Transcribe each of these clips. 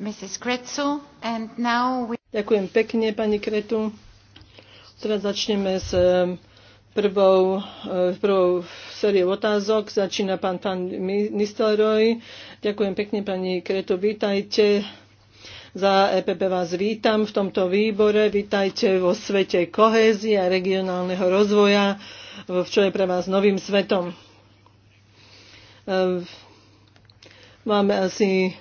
Ďakujem pekne, pani Kretu. Teraz začneme s ehm, prvou, eh, prvou sériou otázok. Začína pán, pán Nistelroj. Ďakujem pekne, pani Kretu, Vítajte. Za EPP vás vítam v tomto výbore. Vítajte vo svete kohézie a regionálneho rozvoja, čo je pre vás novým svetom. Ehm, máme asi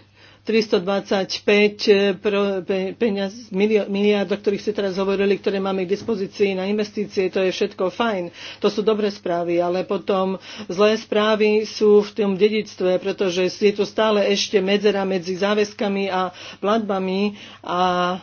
325 eh, peniaz, miliard, o ktorých ste teraz hovorili, ktoré máme k dispozícii na investície, to je všetko fajn. To sú dobré správy, ale potom zlé správy sú v tom dedictve, pretože je tu stále ešte medzera medzi záväzkami a platbami a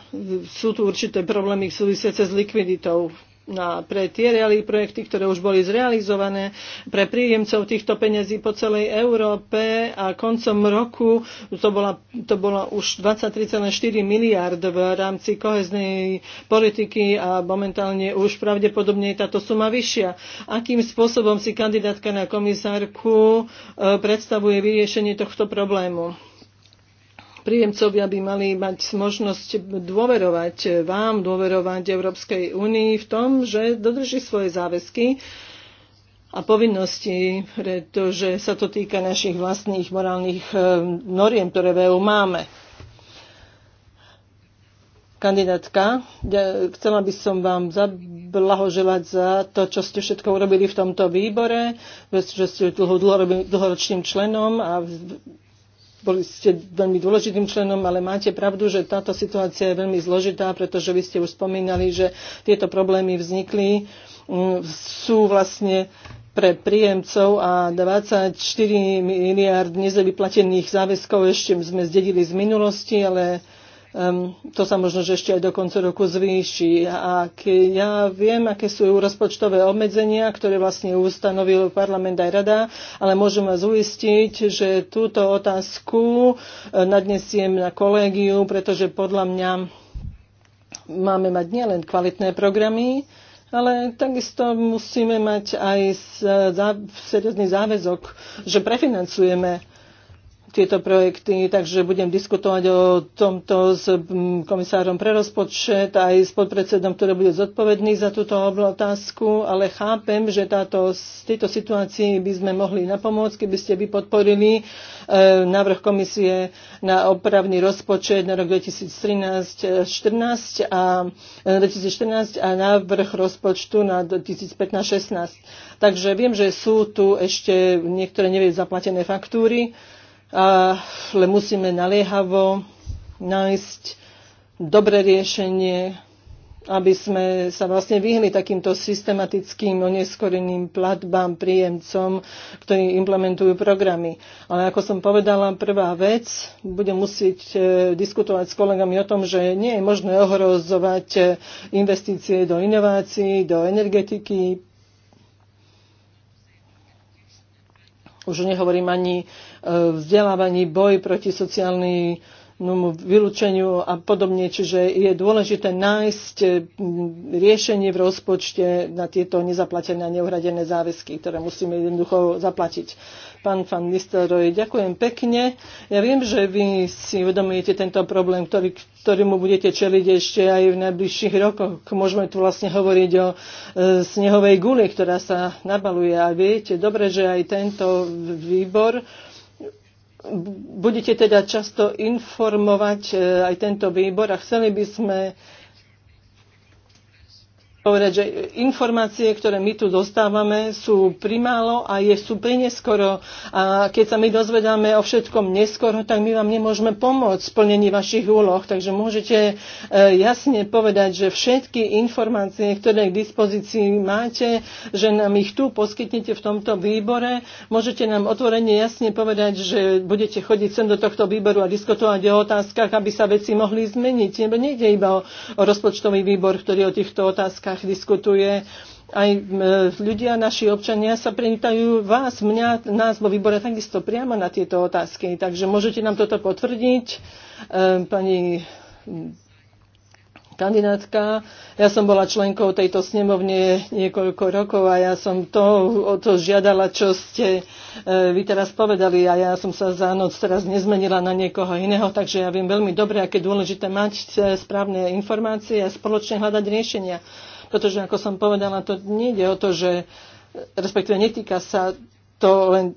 sú tu určité problémy súvisiace s likviditou na, pre tie reali projekty, ktoré už boli zrealizované, pre príjemcov týchto peňazí po celej Európe a koncom roku to, bola, to bola už 23,4 miliard v rámci koheznej politiky a momentálne už pravdepodobne je táto suma vyššia. Akým spôsobom si kandidátka na komisárku e, predstavuje vyriešenie tohto problému? príjemcovia by mali mať možnosť dôverovať eh, vám, dôverovať Európskej únii v tom, že dodrží svoje záväzky a povinnosti, pretože sa to týka našich vlastných morálnych eh, noriem, ktoré v EU máme kandidátka. Chcela by som vám zablahoželať za to, čo ste všetko urobili v tomto výbore, že ste dlho, dlho, dlhoročným členom a boli ste veľmi dôležitým členom, ale máte pravdu, že táto situácia je veľmi zložitá, pretože vy ste už spomínali, že tieto problémy vznikli, mm, sú vlastne pre príjemcov a 24 miliard nezavyplatených záväzkov ešte sme zdedili z minulosti, ale um, to sa možno, že ešte aj do konca roku zvýši. A keď ja viem, aké sú rozpočtové obmedzenia, ktoré vlastne ustanovil parlament aj rada, ale môžem vás uistiť, že túto otázku e, nadnesiem na kolégiu, pretože podľa mňa máme mať nielen kvalitné programy, ale takisto musíme mať aj seriózny záväzok, že prefinancujeme tieto projekty, takže budem diskutovať o tomto s komisárom pre rozpočet aj s podpredsedom, ktorý bude zodpovedný za túto otázku, ale chápem, že táto, z tejto situácii by sme mohli napomôcť, keby ste by podporili e, návrh komisie na opravný rozpočet na rok 2013 14 a, 2014 e, a návrh rozpočtu na 2015-16. Takže viem, že sú tu ešte niektoré nevie zaplatené faktúry, ale musíme naliehavo nájsť dobré riešenie, aby sme sa vlastne vyhli takýmto systematickým oneskoreným platbám príjemcom, ktorí implementujú programy. Ale ako som povedala, prvá vec, budem musieť e, diskutovať s kolegami o tom, že nie je možné ohrozovať e, investície do inovácií, do energetiky, Už nehovorím ani e, vzdelávaní, boj proti sociálnej vylúčeniu a podobne. Čiže je dôležité nájsť e, riešenie v rozpočte na tieto nezaplatené a neuhradené záväzky, ktoré musíme jednoducho zaplatiť. Pán Fan Nistelrooy, ďakujem pekne. Ja viem, že vy si uvedomujete tento problém, ktorý, ktorému budete čeliť ešte aj v najbližších rokoch. Môžeme tu vlastne hovoriť o e, snehovej guli, ktorá sa nabaluje. A viete, dobre, že aj tento výbor budete teda často informovať e, aj tento výbor a chceli by sme povedať, že informácie, ktoré my tu dostávame, sú primálo a je, sú prineskoro. A keď sa my dozvedáme o všetkom neskoro, tak my vám nemôžeme pomôcť v splnení vašich úloh. Takže môžete e, jasne povedať, že všetky informácie, ktoré k dispozícii máte, že nám ich tu poskytnete v tomto výbore, môžete nám otvorene jasne povedať, že budete chodiť sem do tohto výboru a diskutovať o otázkach, aby sa veci mohli zmeniť. Nebo nejde iba o rozpočtový výbor, ktorý o týchto otázkach médiách diskutuje. Aj e, ľudia, naši občania sa prenitajú vás, mňa, nás vo výbore takisto priamo na tieto otázky. Takže môžete nám toto potvrdiť, e, pani kandidátka. Ja som bola členkou tejto snemovne niekoľko rokov a ja som to, o to žiadala, čo ste e, vy teraz povedali a ja som sa za noc teraz nezmenila na niekoho iného, takže ja viem veľmi dobre, aké dôležité mať e, správne informácie a spoločne hľadať riešenia. Pretože, ako som povedala, to nejde o to, že respektíve netýka sa to len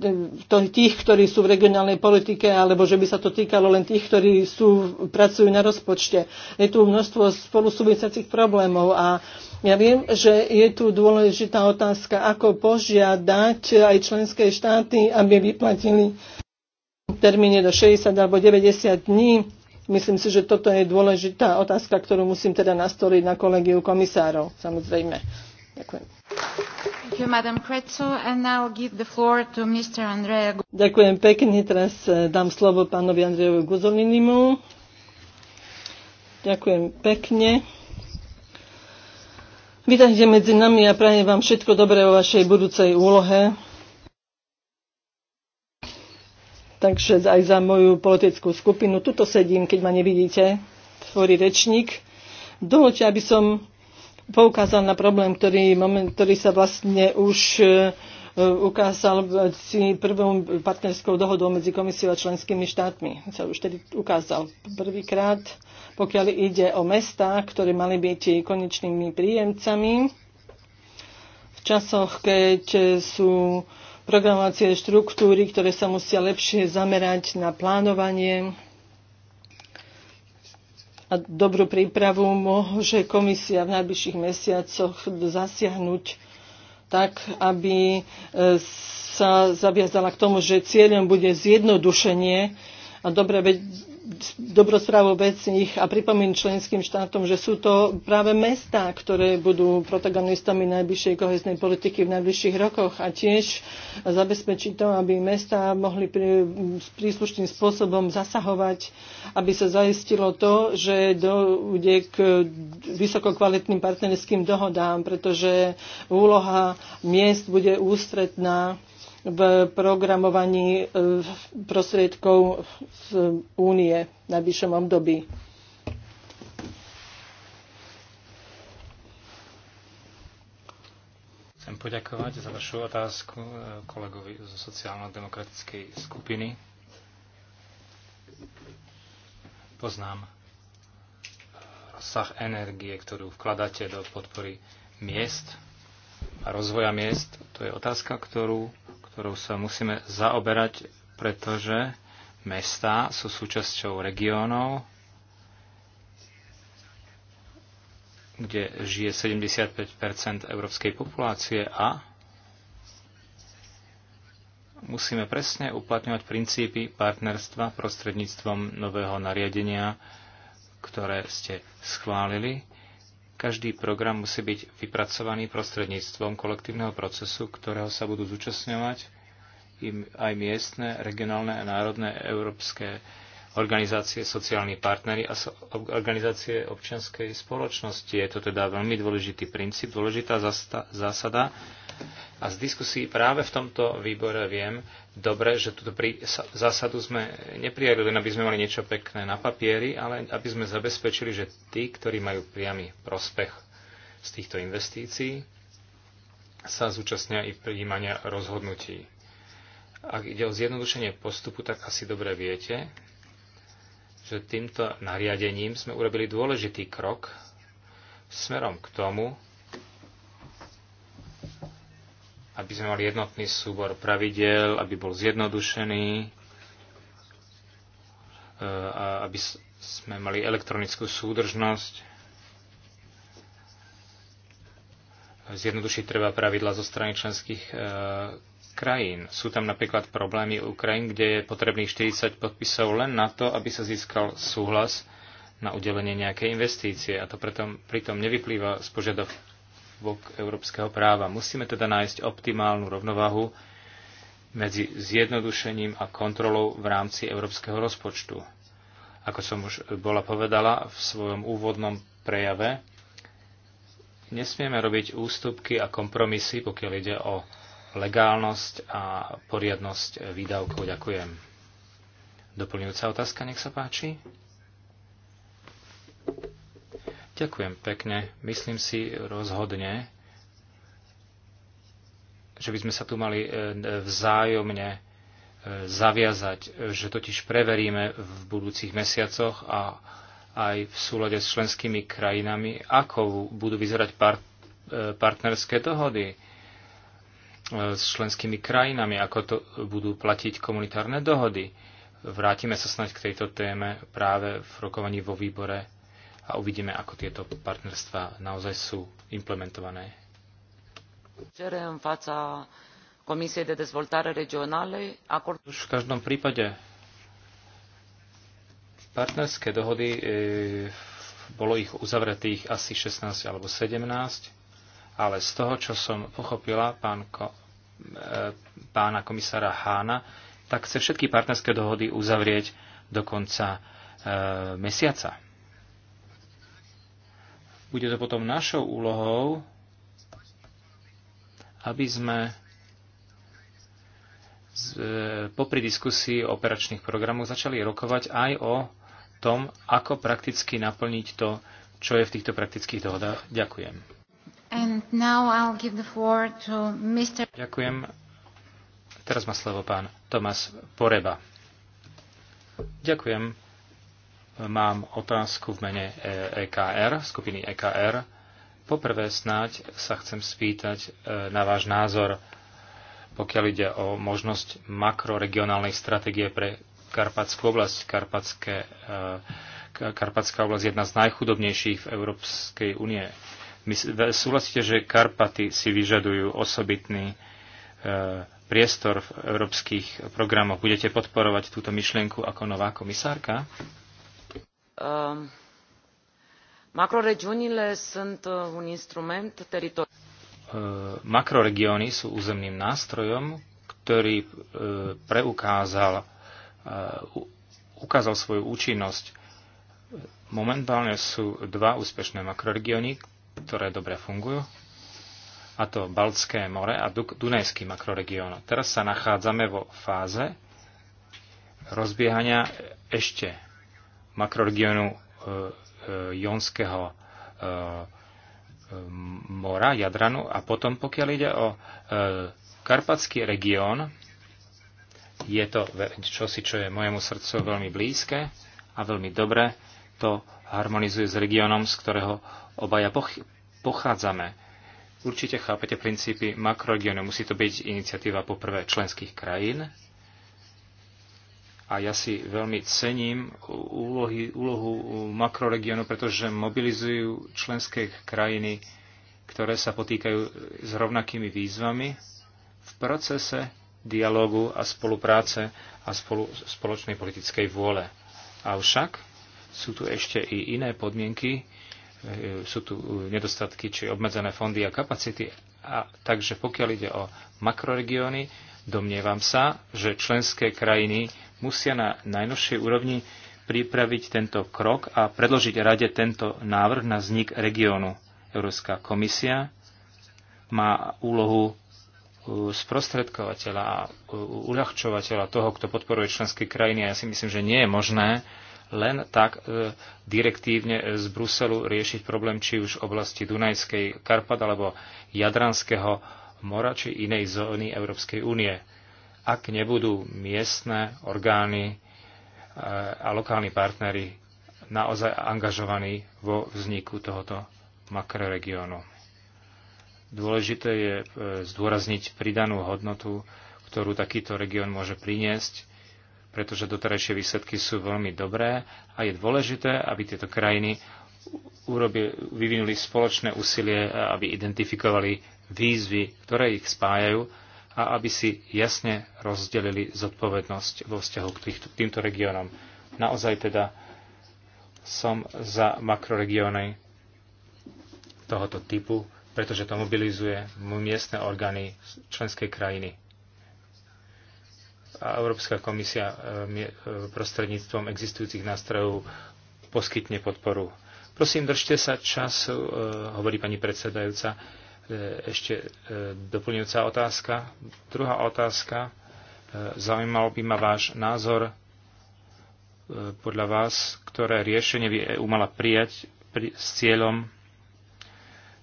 to, tých, ktorí sú v regionálnej politike, alebo že by sa to týkalo len tých, ktorí sú, pracujú na rozpočte. Je tu množstvo spolu súvisiacich problémov a ja viem, že je tu dôležitá otázka, ako požiadať aj členské štáty, aby vyplatili termíne do 60 alebo 90 dní Myslím si, že toto je dôležitá otázka, ktorú musím teda nastoliť na kolegiu komisárov, samozrejme. Ďakujem. Ďakujem pekne. Teraz eh, dám slovo pánovi Andrejovi Guzolinimu. Ďakujem pekne. Vítajte medzi nami a prajem vám všetko dobré o vašej budúcej úlohe. takže aj za moju politickú skupinu. Tuto sedím, keď ma nevidíte, tvorí rečník. Dovolte, aby som poukázal na problém, ktorý, moment, ktorý sa vlastne už e, e, ukázal si prvou partnerskou dohodou medzi komisiou a členskými štátmi. Sa už tedy ukázal prvýkrát, pokiaľ ide o mesta, ktoré mali byť konečnými príjemcami v časoch, keď sú programovacie štruktúry, ktoré sa musia lepšie zamerať na plánovanie a dobrú prípravu, môže komisia v najbližších mesiacoch zasiahnuť tak, aby e, sa zaviazala k tomu, že cieľom bude zjednodušenie a dobre dobrosprávou vecných a pripomín členským štátom, že sú to práve mestá, ktoré budú protagonistami najbližšej koheznej politiky v najbližších rokoch a tiež zabezpečiť to, aby mestá mohli príslušným spôsobom zasahovať, aby sa zaistilo to, že dojde k vysokokvalitným partnerským dohodám, pretože úloha miest bude ústretná v programovaní e, prostriedkov z únie na vyššom období. Chcem poďakovať za vašu otázku e, kolegovi zo sociálno-demokratickej skupiny. Poznám e, rozsah energie, ktorú vkladáte do podpory miest a rozvoja miest. To je otázka, ktorú ktorou sa musíme zaoberať, pretože mestá sú súčasťou regiónov, kde žije 75 európskej populácie a musíme presne uplatňovať princípy partnerstva prostredníctvom nového nariadenia, ktoré ste schválili každý program musí byť vypracovaný prostredníctvom kolektívneho procesu, ktorého sa budú zúčastňovať aj miestne, regionálne a národné európske organizácie, sociálni partnery a organizácie občianskej spoločnosti. Je to teda veľmi dôležitý princíp, dôležitá zásada, a z diskusí práve v tomto výbore viem dobre, že túto prí, zásadu sme neprijali len, aby sme mali niečo pekné na papieri, ale aby sme zabezpečili, že tí, ktorí majú priamy prospech z týchto investícií, sa zúčastnia i príjmania rozhodnutí. Ak ide o zjednodušenie postupu, tak asi dobre viete, že týmto nariadením sme urobili dôležitý krok smerom k tomu, aby sme mali jednotný súbor pravidel, aby bol zjednodušený, e, a aby sme mali elektronickú súdržnosť. Zjednodušiť treba pravidla zo strany členských e, krajín. Sú tam napríklad problémy u krajín, kde je potrebných 40 podpisov len na to, aby sa získal súhlas na udelenie nejakej investície. A to preto, pritom nevyplýva z požiadavky prvok európskeho práva. Musíme teda nájsť optimálnu rovnovahu medzi zjednodušením a kontrolou v rámci európskeho rozpočtu. Ako som už bola povedala v svojom úvodnom prejave, nesmieme robiť ústupky a kompromisy, pokiaľ ide o legálnosť a poriadnosť výdavkov. Ďakujem. Doplňujúca otázka, nech sa páči. Ďakujem pekne. Myslím si rozhodne, že by sme sa tu mali e, vzájomne e, zaviazať, že totiž preveríme v budúcich mesiacoch a aj v súlade s členskými krajinami, ako budú vyzerať part- e, partnerské dohody s členskými krajinami, ako to budú platiť komunitárne dohody. Vrátime sa snať k tejto téme práve v rokovaní vo výbore a uvidíme, ako tieto partnerstva naozaj sú implementované. Už v každom prípade partnerské dohody, e, bolo ich uzavretých asi 16 alebo 17, ale z toho, čo som pochopila pán ko, e, pána komisára Hána, tak chce všetky partnerské dohody uzavrieť do konca e, mesiaca. Bude to potom našou úlohou, aby sme e, popri diskusii o operačných programoch začali rokovať aj o tom, ako prakticky naplniť to, čo je v týchto praktických dohodách. Ďakujem. Ďakujem. Teraz má slovo pán Tomas Poreba. Ďakujem. Mám otázku v mene EKR, e skupiny EKR. Poprvé snáď sa chcem spýtať e, na váš názor, pokiaľ ide o možnosť makroregionálnej stratégie pre Karpatskú oblasť. Karpatské, e, Karpatská oblasť je jedna z najchudobnejších v Európskej únie. súhlasíte, že Karpaty si vyžadujú osobitný priestor v európskych programoch. Budete podporovať túto myšlienku ako nová komisárka? Ehm, Makroregiónile sunt uh, un instrument teritoriálny. Ehm, makroregióny sú územným nástrojom, ktorý e, preukázal e, ukázal svoju účinnosť. Momentálne sú dva úspešné makroregióny, ktoré dobre fungujú, a to Baltské more a Dunajský makroregión. Teraz sa nachádzame vo fáze rozbiehania ešte makroregiónu e, e, Jonského e, mora, Jadranu. A potom, pokiaľ ide o Karpatský región, je to čosi, čo je mojemu srdcu veľmi blízke a veľmi dobre to harmonizuje s regiónom, z ktorého obaja poch- pochádzame. Určite chápete princípy makroregiónu. Musí to byť iniciatíva poprvé členských krajín, a ja si veľmi cením úlohy, úlohu makroregiónu, pretože mobilizujú členské krajiny, ktoré sa potýkajú s rovnakými výzvami v procese dialogu a spolupráce a spolu, spoločnej politickej vôle. Avšak sú tu ešte i iné podmienky, e, sú tu nedostatky či obmedzené fondy a kapacity. A, takže pokiaľ ide o makroregióny, domnievam sa, že členské krajiny musia na najnovšej úrovni pripraviť tento krok a predložiť rade tento návrh na vznik regiónu. Európska komisia má úlohu e, sprostredkovateľa a e, uľahčovateľa toho, kto podporuje členské krajiny. A ja si myslím, že nie je možné len tak e, direktívne z Bruselu riešiť problém či už v oblasti Dunajskej Karpat alebo Jadranského mora či inej zóny Európskej únie ak nebudú miestne orgány e, a lokálni partnery naozaj angažovaní vo vzniku tohoto makroregiónu. Dôležité je e, zdôrazniť pridanú hodnotu, ktorú takýto región môže priniesť, pretože doterajšie výsledky sú veľmi dobré a je dôležité, aby tieto krajiny vyvinuli spoločné úsilie, aby identifikovali výzvy, ktoré ich spájajú a aby si jasne rozdelili zodpovednosť vo vzťahu k týmto regiónom. Naozaj teda som za makroregióny tohoto typu, pretože to mobilizuje miestne orgány členskej krajiny. A Európska komisia e, e, prostredníctvom existujúcich nástrojov poskytne podporu. Prosím, držte sa čas, e, hovorí pani predsedajúca E, ešte e, doplňujúca otázka. Druhá otázka. E, zaujímal by ma váš názor podľa vás, ktoré riešenie by EU mala prijať pri, s cieľom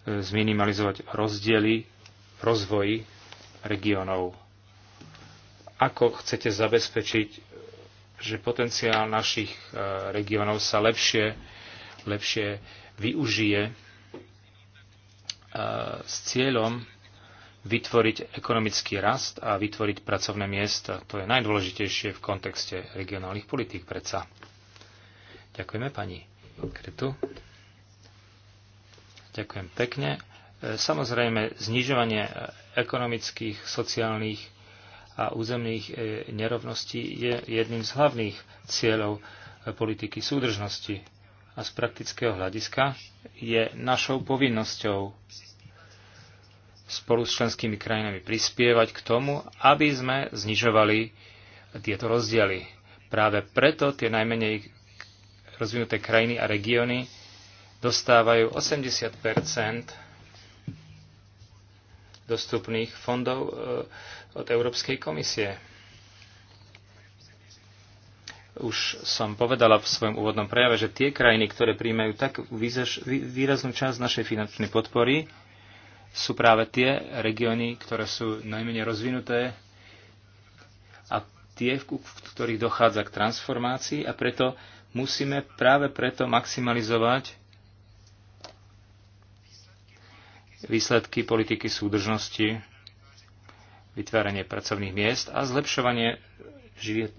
zminimalizovať rozdiely v rozvoji regiónov. Ako chcete zabezpečiť, že potenciál našich regiónov sa lepšie, lepšie využije s cieľom vytvoriť ekonomický rast a vytvoriť pracovné miesta. To je najdôležitejšie v kontexte regionálnych politík predsa. Ďakujeme pani Kretu. Ďakujem pekne. E, samozrejme, znižovanie ekonomických, sociálnych a územných e, nerovností je jedným z hlavných cieľov e, politiky súdržnosti a z praktického hľadiska je našou povinnosťou spolu s členskými krajinami prispievať k tomu, aby sme znižovali tieto rozdiely. Práve preto tie najmenej rozvinuté krajiny a regióny dostávajú 80 dostupných fondov e, od Európskej komisie už som povedala v svojom úvodnom prejave, že tie krajiny, ktoré príjmajú tak výraznú časť našej finančnej podpory, sú práve tie regióny, ktoré sú najmenej rozvinuté a tie, v ktorých dochádza k transformácii a preto musíme práve preto maximalizovať výsledky politiky súdržnosti, vytváranie pracovných miest a zlepšovanie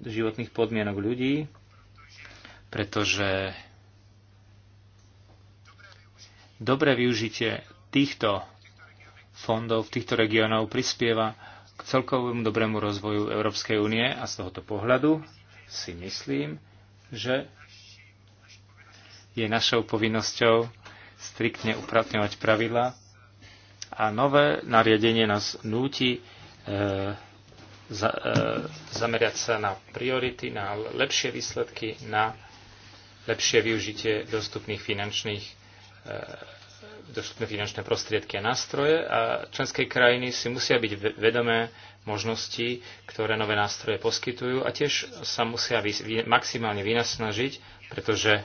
životných podmienok ľudí, pretože dobré využitie týchto fondov v týchto regiónov prispieva k celkovému dobrému rozvoju Európskej únie a z tohoto pohľadu si myslím, že je našou povinnosťou striktne upratňovať pravidla a nové nariadenie nás núti e, za, e, sa na priority, na lepšie výsledky, na lepšie využitie dostupných finančných e, dostupné finančné prostriedky a nástroje a členské krajiny si musia byť vedomé možností, ktoré nové nástroje poskytujú a tiež sa musia vy, maximálne vynasnažiť, pretože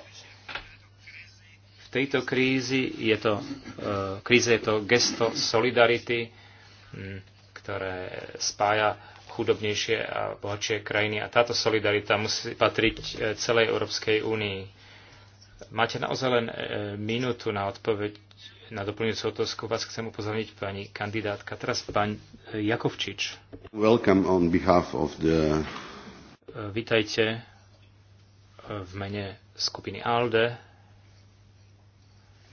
v tejto krízi je to, e, kríze je to gesto solidarity, m, ktoré spája chudobnejšie a bohatšie krajiny. A táto solidarita musí patriť e, celej Európskej únii. Máte naozaj len e, minútu na odpoveď na doplňujúcu otázku. Vás chcem upozorniť, pani kandidátka. Teraz pán e, Jakovčič. Welcome on behalf of the... Vítajte v mene skupiny ALDE.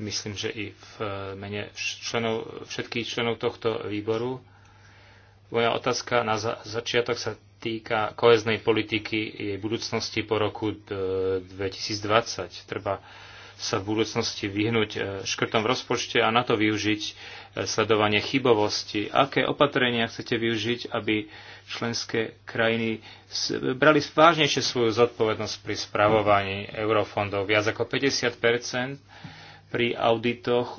Myslím, že i v mene členov, všetkých členov tohto výboru moja otázka na začiatok sa týka koheznej politiky jej budúcnosti po roku 2020. E, Treba sa v budúcnosti vyhnúť e, škrtom v rozpočte a na to využiť e, sledovanie chybovosti. Aké opatrenia chcete využiť, aby členské krajiny brali vážnejšie svoju zodpovednosť pri spravovaní eurofondov? Viac ako 50 pri auditoch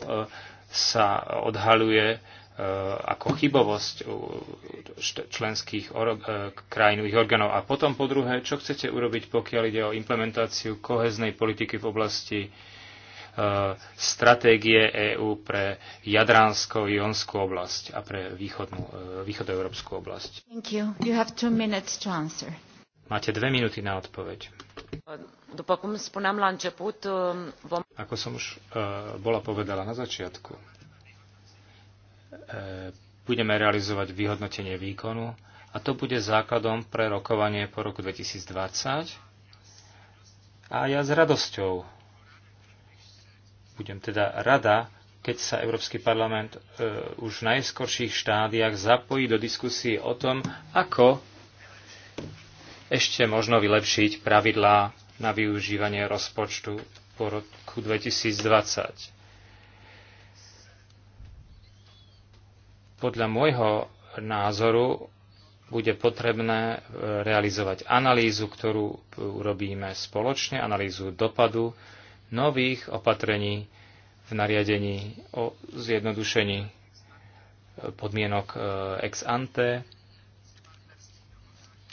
sa odhaluje Eh, ako chybovosť členských eh, krajinových orgánov. A potom po druhé, čo chcete urobiť, pokiaľ ide o implementáciu koheznej politiky v oblasti eh, stratégie EÚ pre jadransko jonskú oblasť a pre východnú, východoeurópsku oblasť. Thank you. You have two minutes to answer. Máte dve minúty na odpoveď. Ako som už bola povedala na začiatku, E, budeme realizovať vyhodnotenie výkonu a to bude základom pre rokovanie po roku 2020. A ja s radosťou budem teda rada, keď sa Európsky parlament e, už v najskorších štádiách zapojí do diskusie o tom, ako ešte možno vylepšiť pravidlá na využívanie rozpočtu po roku 2020 Podľa môjho názoru bude potrebné e, realizovať analýzu, ktorú e, urobíme spoločne, analýzu dopadu nových opatrení v nariadení o zjednodušení e, podmienok ex ante,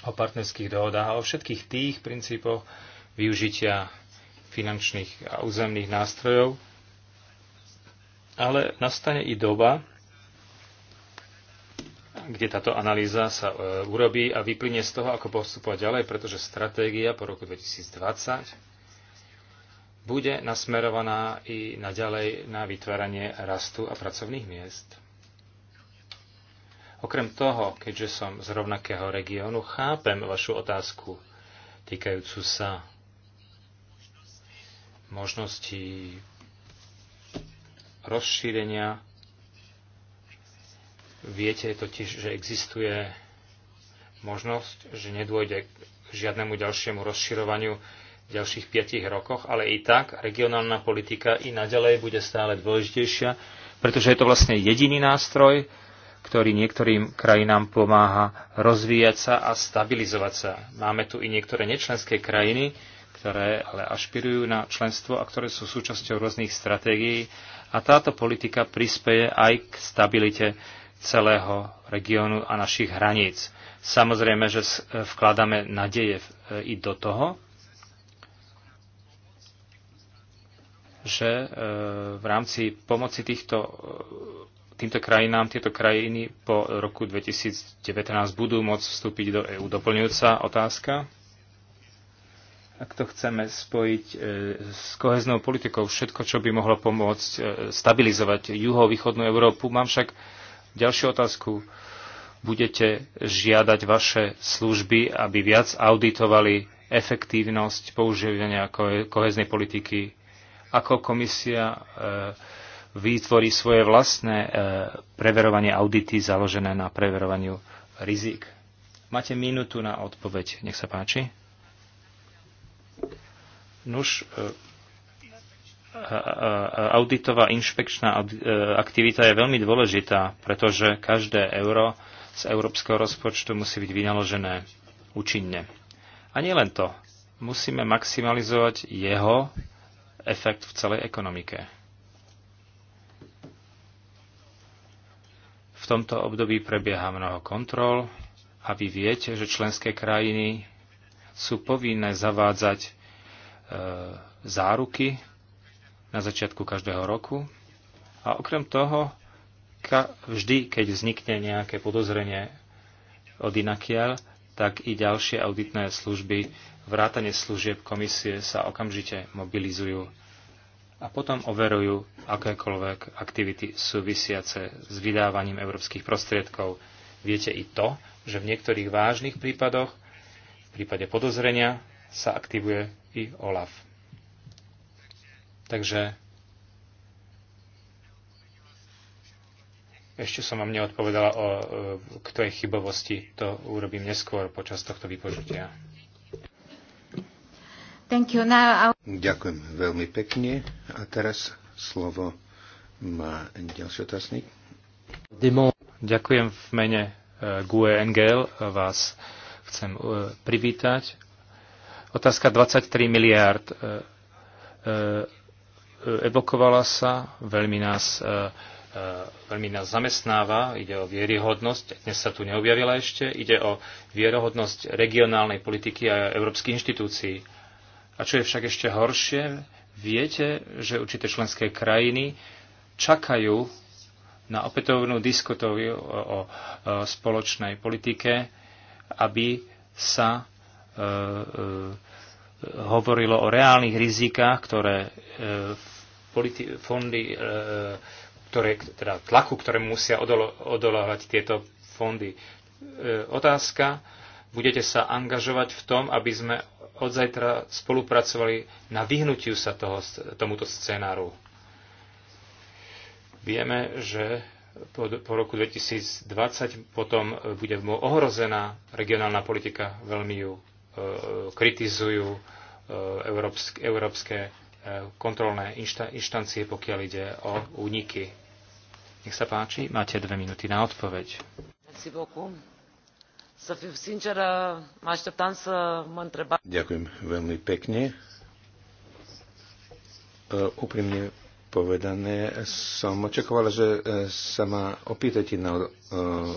o partnerských dohodách a o všetkých tých princípoch využitia finančných a územných nástrojov. Ale nastane i doba, kde táto analýza sa e, urobí a vyplynie z toho, ako postupovať ďalej, pretože stratégia po roku 2020 bude nasmerovaná i naďalej na vytváranie rastu a pracovných miest. Okrem toho, keďže som z rovnakého regiónu, chápem vašu otázku týkajúcu sa možností rozšírenia Viete totiž, že existuje možnosť, že nedôjde k žiadnemu ďalšiemu rozširovaniu v ďalších piatich rokoch, ale i tak regionálna politika i naďalej bude stále dôležitejšia, pretože je to vlastne jediný nástroj, ktorý niektorým krajinám pomáha rozvíjať sa a stabilizovať sa. Máme tu i niektoré nečlenské krajiny, ktoré ale ašpirujú na členstvo a ktoré sú súčasťou rôznych stratégií a táto politika prispieje aj k stabilite celého regiónu a našich hraníc. Samozrejme, že vkladáme nadeje i do toho, že e, v rámci pomoci týchto, e, týmto krajinám tieto krajiny po roku 2019 budú môcť vstúpiť do EÚ. Doplňujúca otázka. Ak to chceme spojiť e, s koheznou politikou, všetko, čo by mohlo pomôcť stabilizovať juhovýchodnú Európu, mám však Ďalšiu otázku. Budete žiadať vaše služby, aby viac auditovali efektívnosť používania koheznej politiky? Ako komisia e, vytvorí svoje vlastné e, preverovanie audity založené na preverovaniu rizik? Máte minútu na odpoveď. Nech sa páči. Nuž, e, auditová inšpekčná e, aktivita je veľmi dôležitá, pretože každé euro z európskeho rozpočtu musí byť vynaložené účinne. A nielen to, musíme maximalizovať jeho efekt v celej ekonomike. V tomto období prebieha mnoho kontrol a vy viete, že členské krajiny sú povinné zavádzať e, záruky na začiatku každého roku. A okrem toho, ka- vždy, keď vznikne nejaké podozrenie od inakiaľ, tak i ďalšie auditné služby, vrátanie služieb komisie sa okamžite mobilizujú a potom overujú akékoľvek aktivity súvisiace s vydávaním európskych prostriedkov. Viete i to, že v niektorých vážnych prípadoch, v prípade podozrenia, sa aktivuje i OLAF. Takže ešte som vám neodpovedala o, e, k tej chybovosti. To urobím neskôr počas tohto vypočutia. Thank you. Now I... Ďakujem veľmi pekne. A teraz slovo má ďalší otáznik. Ďakujem v mene e, GUE NGL. Vás chcem e, privítať. Otázka 23 miliárd E, evokovala sa, veľmi nás, e, e, veľmi nás zamestnáva, ide o vieryhodnosť, dnes sa tu neobjavila ešte, ide o vierohodnosť regionálnej politiky a európskych inštitúcií. A čo je však ešte horšie, viete, že určité členské krajiny čakajú na opätovnú diskutoviu o, o, spoločnej politike, aby sa e, e, hovorilo o reálnych rizikách, ktoré e, fondy, e, ktoré, teda tlaku, ktoré musia odolo- odolávať tieto fondy. E, otázka, budete sa angažovať v tom, aby sme od zajtra spolupracovali na vyhnutiu sa toho, tomuto scénáru. Vieme, že po, po roku 2020 potom bude ohrozená regionálna politika, veľmi ju E, kritizujú e, európske, európske kontrolné inštancie, pokiaľ ide o úniky. Nech sa páči, máte dve minúty na odpoveď. Ďakujem veľmi pekne. E, úprimne povedané, som očakoval, že sa ma opýtate na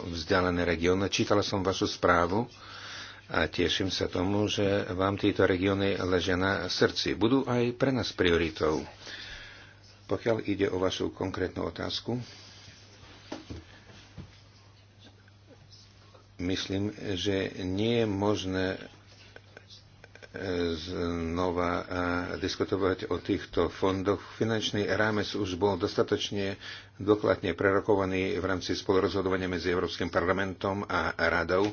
vzdialené regióny. Čítala som vašu správu a teším sa tomu, že vám títo regióny ležia na srdci. Budú aj pre nás prioritou. Pokiaľ ide o vašu konkrétnu otázku, myslím, že nie je možné e, znova e, diskutovať o týchto fondoch. Finančný rámec už bol dostatočne dokladne prerokovaný v rámci spolurozhodovania medzi Európskym parlamentom a Radou.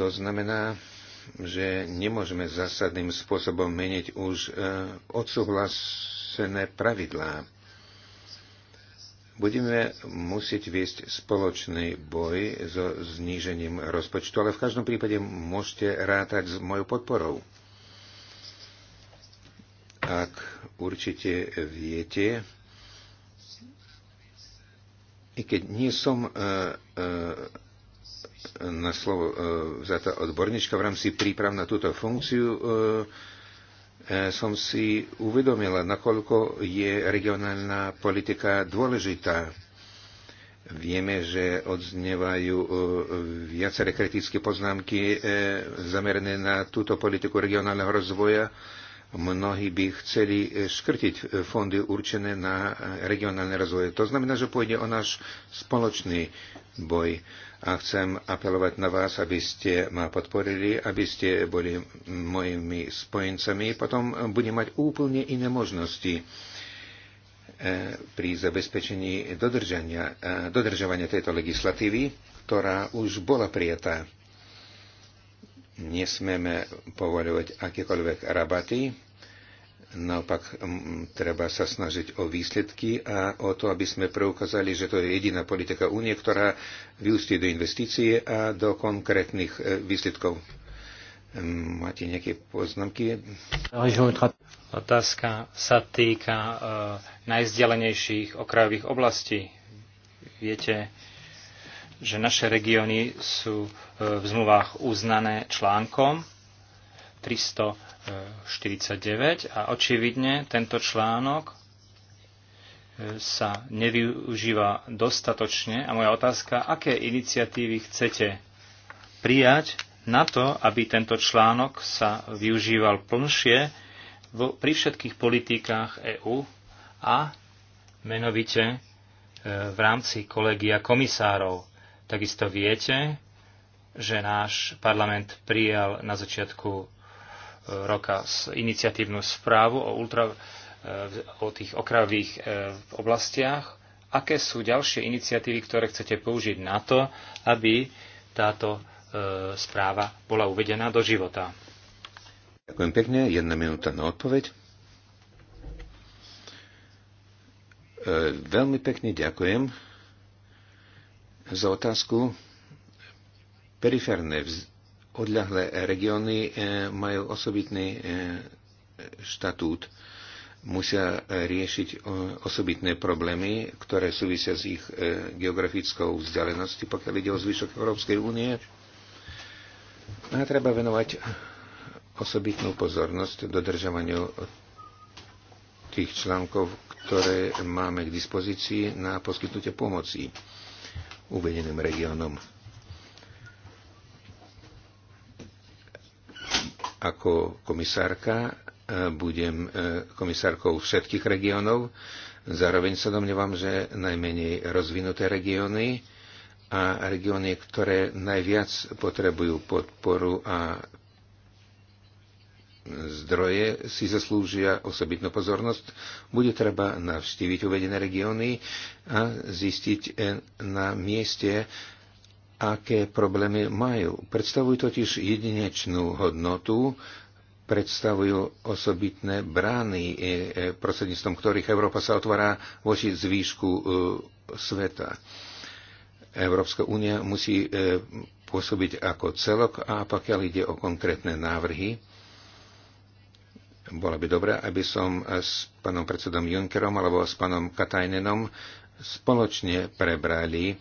To znamená, že nemôžeme zásadným spôsobom meniť už e, odsúhlasené pravidlá. Budeme musieť viesť spoločný boj so znížením rozpočtu, ale v každom prípade môžete rátať s mojou podporou. Ak určite viete, i keď nie som e, e, na slovo e, vzata odborníčka v rámci príprav na túto funkciu e, e, som si uvedomila, nakoľko je regionálna politika dôležitá. Vieme, že odznevajú viaceré kritické poznámky zamerané na túto politiku regionálneho rozvoja. Mnohí by chceli škrtiť fondy určené na regionálne rozvoje. To znamená, že pôjde o náš spoločný boj a chcem apelovať na vás, aby ste ma podporili, aby ste boli mojimi spojencami. Potom budem mať úplne iné možnosti e, pri zabezpečení e, dodržovania tejto legislatívy, ktorá už bola prijatá. Nesmieme povoľovať akékoľvek rabaty, Naopak treba sa snažiť o výsledky a o to, aby sme preukázali, že to je jediná politika únie, ktorá vyústí do investície a do konkrétnych e, výsledkov. Máte nejaké poznámky? Otázka sa týka uh, e, najzdelenejších okrajových oblastí. Viete, že naše regióny sú uh, v zmluvách uznané článkom 349 a očividne tento článok e, sa nevyužíva dostatočne a moja otázka, aké iniciatívy chcete prijať na to, aby tento článok sa využíval plnšie vo, pri všetkých politikách EÚ a menovite e, v rámci kolegia komisárov. Takisto viete, že náš parlament prijal na začiatku roka iniciatívnu správu o, ultra, e, o tých okravých e, oblastiach. Aké sú ďalšie iniciatívy, ktoré chcete použiť na to, aby táto e, správa bola uvedená do života? Ďakujem pekne. Jedna minúta na odpoveď. Veľmi pekne ďakujem za otázku. Periférne vz- Odľahlé regióny e, majú osobitný e, štatút. Musia e, riešiť osobitné problémy, ktoré súvisia s ich geografickou vzdialenosti, pokiaľ ide o zvyšok Európskej únie. A treba venovať osobitnú pozornosť dodržavaniu tých článkov, ktoré máme k dispozícii na poskytnutie pomoci uvedeným regiónom. Ako komisárka e, budem e, komisárkou všetkých regiónov. Zároveň sa domnievam, že najmenej rozvinuté regióny a regióny, ktoré najviac potrebujú podporu a zdroje si zaslúžia osobitnú pozornosť, bude treba navštíviť uvedené regióny a zistiť e, na mieste, aké problémy majú. Predstavujú totiž jedinečnú hodnotu, predstavujú osobitné brány, e, e, prostredníctvom ktorých Európa sa otvára voči zvýšku e, sveta. Európska únia musí pôsobiť ako celok a pokiaľ ide o konkrétne návrhy, bolo by dobré, aby som s pánom predsedom Junckerom alebo s pánom Katajnenom spoločne prebrali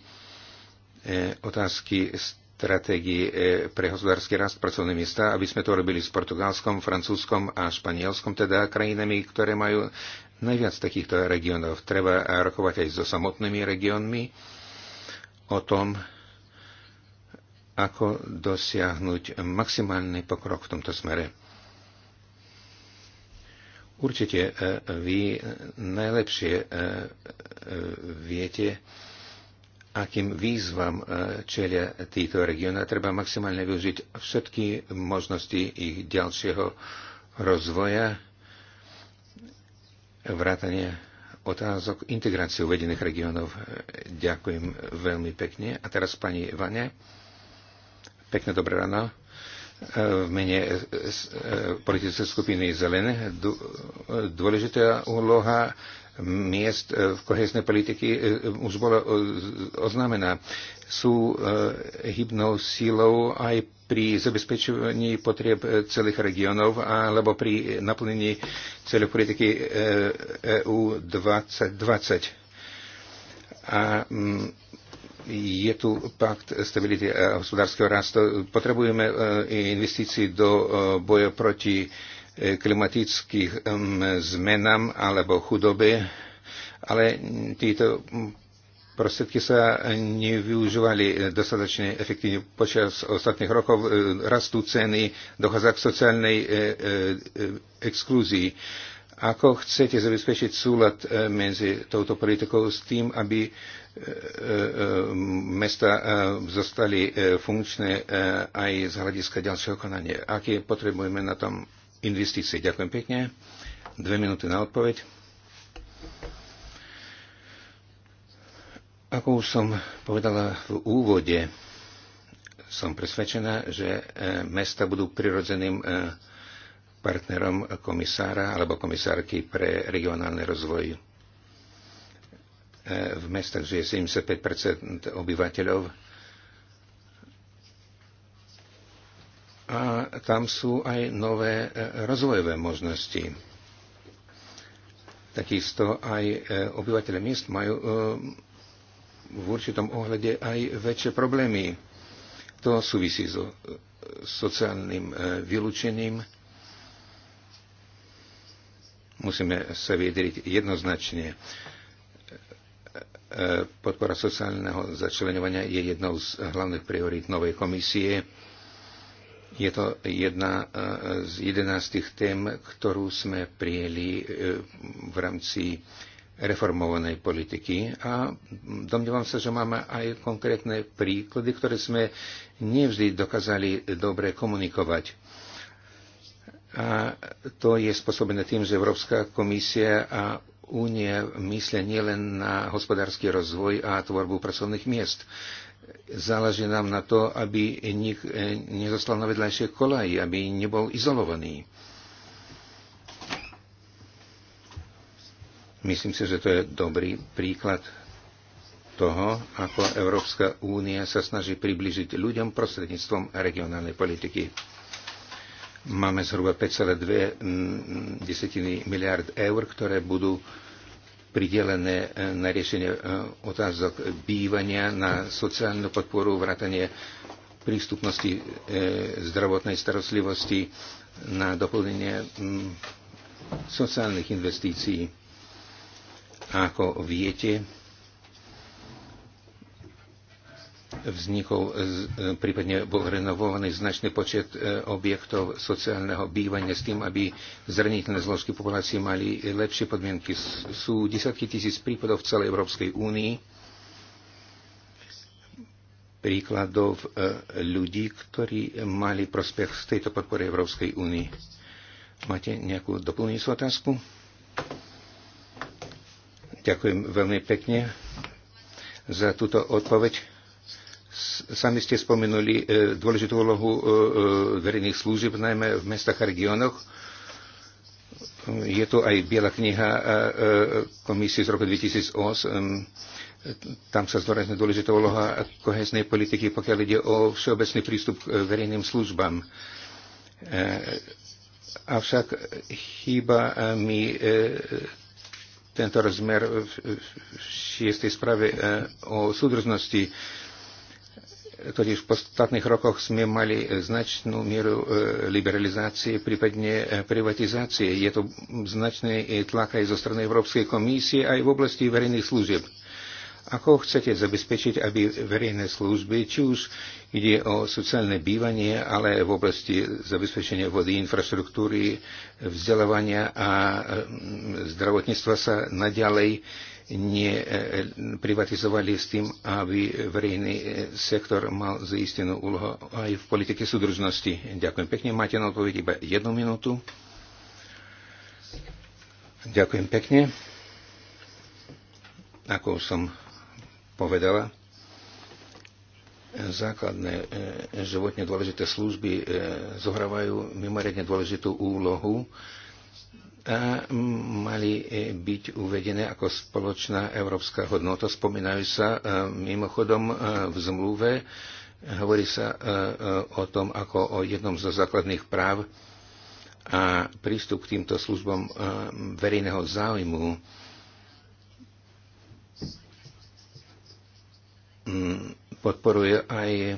E, otázky stratégie e, pre hospodársky rast pracovné miesta, aby sme to robili s Portugalskom, Francúzskom a Španielskom, teda krajinami, ktoré majú najviac takýchto regiónov. Treba rokovať aj so samotnými regiónmi o tom, ako dosiahnuť maximálny pokrok v tomto smere. Určite e, vy najlepšie viete, akým výzvam e, čelia títo regióny. Treba maximálne využiť všetky možnosti ich ďalšieho rozvoja, vrátanie otázok integrácie uvedených regiónov. Ďakujem veľmi pekne. A teraz pani Vane. Pekné dobré ráno. E, v mene e, politické skupiny Zelené dôležitá úloha miest e, v kohesnej politiky e, už bola e, oznámená. Sú hybnou síľou aj pri zabezpečovaní potrieb celých regionov alebo pri naplnení celých politiky EU 2020. A mm, je tu pakt stability a hospodárskeho rastu. Potrebujeme investícii do boja proti Eh, klimatických zmenám alebo chudobe, ale títo prostriedky sa nevyužívali dostatočne efektívne počas ostatných rokov. Eh, rastú ceny, dochádza k sociálnej eh, exklúzii. Ako chcete zabezpečiť súlad medzi touto politikou s tým, aby mesta zostali funkčné aj z hľadiska ďalšieho konania? Aké potrebujeme na tom investície. Ďakujem pekne. Dve minúty na odpoveď. Ako už som povedala v úvode, som presvedčená, že e, mesta budú prirodzeným e, partnerom komisára alebo komisárky pre regionálny rozvoj. E, v mestách žije 75 obyvateľov a tam sú aj nové e, rozvojové možnosti. Takisto aj e, obyvateľe miest majú e, v určitom ohľade aj väčšie problémy. To súvisí so sociálnym vylúčením. Musíme sa vyjadriť jednoznačne. Podpora sociálneho začlenovania je jednou z hlavných priorít novej komisie je to jedna eh, z jedenáctých tém, ktorú sme prijeli eh, v rámci reformovanej politiky a domnievam sa, že máme aj konkrétne príklady, ktoré sme nevždy dokázali dobre komunikovať. A to je spôsobené tým, že Európska komisia a Únie myslia nielen na hospodársky rozvoj a tvorbu pracovných miest záleží nám na to, aby nik e, nezostal na vedľajšie kolaji, aby nebol izolovaný. Myslím si, že to je dobrý príklad toho, ako Európska únia sa snaží približiť ľuďom prostredníctvom regionálnej politiky. Máme zhruba 5,2 mm, miliard eur, ktoré budú pridelené e, na riešenie e, otázok bývania, na sociálnu podporu, vrátanie prístupnosti e, zdravotnej starostlivosti, na doplnenie sociálnych investícií. A ako viete, vznikol e, prípadne bol renovovaný značný počet e, objektov sociálneho bývania s tým, aby zraniteľné zložky populácie mali lepšie podmienky. Sú desiatky tisíc prípadov v celej Európskej únii príkladov e, ľudí, ktorí mali prospech z tejto podpory Európskej únii. Máte nejakú doplňujúcu otázku? Ďakujem veľmi pekne za túto odpoveď. Sami ste spomenuli e, dôležitú úlohu e, e, verejných služieb, najmä v mestách a regiónoch. Je to aj Biela kniha komisie z roku 2008 tam sa zdôrazne dôležitá úloha koheznej politiky, pokiaľ ide o všeobecný prístup k verejným službám. Avšak chýba mi tento rozmer v šiestej správe o súdržnosti totiž v podstatných rokoch sme mali značnú mieru e, liberalizácie, prípadne e, privatizácie. Je to značný tlak aj zo strany Európskej komisie, aj v oblasti verejných služieb. Ako chcete zabezpečiť, aby verejné služby, či už ide o sociálne bývanie, ale v oblasti zabezpečenia vody, infraštruktúry, vzdelávania a e, zdravotníctva sa naďalej neprivatizovali e, e, s tým, aby verejný e, sektor mal zaistenú úlohu aj v politike súdržnosti. Ďakujem pekne. Máte na odpoveď iba jednu minútu. Ďakujem pekne. Ako som поведала, základné životne dôležité služby zohrávajú mimoriadne dôležitú úlohu a mali e, byť uvedené ako spoločná európska hodnota. Spomínajú sa e, mimochodom e, v zmluve, hovorí sa o tom ako o jednom zo základných práv a prístup k týmto službom verejného záujmu podporuje aj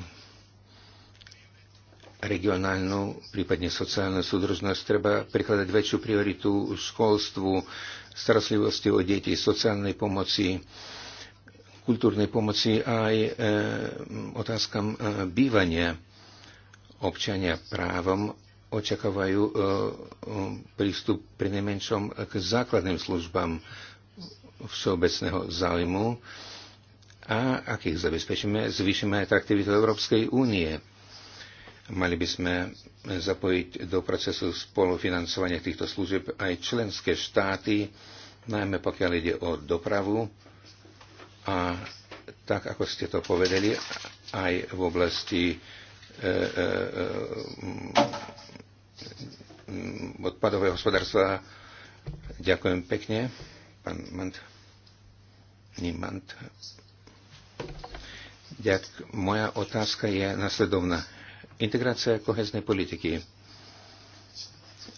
regionálnu, prípadne sociálnu súdržnosť, treba prikladať väčšiu prioritu školstvu, starostlivosti o deti, sociálnej pomoci, kultúrnej pomoci a aj e, otázkam e, bývania. Občania právom očakávajú e, e prístup pri najmenšom k základným službám všeobecného záujmu a ak ich zabezpečíme, zvýšime atraktivitu Európskej únie Mali by sme zapojiť do procesu spolufinancovania týchto služieb aj členské štáty, najmä pokiaľ ide o dopravu a tak, ako ste to povedali, aj v oblasti e, e, mm, odpadového hospodárstva. Ďakujem pekne. Pán Mant. Nimant. Ďak, moja otázka je nasledovná Integrácia koheznej politiky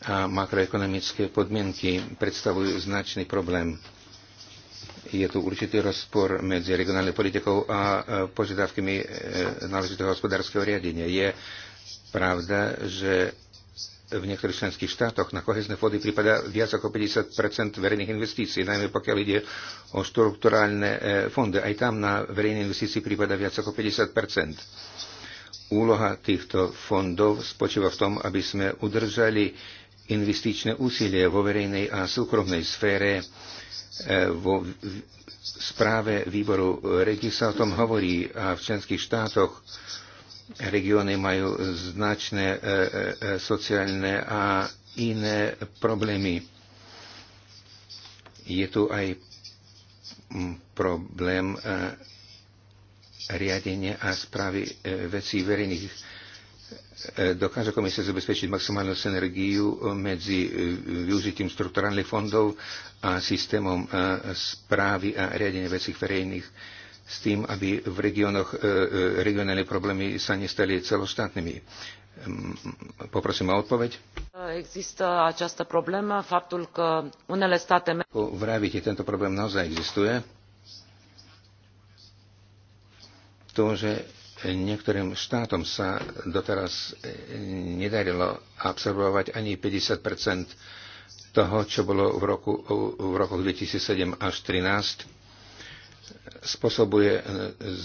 a makroekonomické podmienky predstavujú značný problém. Je tu určitý rozpor medzi regionálnou politikou a e, požiadavkami e, náležitého hospodárskeho riadenia. Je pravda, že v niektorých členských štátoch na kohezné fondy prípada viac ako 50 verejných investícií, najmä pokiaľ ide o štrukturálne e, fondy. Aj tam na verejné investície prípada viac ako 50 Úloha týchto fondov spočíva v tom, aby sme udržali investičné úsilie vo verejnej a súkromnej sfére. E, vo správe výboru regi sa o tom hovorí a v členských štátoch regióny majú značné e, e, sociálne a iné problémy. Je tu aj mm, problém riadenie a správy e, vecí verejných e, dokáže komisia zabezpečiť maximálnu synergiu e, medzi využitím strukturálnych fondov a systémom správy a riadenia vecí verejných s tým, aby v regiónoch regionálne problémy sa nestali celostátnymi. Poprosím o odpoveď. Există această problemă, faptul că unele state... Vravíte, tento problém naozaj existuje to, že niektorým štátom sa doteraz nedarilo absorbovať ani 50 toho, čo bolo v, roku, v rokoch 2007 až 2013 spôsobuje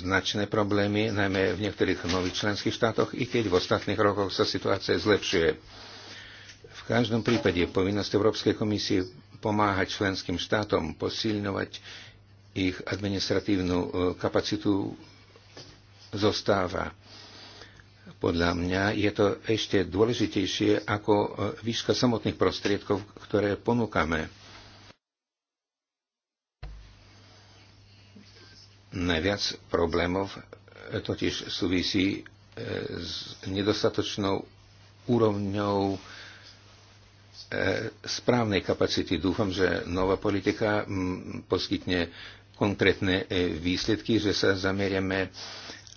značné problémy, najmä v niektorých nových členských štátoch, i keď v ostatných rokoch sa situácia zlepšuje. V každom prípade povinnosť Európskej komisie pomáhať členským štátom posilňovať ich administratívnu kapacitu zostáva. Podľa mňa je to ešte dôležitejšie ako e, výška samotných prostriedkov, ktoré ponúkame. Najviac problémov e, totiž súvisí e, s nedostatočnou úrovňou správnej kapacity. Dúfam, že nová politika poskytne konkrétne výsledky, že sa zameriame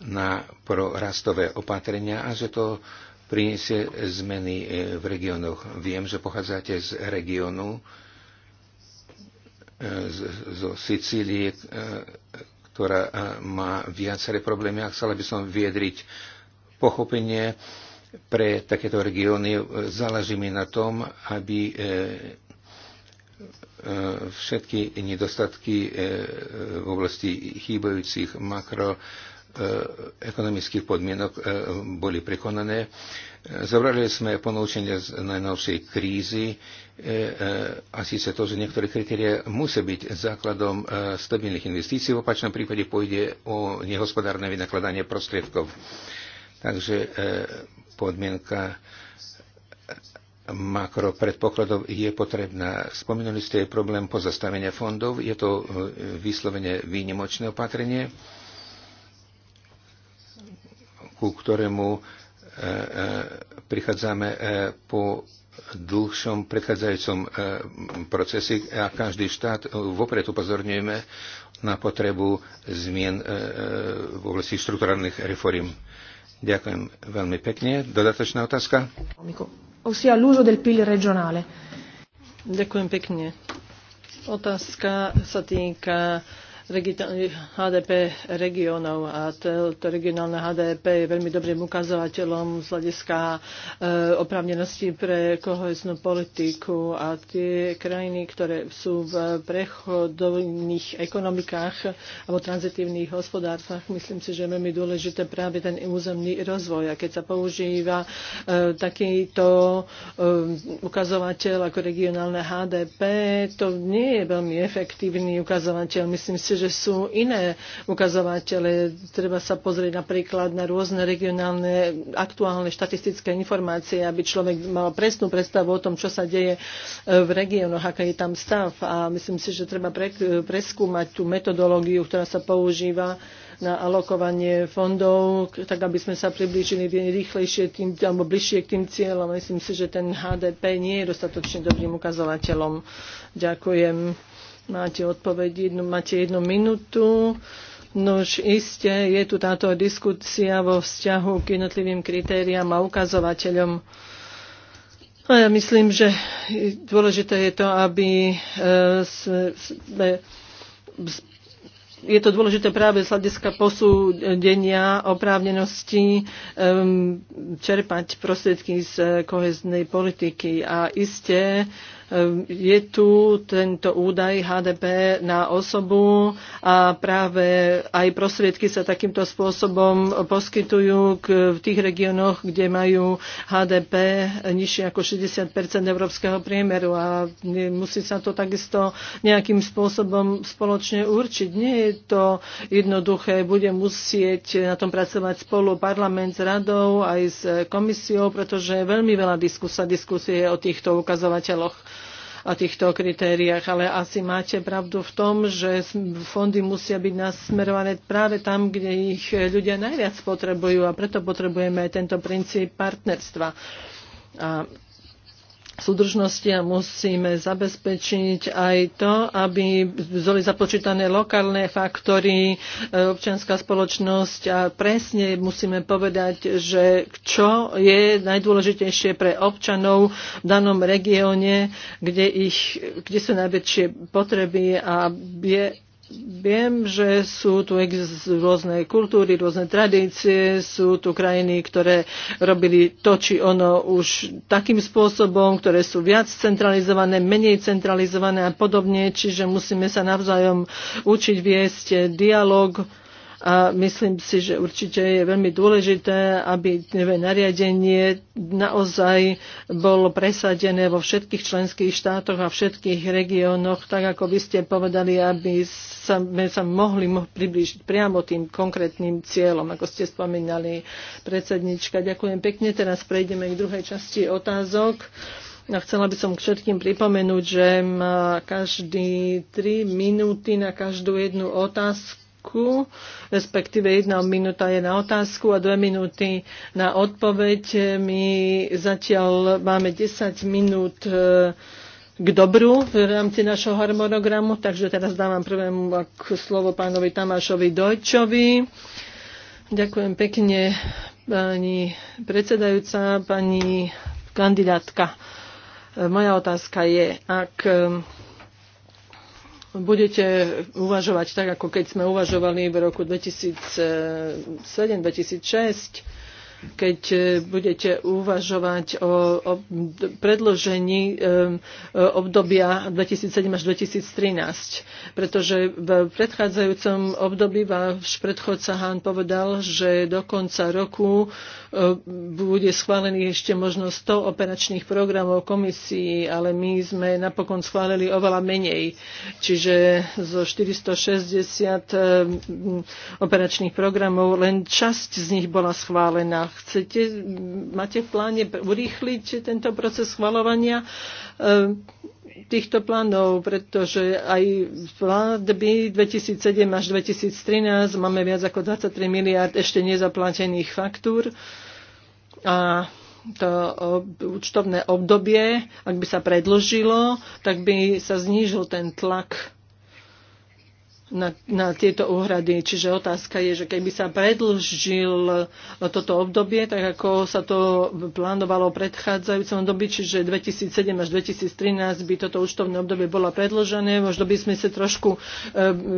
na prorastové opatrenia a že to priniesie zmeny e, v regiónoch. Viem, že pochádzate z regiónu, e, zo Sicílie, e, ktorá má viaceré problémy a chcela by som viedriť pochopenie pre takéto regióny. Záleží mi na tom, aby všetky nedostatky v oblasti chýbajúcich makro E, ekonomických podmienok e, boli prekonané. E, Zabrali sme ponaučenie z najnovšej krízy a síce to, že niektoré kritéria musia byť základom stabilných investícií, v opačnom prípade pôjde o nehospodárne vynakladanie prostriedkov. Takže podmienka makro predpokladov je potrebná. Spomenuli ste problém pozastavenia fondov, je to vyslovene výnimočné opatrenie ku ktorému e, e, prichádzame e, po dlhšom predchádzajúcom e, procese a každý štát e, vopred upozorňujeme na potrebu zmien e, e v oblasti štruktúrnych reform. Ďakujem veľmi pekne. Dodatočná otázka? Ossia l'uso del PIL regionale. Ďakujem pekne. Otázka sa týka HDP regionov. a to, to regionálne HDP je veľmi dobrým ukazovateľom z hľadiska e, oprávnenosti pre kohoznú politiku a tie krajiny, ktoré sú v prechodovných ekonomikách alebo tranzitívnych hospodárstvách, myslím si, že je veľmi dôležité práve ten územný rozvoj. A keď sa používa e, takýto e, ukazovateľ ako regionálne HDP, to nie je veľmi efektívny ukazovateľ. Myslím si, pretože sú iné ukazovatele. Treba sa pozrieť napríklad na rôzne regionálne aktuálne štatistické informácie, aby človek mal presnú predstavu o tom, čo sa deje e, v regiónoch, aký je tam stav. A myslím si, že treba pre, preskúmať tú metodológiu, ktorá sa používa na alokovanie fondov, tak aby sme sa priblížili rýchlejšie tým, alebo bližšie k tým cieľom. Myslím si, že ten HDP nie je dostatočne dobrým ukazovateľom. Ďakujem. Máte odpoveď, jednu, máte jednu minútu. No už iste je tu táto diskusia vo vzťahu k jednotlivým kritériám a ukazovateľom. A ja myslím, že dôležité je to, aby e, sme je to dôležité práve z hľadiska posúdenia oprávnenosti čerpať prostriedky z koheznej politiky. A iste Ehm, je tu tento údaj HDP na osobu a práve aj prostriedky sa takýmto spôsobom poskytujú k, v tých regiónoch, kde majú HDP nižšie ako 60 európskeho priemeru a musí sa to takisto nejakým spôsobom spoločne určiť. Nie je to jednoduché, bude musieť na tom pracovať spolu parlament s radou aj s komisiou, pretože je veľmi veľa diskus diskusie o týchto ukazovateľoch o týchto kritériách, ale asi máte pravdu v tom, že fondy musia byť nasmerované práve tam, kde ich ľudia najviac potrebujú a preto potrebujeme aj tento princíp partnerstva. A súdržnosti a musíme zabezpečiť aj to, aby boli započítané lokálne faktory, e, občianská spoločnosť a presne musíme povedať, že čo je najdôležitejšie pre občanov v danom regióne, kde, ich, kde sú najväčšie potreby a je Viem, že sú tu rôzne kultúry, rôzne tradície, sú tu krajiny, ktoré robili to či ono už takým spôsobom, ktoré sú viac centralizované, menej centralizované a podobne, čiže musíme sa navzájom učiť viesť dialog a myslím si, že určite je veľmi dôležité, aby neviem, nariadenie naozaj bolo presadené vo všetkých členských štátoch a všetkých regiónoch, tak ako by ste povedali, aby sa, sa mohli priblížiť priamo tým konkrétnym cieľom, ako ste spomínali predsednička. Ďakujem pekne. Teraz prejdeme k druhej časti otázok. A chcela by som k všetkým pripomenúť, že má každý 3 minúty na každú jednu otázku otázku, respektíve jedna minúta je na otázku a dve minúty na odpoveď. My zatiaľ máme 10 minút e, k dobru v rámci našho harmonogramu, takže teraz dávam prvému slovo pánovi Tamášovi Dojčovi. Ďakujem pekne, pani predsedajúca, pani kandidátka. E, moja otázka je, ak budete uvažovať tak, ako keď sme uvažovali v roku 2007-2006, keď e, budete uvažovať o, o predložení e, e, obdobia 2007 až 2013. Pretože v predchádzajúcom období váš predchodca Hán povedal, že do konca roku bude schválený ešte možno 100 operačných programov komisii, ale my sme napokon schválili oveľa menej. Čiže zo 460 operačných programov len časť z nich bola schválená chcete, máte v pláne urýchliť tento proces schvalovania eh, týchto plánov, pretože aj vládby 2007 až 2013 máme viac ako 23 miliard ešte nezaplatených faktúr a to účtovné obdobie, ak by sa predložilo, tak by sa znížil ten tlak na, na tieto úhrady. Čiže otázka je, že keby sa predlžil toto obdobie, tak ako sa to plánovalo v predchádzajúcom období, čiže 2007 až 2013 by toto účtovné obdobie bolo predlžené, možno by sme sa trošku e,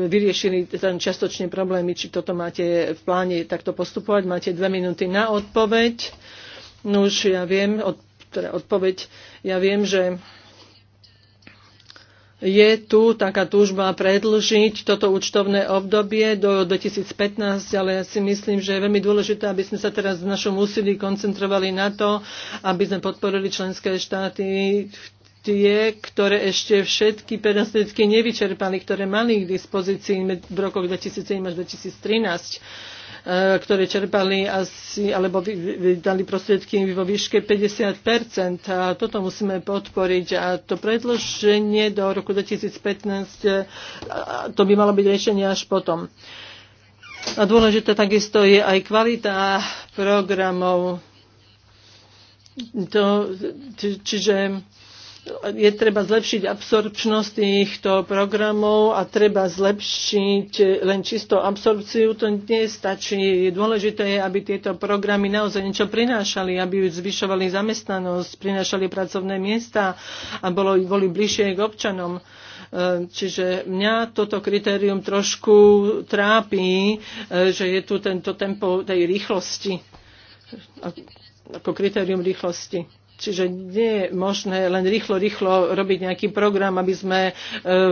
vyriešili tam čiastočne problémy, či toto máte v pláne takto postupovať. Máte dve minúty na odpoveď. No už ja viem, od, teda odpoveď, ja viem, že je tu taká túžba predlžiť toto účtovné obdobie do 2015, ale ja si myslím, že je veľmi dôležité, aby sme sa teraz v našom úsilí koncentrovali na to, aby sme podporili členské štáty tie, ktoré ešte všetky prostriedky nevyčerpali, ktoré mali k dispozícii v rokoch 2007 až 2013 Eh, ktoré čerpali asi, alebo dali prostriedky vo výške 50 A toto musíme podporiť. A to predloženie do roku 2015, eh, to by malo byť riešenie až potom. A dôležité takisto je aj kvalita programov. To, čiže je treba zlepšiť absorpčnosť týchto programov a treba zlepšiť len čisto absorpciu. To nestačí. Je dôležité, aby tieto programy naozaj niečo prinášali, aby zvyšovali zamestnanosť, prinášali pracovné miesta a bolo, boli bližšie k občanom. E, čiže mňa toto kritérium trošku trápi, e, že je tu tento tempo tej rýchlosti, ako kritérium rýchlosti. Čiže nie je možné len rýchlo, rýchlo robiť nejaký program, aby sme e,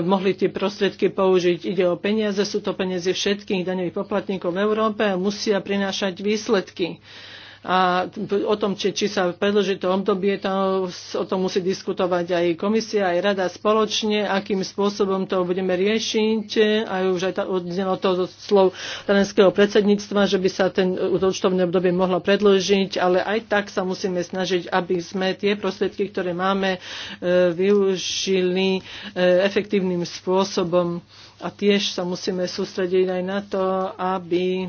mohli tie prostriedky použiť. Ide o peniaze, sú to peniaze všetkých daňových poplatníkov v Európe a musia prinášať výsledky. E, a o tom, či, či sa predlží to obdobie, to, o tom musí diskutovať aj komisia, aj rada spoločne, akým spôsobom to budeme riešiť. A už aj odznelo to zo slov talenského predsedníctva, že by sa ten účtovné obdobie mohlo predložiť, ale aj tak sa musíme snažiť, aby sme tie prostriedky, ktoré máme, e, využili e, efektívnym spôsobom. A tiež sa musíme sústrediť aj na to, aby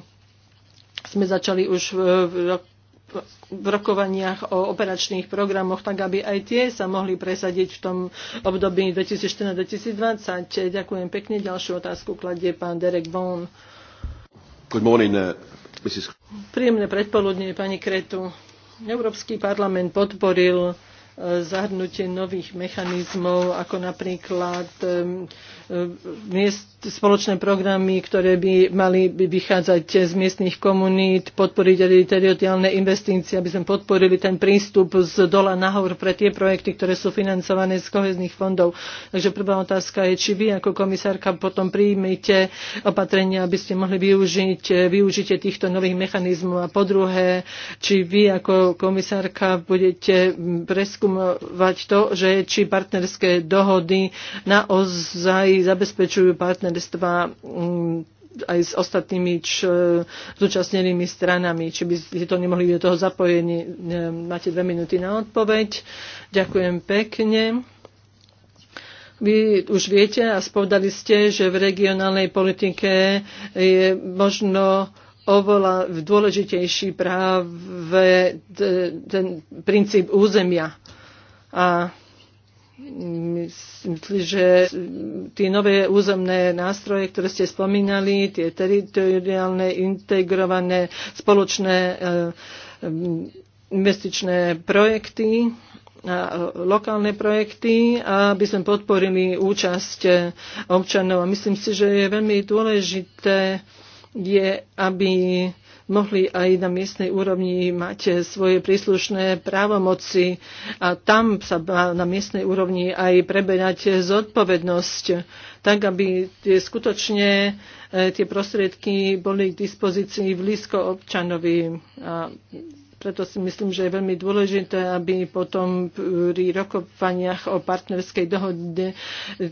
sme začali už v roku v rokovaniach o operačných programoch, tak aby aj tie sa mohli presadiť v tom období 2014-2020. Ďakujem pekne. Ďalšiu otázku kladie pán Derek Bone. Good morning, uh, Mrs. Príjemné predpoludne, pani Kretu. Európsky parlament podporil uh, zahrnutie nových mechanizmov, ako napríklad um, miest, spoločné programy, ktoré by mali vychádzať z miestnych komunít, podporiť teritoriálne investície, aby sme podporili ten prístup z dola nahor pre tie projekty, ktoré sú financované z kohezných fondov. Takže prvá otázka je, či vy ako komisárka potom príjmete opatrenia, aby ste mohli využiť využitie týchto nových mechanizmov. A po druhé, či vy ako komisárka budete preskúmovať to, že či partnerské dohody naozaj zabezpečujú partnerstva mm, aj s ostatnými č, e, zúčastnenými stranami, či by ste to nemohli do toho zapojení. Máte dve minúty na odpoveď. Ďakujem pekne. Vy už viete a spovedali ste, že v regionálnej politike je možno oveľa dôležitejší práve ten princíp územia. A že tie nové územné nástroje, ktoré ste spomínali, tie teritoriálne, integrované, spoločné eh, investičné projekty, a lokálne projekty, aby sme podporili účasť občanov. A myslím si, že je veľmi dôležité, je, aby mohli aj na miestnej úrovni mať svoje príslušné právomoci a tam sa má na miestnej úrovni aj preberať zodpovednosť, tak aby tie skutočne eh, tie prostriedky boli k dispozícii blízko občanovi. A preto si myslím, že je veľmi dôležité, aby potom pri rokovaniach o partnerskej dohode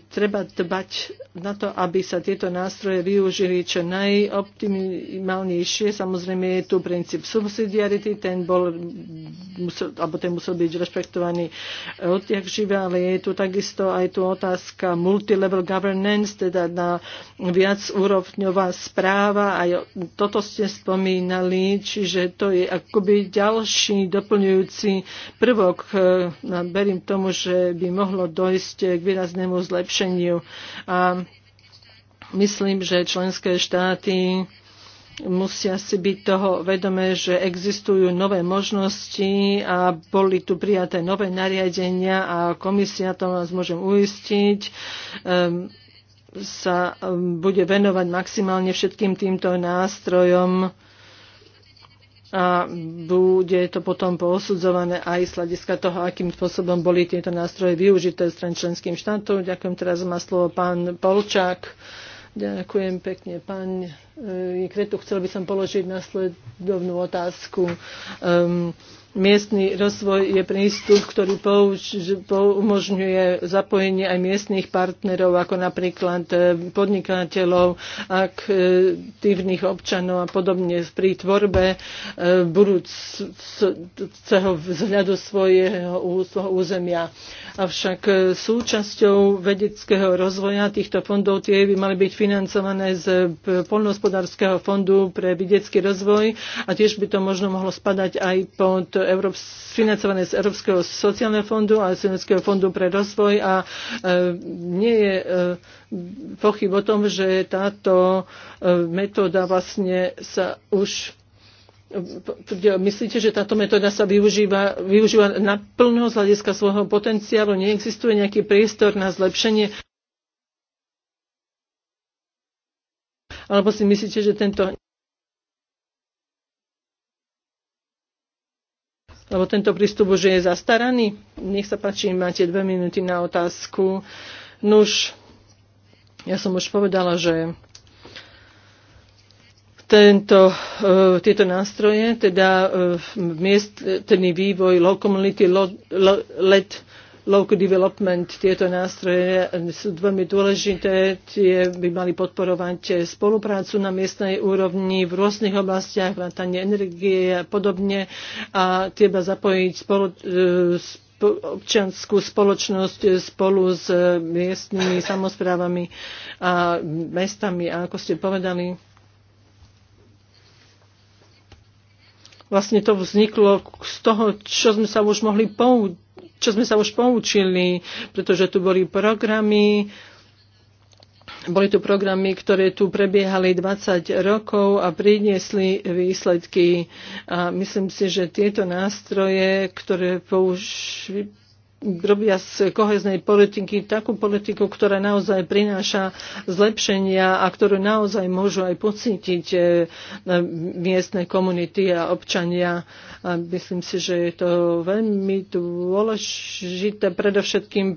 treba dbať na to, aby sa tieto nástroje využili čo najoptimálnejšie. Samozrejme je tu princíp subsidiarity, ten bol, musel, alebo ten musel byť rešpektovaný odjak živé, ale je tu takisto aj tu otázka multilevel governance, teda na viac úrovňová správa. Aj toto ste spomínali, čiže to je akoby ďalší doplňujúci prvok. E, verím tomu, že by mohlo dojsť k výraznému zlepšeniu. A myslím, že členské štáty musia si byť toho vedomé, že existujú nové možnosti a boli tu prijaté nové nariadenia a komisia, to vás môžem uistiť, ehm, sa ehm, bude venovať maximálne všetkým týmto nástrojom, a bude to potom posudzované aj z hľadiska toho, akým spôsobom boli tieto nástroje využité stran členským štátom. Ďakujem teraz má slovo pán Polčák. Ďakujem pekne. Pán eh, Kretu, chcel by som položiť nasledovnú otázku. Um, Miestny rozvoj je prístup, ktorý umožňuje zapojenie aj miestných partnerov, ako napríklad e, podnikateľov, aktívnych občanov a podobne pri tvorbe e, budúceho vzhľadu svojho, svojho územia. Avšak e, súčasťou vedeckého rozvoja týchto fondov tie by mali byť financované z Polnohospodárskeho fondu pre vedecký rozvoj a tiež by to možno mohlo spadať aj pod to Európs- financované z Európskeho sociálneho fondu a z Európskeho fondu pre rozvoj a e, nie je e, pochyb o tom, že táto e, metóda vlastne sa už e, Myslíte, že táto metóda sa využíva, využíva naplno z hľadiska svojho potenciálu? Neexistuje nejaký priestor na zlepšenie? Alebo si myslíte, že tento lebo tento prístup už je zastaraný. Nech sa páči, máte dve minúty na otázku. Nuž, ja som už povedala, že tento, e, tieto nástroje, teda e, miestný e, vývoj, low lo, lo, let, local development, tieto nástroje sú veľmi dôležité, tie by mali podporovať spoluprácu na miestnej úrovni v rôznych oblastiach, vrátanie energie a podobne a treba zapojiť spolu, e, občianskú spoločnosť spolu s miestnymi samozprávami a mestami. A ako ste povedali, vlastne to vzniklo z toho, čo sme sa už mohli poučiť čo sme sa už poučili, pretože tu boli programy, boli tu programy, ktoré tu prebiehali 20 rokov a priniesli výsledky. A myslím si, že tieto nástroje, ktoré použili robia z koheznej politiky takú politiku, ktorá naozaj prináša zlepšenia a ktorú naozaj môžu aj pocítiť e, e, miestne komunity a občania. A myslím si, že je to veľmi dôležité predovšetkým,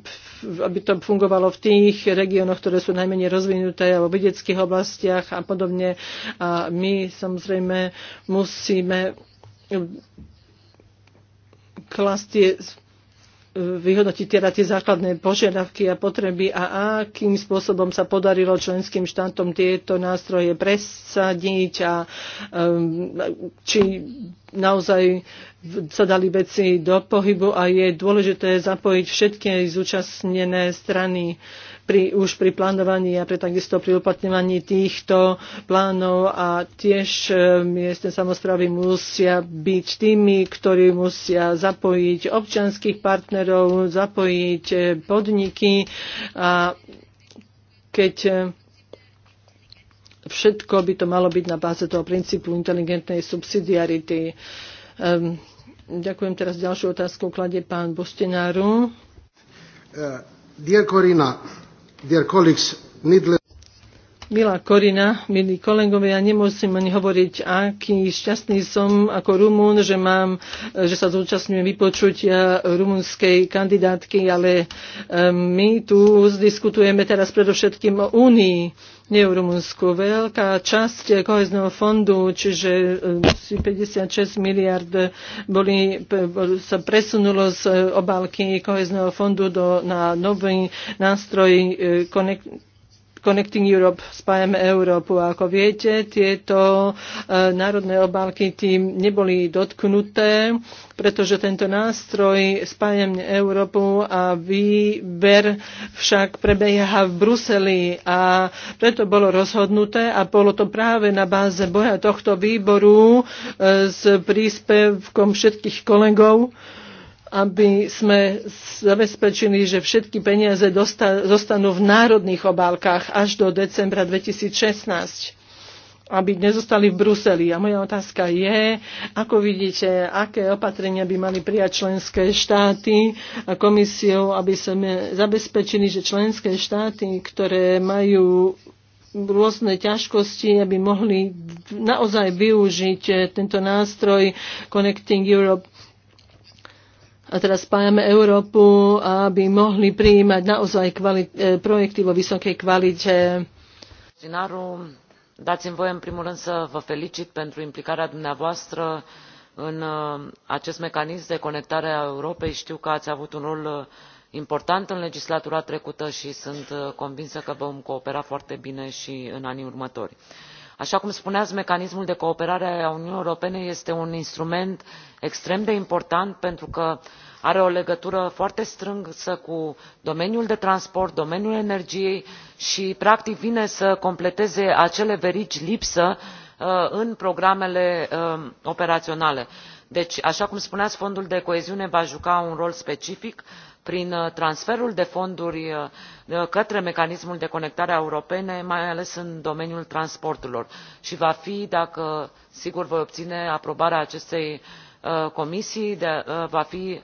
aby to fungovalo v tých regiónoch, ktoré sú najmenej rozvinuté alebo v vedeckých oblastiach a podobne. A my samozrejme musíme e, klasť vyhodnotiť teda tie základné požiadavky a potreby a akým spôsobom sa podarilo členským štátom tieto nástroje presadiť a um, či naozaj sa dali veci do pohybu a je dôležité zapojiť všetky zúčastnené strany pri, už pri plánovaní a pre takisto pri uplatňovaní týchto plánov a tiež e, miestne samozprávy musia byť tými, ktorí musia zapojiť občanských partnerov, zapojiť e, podniky a keď e, všetko by to malo byť na báze toho princípu inteligentnej subsidiarity. Um, ďakujem teraz ďalšiu otázku kladie pán Bostenáru. Uh, dear Corina, Dear colleagues, needless... Milá Korina, milí kolegovia, ja nemusím ani hovoriť, aký šťastný som ako Rumún, že, mám, že sa zúčastňujem vypočutia rumunskej kandidátky, ale ehm, my tu diskutujeme teraz predovšetkým o Únii nie v Rumunsku. Veľká časť kohezného fondu, čiže 56 e, miliard boli, sa presunulo z obálky kohezného fondu do, na nový nástroj e, konek. Connecting Europe, Spájame Európu. A ako viete, tieto e, národné obálky tým neboli dotknuté, pretože tento nástroj Spájame Európu a výber však prebieha v Bruseli a preto bolo rozhodnuté a bolo to práve na báze boja tohto výboru e, s príspevkom všetkých kolegov, aby sme zabezpečili, že všetky peniaze zostanú v národných obálkach až do decembra 2016 aby nezostali v Bruseli. A moja otázka je, ako vidíte, aké opatrenia by mali prijať členské štáty a komisiou, aby sme zabezpečili, že členské štáty, ktoré majú rôzne ťažkosti, aby mohli naozaj využiť eh, tento nástroj Connecting Europe a teraz spájame Európu, aby mohli prijímať naozaj kvalit- e, projekty vo vysokej kvalite. Dinaru, dați-mi voie în primul rând să vă felicit pentru implicarea dumneavoastră în e, acest mecanism de conectare a Europei. Știu că ați avut un rol e, important în legislatura trecută și sunt convinsă că vom coopera foarte bine și în anii următori așa cum spuneați mecanismul de cooperare a uniunii europene este un instrument extrem de important pentru că are o legătură foarte strânsă cu domeniul de transport domeniul energiei și practic vine să completeze acele verigi lipsă uh, în programele uh, operaționale. deci așa cum spuneați fondul de coeziune va juca un rol specific și prin uh, transferul de fonduri uh, către mecanismul de conectare europene mai ales în domeniul transporturilor și va fi dacă sigur voi obține aprobarea acestei uh, comisii va fi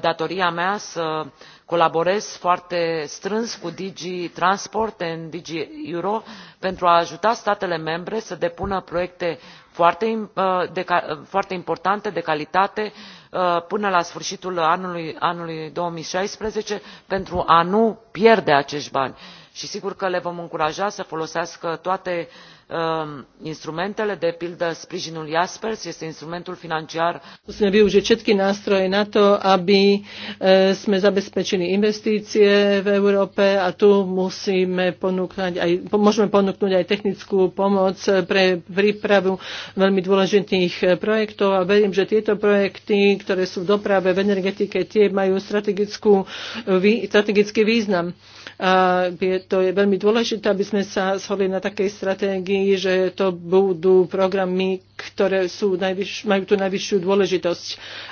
datoria mea să colaborez foarte strâns cu dg transport and dg euro pentru a ajuta statele membre să depună proiecte Uh, uh, foarte, importante de calitate uh, până la sfârșitul anului, anului două mii șaisprezece pentru a nu pierde acești bani și sigur că le vom încuraja să folosească toate Um, instrumentele de pildă sprijinul jaspers este instrumentul financiar musíme využiť všetky nástroje na to aby e, sme zabezpečili investície v Európe a tu musíme ponúknuť aj, môžeme ponúknuť aj technickú pomoc pre prípravu veľmi dôležitých e, projektov a verím, že tieto projekty, ktoré sú v doprave, v energetike, tie majú strategickú, e, strategický význam. A je, to je veľmi dôležité, aby sme sa shodli na takej stratégii, tvrdí, že to budú programy, ktoré sú najvyš, majú tú najvyššiu dôležitosť.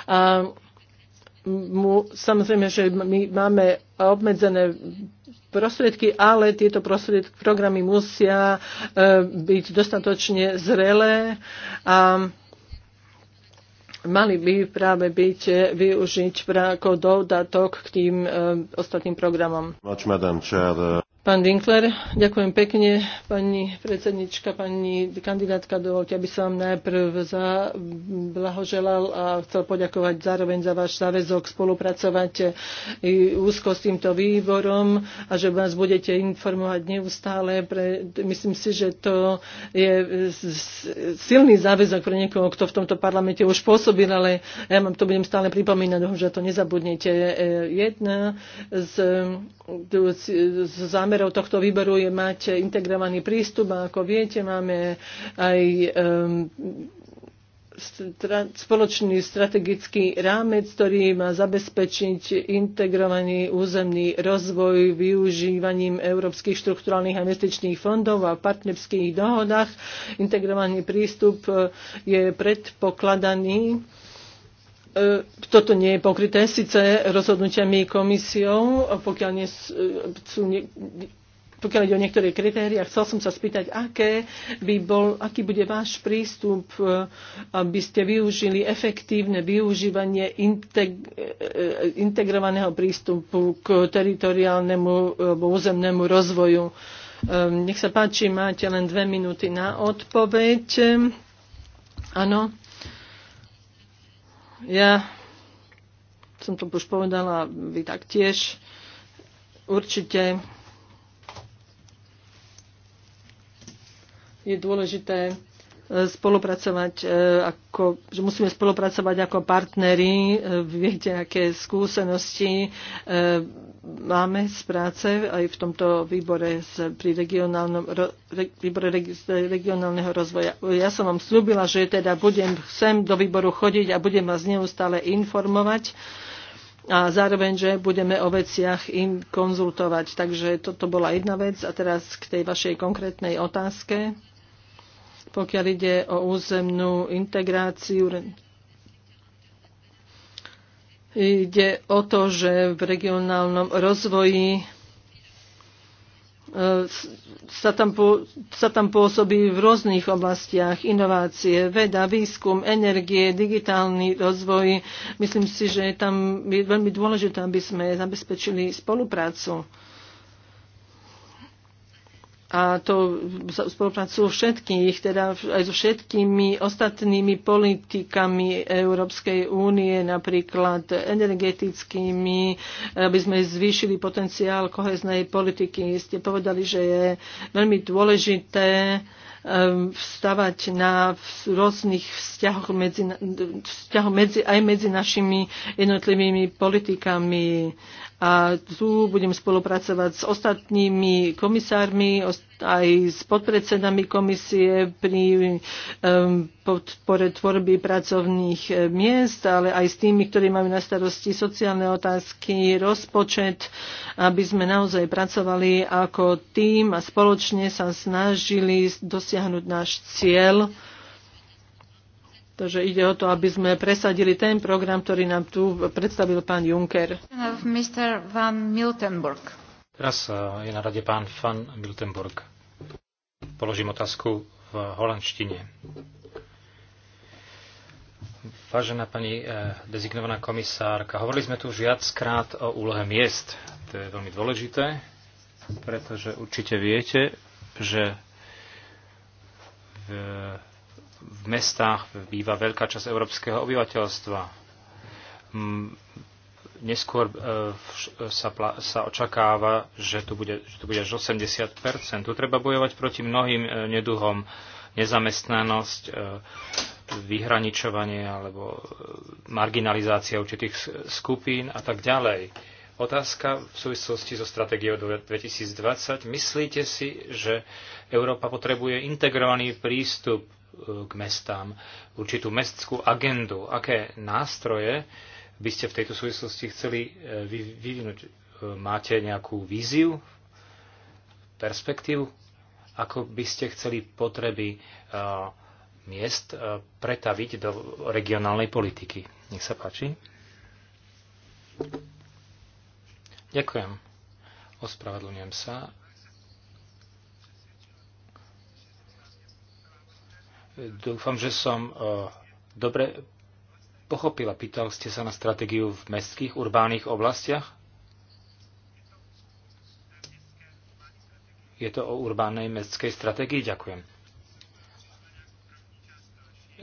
A mu, samozrejme, že my máme obmedzené prostriedky, ale tieto prostriedky, programy musia uh, byť dostatočne zrelé a mali by práve byť e, využiť ako dodatok k tým uh, ostatným programom. Much, Pán Winkler, ďakujem pekne. Pani predsednička, pani kandidátka, dovolte, aby som vám najprv za, blahoželal a chcel poďakovať zároveň za váš záväzok spolupracovať úzko s týmto výborom a že vás budete informovať neustále. Pre, myslím si, že to je silný záväzok pre niekoho, kto v tomto parlamente už pôsobil, ale ja vám to budem stále pripomínať, že to nezabudnete. E, jedna z, z, z zámer zámerov tohto výboru je mať integrovaný prístup a ako viete, máme aj spoločný strategický rámec, ktorý má zabezpečiť integrovaný územný rozvoj využívaním európskych štrukturálnych a investičných fondov a partnerských dohodách. Integrovaný prístup eh, je predpokladaný E, toto nie je pokryté síce rozhodnutiami komisiou, pokiaľ, nie e, sú, pokiaľ ide o niektoré kritéria. Chcel som sa spýtať, aké by bol, aký bude váš prístup, e, aby ste využili efektívne využívanie integ, integrovaného prístupu k teritoriálnemu alebo územnému rozvoju. Nech sa páči, máte len dve minúty na odpoveď. Áno. Ja som to už povedala, vy taktiež. Určite je dôležité e, spolupracovať e, ako, že musíme spolupracovať ako partneri, e, viete, aké skúsenosti máme z práce aj v tomto výbore z, pri regionálnom, re, výbore regionálneho rozvoja. Ja som vám slúbila, že teda budem sem do výboru chodiť a budem vás neustále informovať a zároveň, že budeme o veciach im konzultovať. Takže toto bola jedna vec. A teraz k tej vašej konkrétnej otázke. Pokiaľ ide o územnú integráciu, Ide o to, že v regionálnom rozvoji e, sa tam, po, sa tam pôsobí v rôznych oblastiach inovácie, veda, výskum, energie, digitálny rozvoj. Myslím si, že tam je veľmi dôležité, aby sme zabezpečili spoluprácu a to spolupracujú všetkých, teda aj so všetkými ostatnými politikami Európskej únie, napríklad energetickými, aby sme zvýšili potenciál koheznej politiky. Ste povedali, že je veľmi dôležité ehm, vstavať na rôznych vzťahoch medzi, vzťahoch medzi, aj medzi našimi jednotlivými politikami a tu budem spolupracovať s ostatnými komisármi, aj s podpredsedami komisie pri podpore tvorby pracovných eh, miest, ale aj s tými, ktorí majú na starosti sociálne otázky, rozpočet, aby sme naozaj pracovali ako tým a spoločne sa snažili dosiahnuť náš cieľ Takže ide o to, aby sme presadili ten program, ktorý nám tu predstavil pán Juncker. Mr. Van Miltenburg. Teraz eh, je na rade pán Van Miltenburg. Položím otázku v holandštine. Vážená pani eh, dezignovaná komisárka, hovorili sme tu už viackrát o úlohe miest. To je veľmi dôležité, pretože určite viete, že v v mestách býva veľká časť európskeho obyvateľstva. Mm, neskôr e, e, sa, sa očakáva, že tu, bude, že tu bude až 80 Tu treba bojovať proti mnohým e, neduhom. Nezamestnanosť, vyhraničovanie alebo marginalizácia určitých skupín a tak ďalej. Otázka v súvislosti so stratégiou 2020. Myslíte si, že Európa potrebuje integrovaný prístup k mestám, určitú mestskú agendu. Aké nástroje by ste v tejto súvislosti chceli e, vyvinúť? E, máte nejakú víziu, perspektívu? Ako by ste chceli potreby e, miest pretaviť do regionálnej politiky? Nech sa páči. Ďakujem. Ospravedlňujem sa Dúfam, že som e, dobre pochopila. Pýtal ste sa na stratégiu v mestských, urbánnych oblastiach? Je to o urbánnej mestskej stratégii? Ďakujem.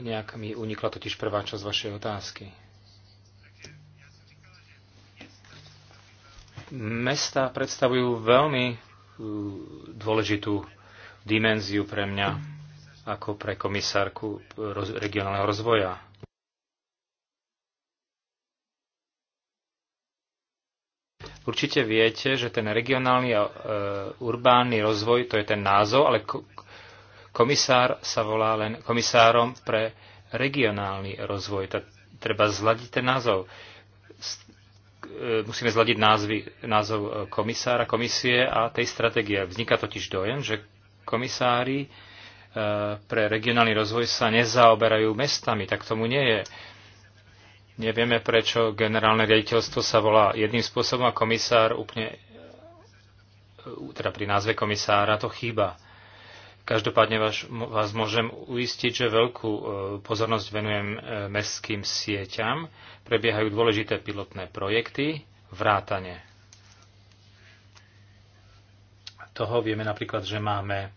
Nejak mi unikla totiž prvá časť vašej otázky. Mesta predstavujú veľmi e, dôležitú dimenziu pre mňa ako pre komisárku regionálneho rozvoja. Určite viete, že ten regionálny a e, urbánny rozvoj, to je ten názov, ale komisár sa volá len komisárom pre regionálny rozvoj. Tá, treba zladiť ten názov. E, musíme zladiť názvy, názov e, komisára, komisie a tej stratégie. Vzniká totiž dojem, že komisári Eh, pre regionálny rozvoj sa nezaoberajú mestami. Tak tomu nie je. Nevieme, prečo generálne riaditeľstvo sa volá jedným spôsobom a komisár úplne, eh, teda pri názve komisára to chýba. Každopádne vás, vás môžem uistiť, že veľkú eh, pozornosť venujem mestským sieťam. Prebiehajú dôležité pilotné projekty, vrátane. Toho vieme napríklad, že máme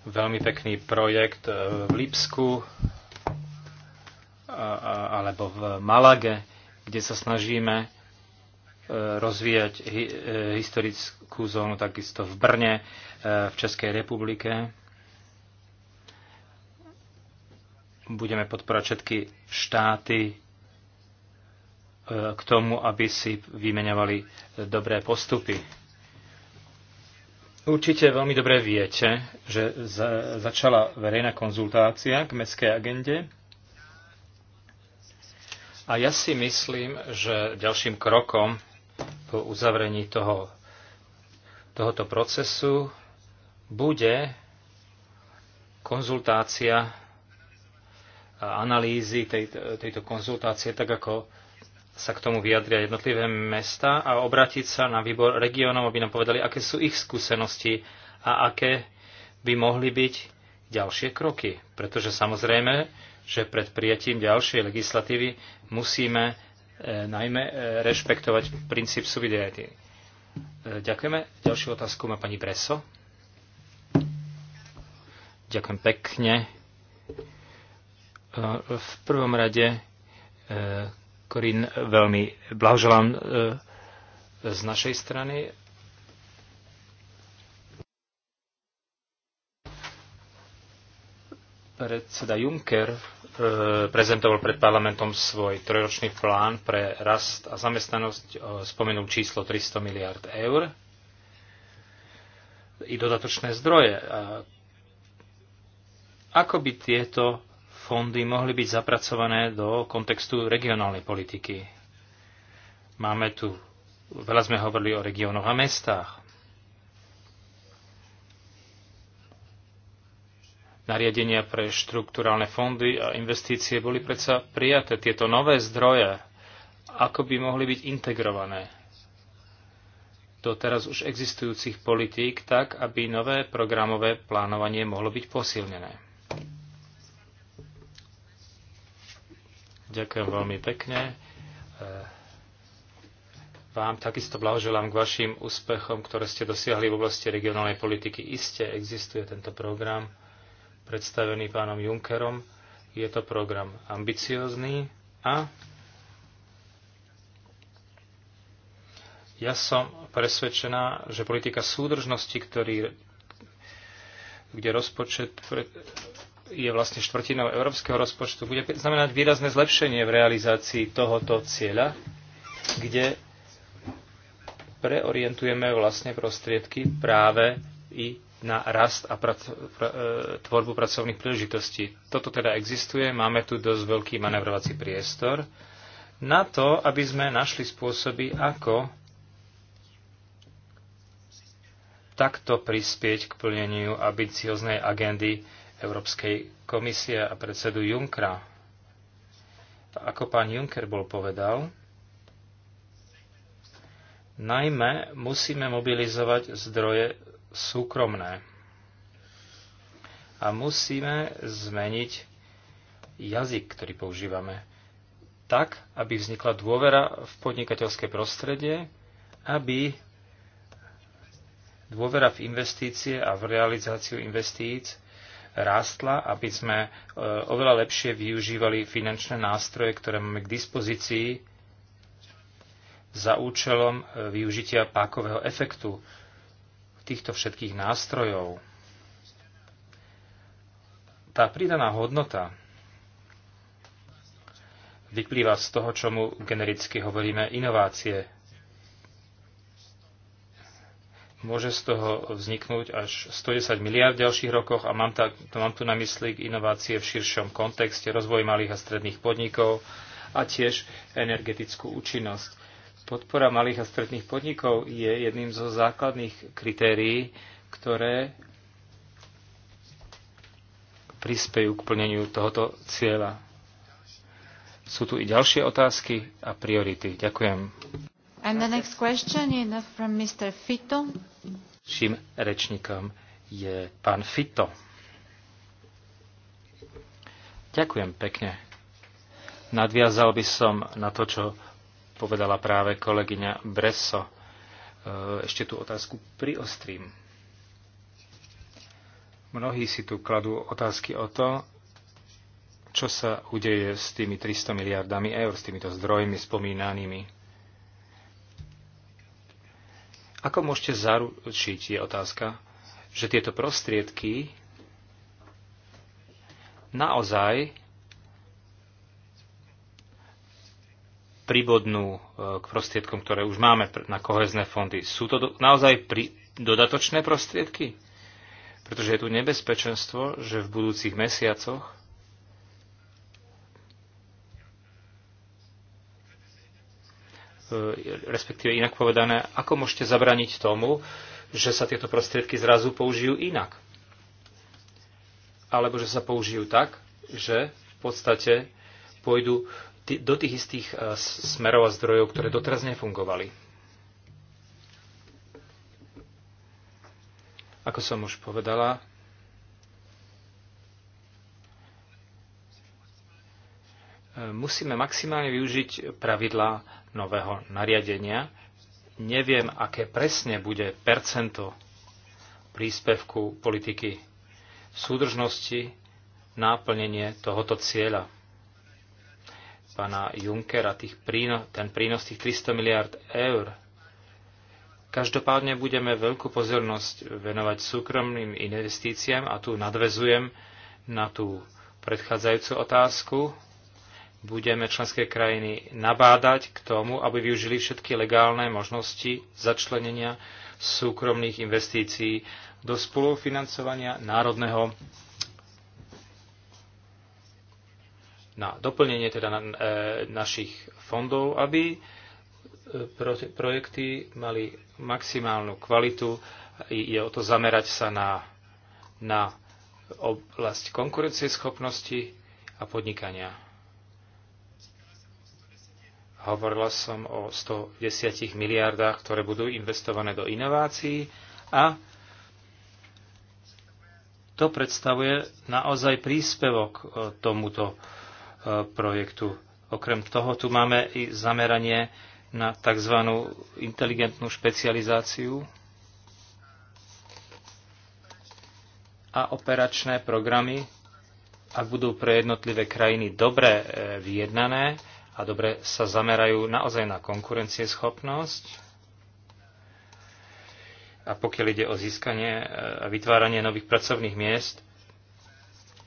Veľmi pekný projekt e, v Lipsku alebo v Malage, kde sa snažíme e, rozvíjať e, historickú zónu takisto v Brne, v Českej republike. Budeme podporovať všetky štáty k tomu, aby si vymeňovali dobré postupy. Určite veľmi dobre viete, že za, začala verejná konzultácia k mestskej agende. A ja si myslím, že ďalším krokom po uzavrení toho, tohoto procesu bude konzultácia a analýzy tej, tejto konzultácie, tak ako sa k tomu vyjadria jednotlivé mesta a obrátiť sa na výbor regiónov, aby nám povedali, aké sú ich skúsenosti a aké by mohli byť ďalšie kroky. Pretože samozrejme, že pred prijatím ďalšej legislatívy musíme e, najmä e, rešpektovať princíp subsidiarity. E, ďakujeme. Ďalšiu otázku má pani Breso. Ďakujem pekne. E, v prvom rade e, Korin, veľmi blahoželám e, z našej strany. Predseda Juncker e, prezentoval pred parlamentom svoj trojročný plán pre rast a zamestnanosť, e, spomenul číslo 300 miliard eur i dodatočné zdroje. Ako by tieto fondy mohli byť zapracované do kontextu regionálnej politiky. Máme tu, veľa sme hovorili o regiónoch a mestách. Nariadenia pre štrukturálne fondy a investície boli predsa prijaté. Tieto nové zdroje, ako by mohli byť integrované do teraz už existujúcich politík, tak aby nové programové plánovanie mohlo byť posilnené. Ďakujem veľmi pekne. E, vám takisto blahoželám k vašim úspechom, ktoré ste dosiahli v oblasti regionálnej politiky. Iste existuje tento program, predstavený pánom Junckerom. Je to program ambiciózny a ja som presvedčená, že politika súdržnosti, ktorý, kde rozpočet je vlastne štvrtinou európskeho rozpočtu, bude znamenať výrazné zlepšenie v realizácii tohoto cieľa, kde preorientujeme vlastne prostriedky práve i na rast a prac- pra- e, tvorbu pracovných príležitostí. Toto teda existuje, máme tu dosť veľký manevrovací priestor na to, aby sme našli spôsoby, ako takto prispieť k plneniu ambicioznej agendy Európskej komisie a predsedu Junckera. Ako pán Juncker bol povedal, najmä musíme mobilizovať zdroje súkromné a musíme zmeniť jazyk, ktorý používame, tak, aby vznikla dôvera v podnikateľské prostredie, aby dôvera v investície a v realizáciu investíc rástla, aby sme e, oveľa lepšie využívali finančné nástroje, ktoré máme k dispozícii za účelom e, využitia pákového efektu týchto všetkých nástrojov. Tá pridaná hodnota vyplýva z toho, čomu genericky hovoríme inovácie môže z toho vzniknúť až 110 miliard v ďalších rokoch a mám, tak, mám tu na mysli inovácie v širšom kontexte, rozvoj malých a stredných podnikov a tiež energetickú účinnosť. Podpora malých a stredných podnikov je jedným zo základných kritérií, ktoré prispejú k plneniu tohoto cieľa. Sú tu i ďalšie otázky a priority. Ďakujem. And the next question is from Mr. Fito. Vším rečníkom je pán Fito. Ďakujem pekne. Nadviazal by som na to, čo povedala práve kolegyňa Bresso. E, ešte tú otázku priostrím. Mnohí si tu kladú otázky o to, čo sa udeje s tými 300 miliardami eur, s týmito zdrojmi spomínanými ako môžete zaručiť, je otázka, že tieto prostriedky naozaj pribodnú e, k prostriedkom, ktoré už máme na kohezné fondy. Sú to do, naozaj pri, dodatočné prostriedky? Pretože je tu nebezpečenstvo, že v budúcich mesiacoch E, respektíve inak povedané, ako môžete zabraniť tomu, že sa tieto prostriedky zrazu použijú inak. Alebo že sa použijú tak, že v podstate pôjdu do tých istých e, smerov a zdrojov, ktoré doteraz nefungovali. Ako som už povedala, musíme maximálne využiť pravidlá nového nariadenia. Neviem, aké presne bude percento príspevku politiky súdržnosti náplnenie tohoto cieľa pána Junckera, tých príno, ten prínos tých 300 miliard eur. Každopádne budeme veľkú pozornosť venovať súkromným investíciám a tu nadvezujem na tú predchádzajúcu otázku, budeme členské krajiny nabádať k tomu, aby využili všetky legálne možnosti začlenenia súkromných investícií do spolufinancovania národného na doplnenie teda na, e, našich fondov, aby e, pro, projekty mali maximálnu kvalitu. Je o to zamerať sa na, na oblasť konkurencieschopnosti a podnikania. Hovorila som o 110 miliardách, ktoré budú investované do inovácií a to predstavuje naozaj príspevok e, tomuto e, projektu. Okrem toho tu máme i zameranie na tzv. inteligentnú špecializáciu a operačné programy, ak budú pre jednotlivé krajiny dobre e, vyjednané, a dobre sa zamerajú naozaj na konkurencieschopnosť. A pokiaľ ide o získanie e, a vytváranie nových pracovných miest,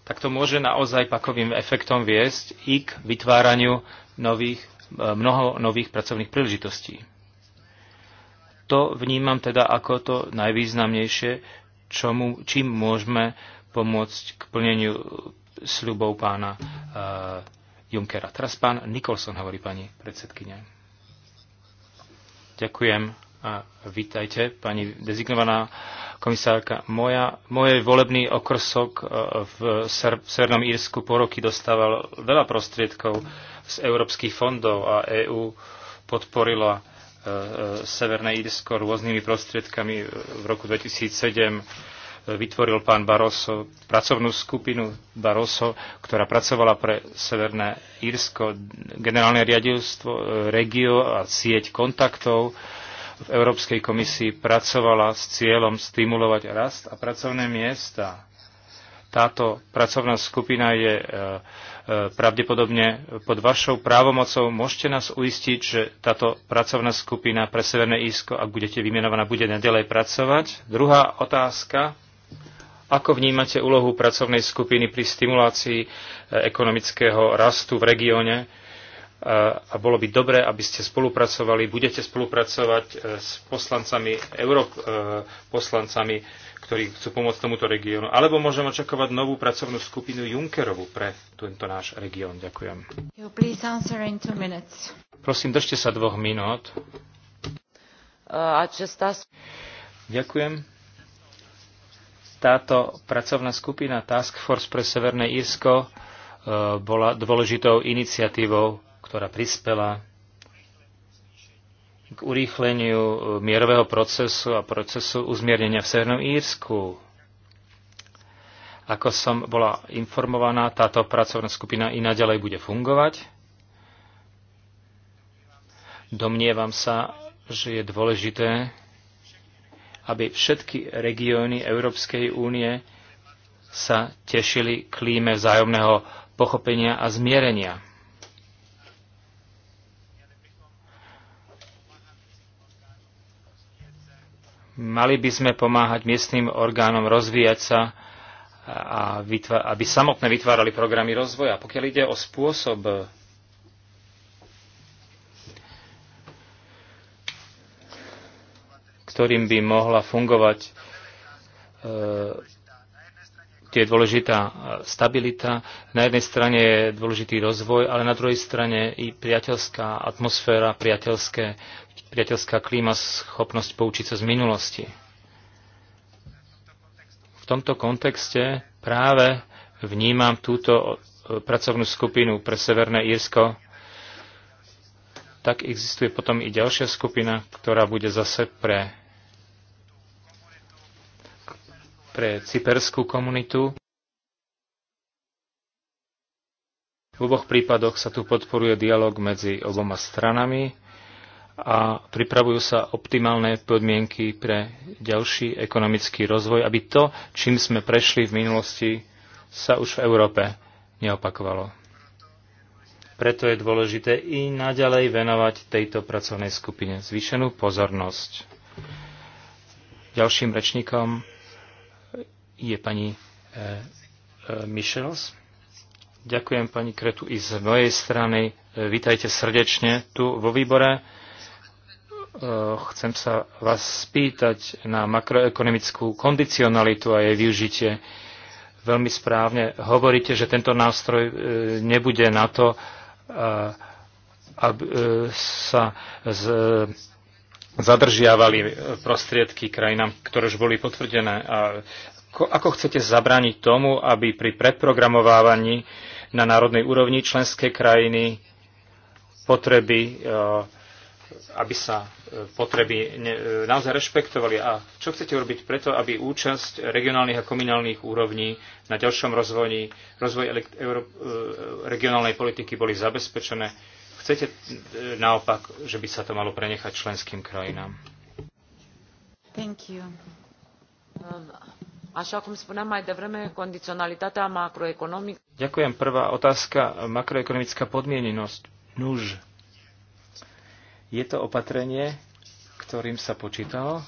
tak to môže naozaj pakovým efektom viesť i k vytváraniu nových, e, mnoho nových pracovných príležitostí. To vnímam teda ako to najvýznamnejšie, čomu, čím môžeme pomôcť k plneniu sľubov pána e, Junckera. Teraz pán Nikolson hovorí pani predsedkynia. Ďakujem a vítajte, pani dezignovaná komisárka. Moja, moje volebný okrsok e, v Severnom Írsku po roky dostával veľa prostriedkov z európskych fondov a EÚ podporila e, e, Severné Írsko rôznymi prostriedkami v roku 2007 vytvoril pán Barroso pracovnú skupinu Barroso, ktorá pracovala pre Severné Írsko, generálne riadilstvo, e, regio a sieť kontaktov v Európskej komisii pracovala s cieľom stimulovať rast a pracovné miesta. Táto pracovná skupina je e, e, pravdepodobne pod vašou právomocou. Môžete nás uistiť, že táto pracovná skupina pre Severné Ísko, ak budete vymenovaná, bude nadalej pracovať? Druhá otázka ako vnímate úlohu pracovnej skupiny pri stimulácii e, ekonomického rastu v regióne? E, a bolo by dobré, aby ste spolupracovali, budete spolupracovať e, s poslancami, europoslancami, ktorí chcú pomôcť tomuto regiónu. Alebo môžem očakávať novú pracovnú skupinu Junckerovu pre tento náš región. Ďakujem. Prosím, držte sa dvoch minút. Uh, just... Ďakujem. Táto pracovná skupina Task Force pre Severné Írsko e, bola dôležitou iniciatívou, ktorá prispela k urýchleniu e, mierového procesu a procesu uzmiernenia v Severnom Írsku. Ako som bola informovaná, táto pracovná skupina i naďalej bude fungovať. Domnievam sa, že je dôležité aby všetky regióny Európskej únie sa tešili klíme vzájomného pochopenia a zmierenia. Mali by sme pomáhať miestnym orgánom rozvíjať sa, a aby samotné vytvárali programy rozvoja. Pokiaľ ide o spôsob ktorým by mohla fungovať e, kde je dôležitá stabilita. Na jednej strane je dôležitý rozvoj, ale na druhej strane i priateľská atmosféra, priateľské, priateľská klíma, schopnosť poučiť sa z minulosti. V tomto kontexte práve vnímam túto e, pracovnú skupinu pre Severné Írsko. Tak existuje potom i ďalšia skupina, ktorá bude zase pre pre cyperskú komunitu. V oboch prípadoch sa tu podporuje dialog medzi oboma stranami a pripravujú sa optimálne podmienky pre ďalší ekonomický rozvoj, aby to, čím sme prešli v minulosti, sa už v Európe neopakovalo. Preto je dôležité i naďalej venovať tejto pracovnej skupine zvýšenú pozornosť. Ďalším rečníkom je pani e, e, Michels. Ďakujem pani Kretu i z mojej strany. E, vítajte srdečne tu vo výbore. Chcem sa vás spýtať na makroekonomickú kondicionalitu a jej využitie. Veľmi správne hovoríte, že tento nástroj nebude na to, aby sa z, zadržiavali prostriedky krajinám, ktoré už boli potvrdené. A ako chcete zabrániť tomu, aby pri preprogramovávaní na národnej úrovni členské krajiny potreby, eh, aby sa eh, potreby eh, naozaj rešpektovali? A čo chcete urobiť preto, aby účasť regionálnych a komunálnych úrovní na ďalšom rozvoji, rozvoji regionálnej politiky boli zabezpečené? Chcete naopak, že by sa to malo prenechať členským krajinám? Thank you. Um, Așa cum spuneam mai devreme, condiționalitatea macroeconomică. Ďakujem. Prvá otázka, makroekonomická podmienenosť. Nuž. Je to opatrenie, ktorým sa počítalo,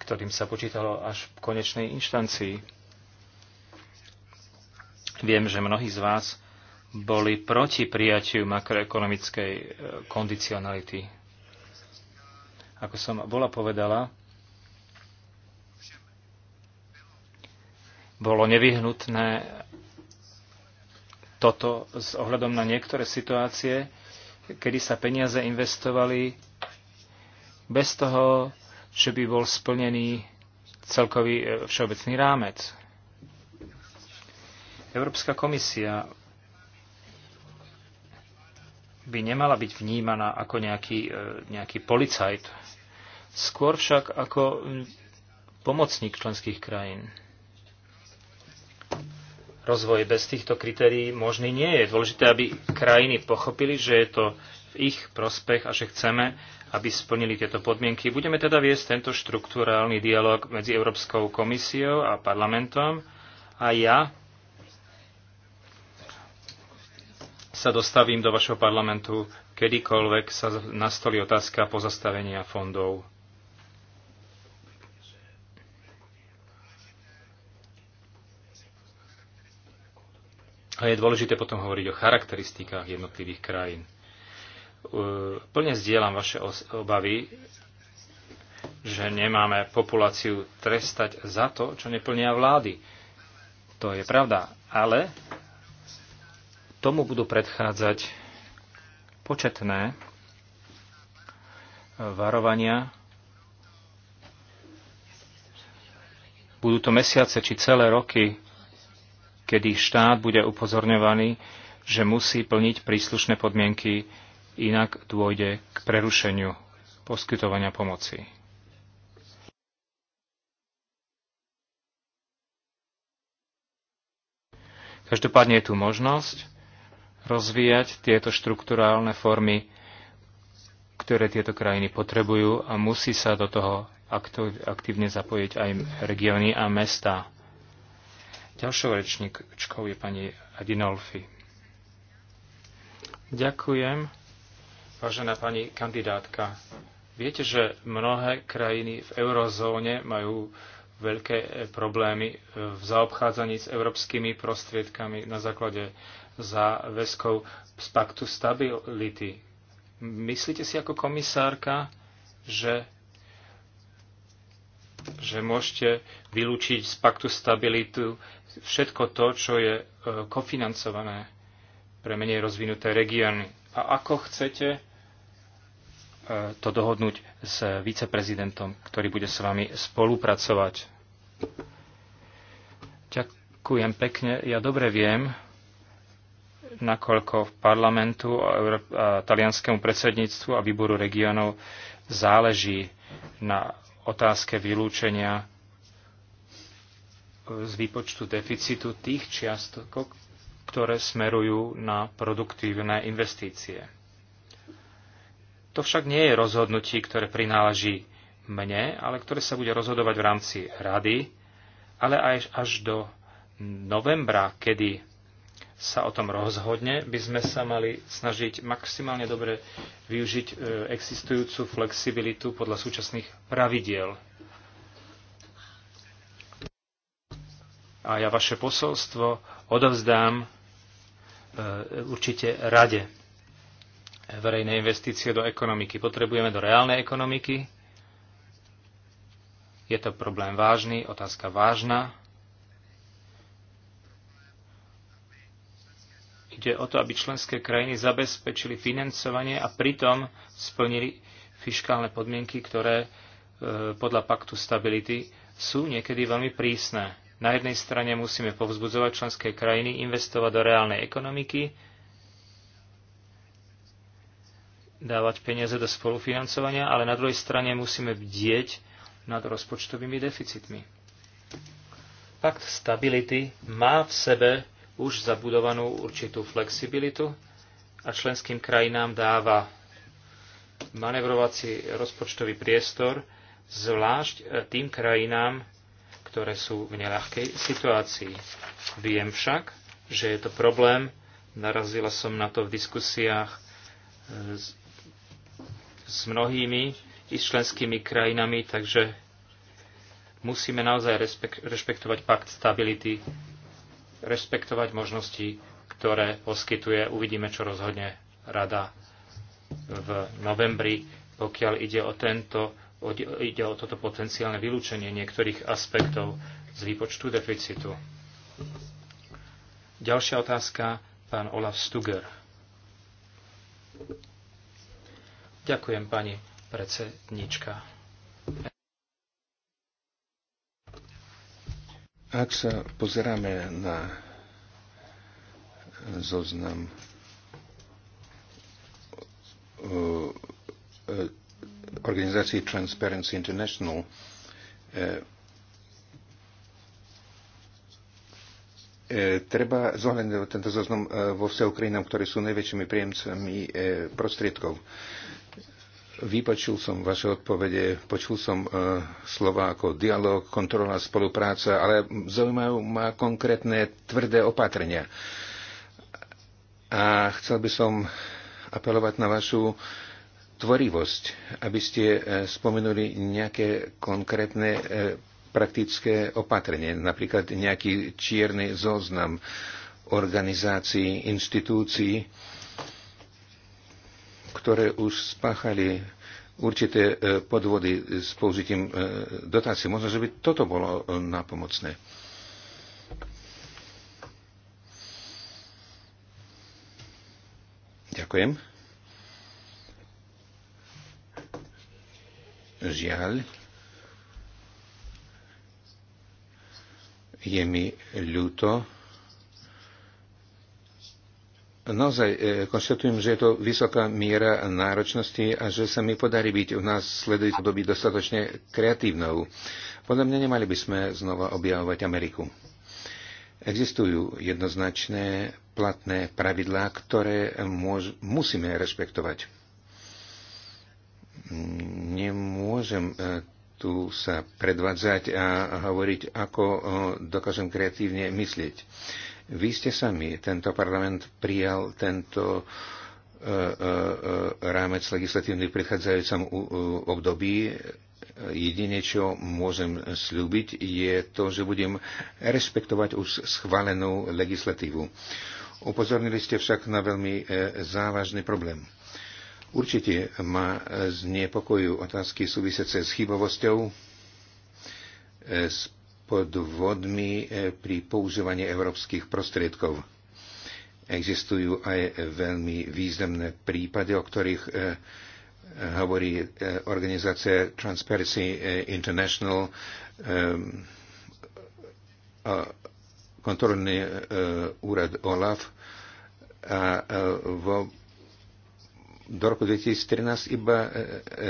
ktorým sa počítalo až v konečnej inštancii. Viem, že mnohí z vás boli proti prijatiu makroekonomickej eh, kondicionality. Ako som bola povedala, bolo nevyhnutné toto s ohľadom na niektoré situácie, kedy sa peniaze investovali bez toho, že by bol splnený celkový e, všeobecný rámec. Európska komisia by nemala byť vnímaná ako nejaký, e, nejaký policajt, skôr však ako e, pomocník členských krajín. Rozvoj bez týchto kritérií možný nie je. Dôležité, aby krajiny pochopili, že je to v ich prospech a že chceme, aby splnili tieto podmienky. Budeme teda viesť tento štruktúrálny dialog medzi Európskou komisiou a parlamentom a ja sa dostavím do vašho parlamentu, kedykoľvek sa nastolí otázka pozastavenia fondov A je dôležité potom hovoriť o charakteristikách jednotlivých krajín. Plne zdieľam vaše obavy, že nemáme populáciu trestať za to, čo neplnia vlády. To je pravda, ale tomu budú predchádzať početné varovania. Budú to mesiace či celé roky kedy štát bude upozorňovaný, že musí plniť príslušné podmienky, inak dôjde k prerušeniu poskytovania pomoci. Každopádne je tu možnosť rozvíjať tieto štruktúrálne formy, ktoré tieto krajiny potrebujú a musí sa do toho aktívne zapojiť aj regióny a mesta. Ďalšou rečníčkou je pani Adinolfi. Ďakujem, vážená pani kandidátka. Viete, že mnohé krajiny v eurozóne majú veľké e, problémy e, v zaobchádzaní s európskymi prostriedkami na základe záväzkov z paktu stability. Myslíte si ako komisárka, že že môžete vylúčiť z paktu stabilitu všetko to, čo je e, kofinancované pre menej rozvinuté regióny. A ako chcete e, to dohodnúť s viceprezidentom, ktorý bude s vami spolupracovať? Ďakujem pekne. Ja dobre viem, nakoľko v parlamentu a talianskému predsedníctvu a výboru regionov záleží na otázke vylúčenia z výpočtu deficitu tých čiastok, ktoré smerujú na produktívne investície. To však nie je rozhodnutie, ktoré prináleží mne, ale ktoré sa bude rozhodovať v rámci rady, ale aj až do novembra, kedy sa o tom rozhodne, by sme sa mali snažiť maximálne dobre využiť e, existujúcu flexibilitu podľa súčasných pravidiel. A ja vaše posolstvo odovzdám e, určite rade verejné investície do ekonomiky. Potrebujeme do reálnej ekonomiky. Je to problém vážny, otázka vážna ide o to, aby členské krajiny zabezpečili financovanie a pritom splnili fiškálne podmienky, ktoré e, podľa paktu stability sú niekedy veľmi prísne. Na jednej strane musíme povzbudzovať členské krajiny investovať do reálnej ekonomiky, dávať peniaze do spolufinancovania, ale na druhej strane musíme bdieť nad rozpočtovými deficitmi. Pakt stability má v sebe už zabudovanú určitú flexibilitu a členským krajinám dáva manevrovací rozpočtový priestor, zvlášť e, tým krajinám, ktoré sú v neľahkej situácii. Viem však, že je to problém, narazila som na to v diskusiách e, s, s mnohými i s členskými krajinami, takže musíme naozaj rešpektovať pakt stability rešpektovať možnosti, ktoré poskytuje. Uvidíme, čo rozhodne rada v novembri, pokiaľ ide o, tento, ide o toto potenciálne vylúčenie niektorých aspektov z výpočtu deficitu. Ďalšia otázka, pán Olaf Stuger. Ďakujem, pani predsednička. Ak sa pozeráme na zoznam uh, organizácie Transparency International, eh, eh, treba zohľadniť tento zoznam eh, vo vse Ukrajinám, ktoré sú najväčšími príjemcami prostriedkov. Vypočul som vaše odpovede, počul som e, slova ako dialog, kontrola, spolupráca, ale zaujímajú ma konkrétne tvrdé opatrenia. A chcel by som apelovať na vašu tvorivosť, aby ste e, spomenuli nejaké konkrétne e, praktické opatrenie, napríklad nejaký čierny zoznam organizácií, inštitúcií, ktoré už spáchali určité e, podvody s použitím e, dotácií. Možno, že by toto bolo e, napomocné. Ďakujem. Žiaľ, je mi ľúto, Naozaj e, konštatujem, že je to vysoká miera náročnosti a že sa mi podarí byť u nás sledujúcej doby dostatočne kreatívnou. Podľa mňa nemali by sme znova objavovať Ameriku. Existujú jednoznačné platné pravidlá, ktoré môž, musíme rešpektovať. Nemôžem e, tu sa predvádzať a hovoriť, ako e, dokážem kreatívne myslieť. Vy ste sami, tento parlament prijal tento e, e, e, rámec legislatívny v predchádzajúcom období. Jedine, čo môžem slúbiť, je to, že budem rešpektovať už schválenú legislatívu. Upozornili ste však na veľmi závažný problém. Určite ma znepokojujú otázky súvisiace s chybovosťou, s podvodmi e, pri používaní európskych prostriedkov. Existujú aj veľmi významné prípady, o ktorých e, hovorí e, organizácia Transparency International, kontrolný úrad OLAF a vo do roku 2013 iba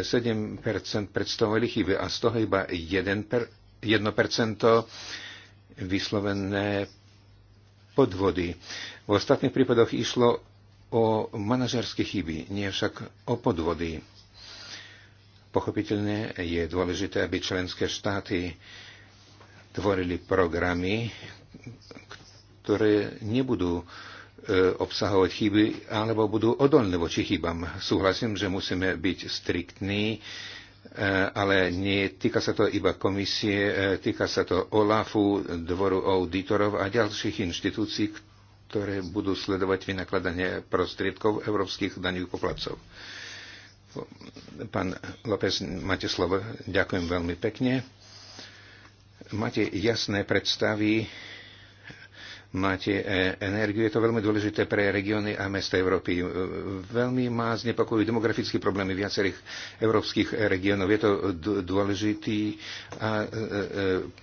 7% predstavovali chyby a z toho iba 1% vyslovené podvody. V ostatných prípadoch išlo o manažerské chyby, nie však o podvody. Pochopiteľne je dôležité, aby členské štáty tvorili programy, ktoré nebudú e, obsahovať chyby alebo budú odolné voči chybám. Súhlasím, že musíme byť striktní E, ale nie týka sa to iba komisie, e, týka sa to OLAFu, dvoru auditorov a ďalších inštitúcií, ktoré budú sledovať vynakladanie prostriedkov európskych daných poplatcov. Pán López, máte slovo. Ďakujem veľmi pekne. Máte jasné predstavy máte e, energiu. Je to veľmi dôležité pre regióny a mesta Európy. E, veľmi má znepokojujú demografické problémy viacerých európskych e, regiónov. Je to dôležitý a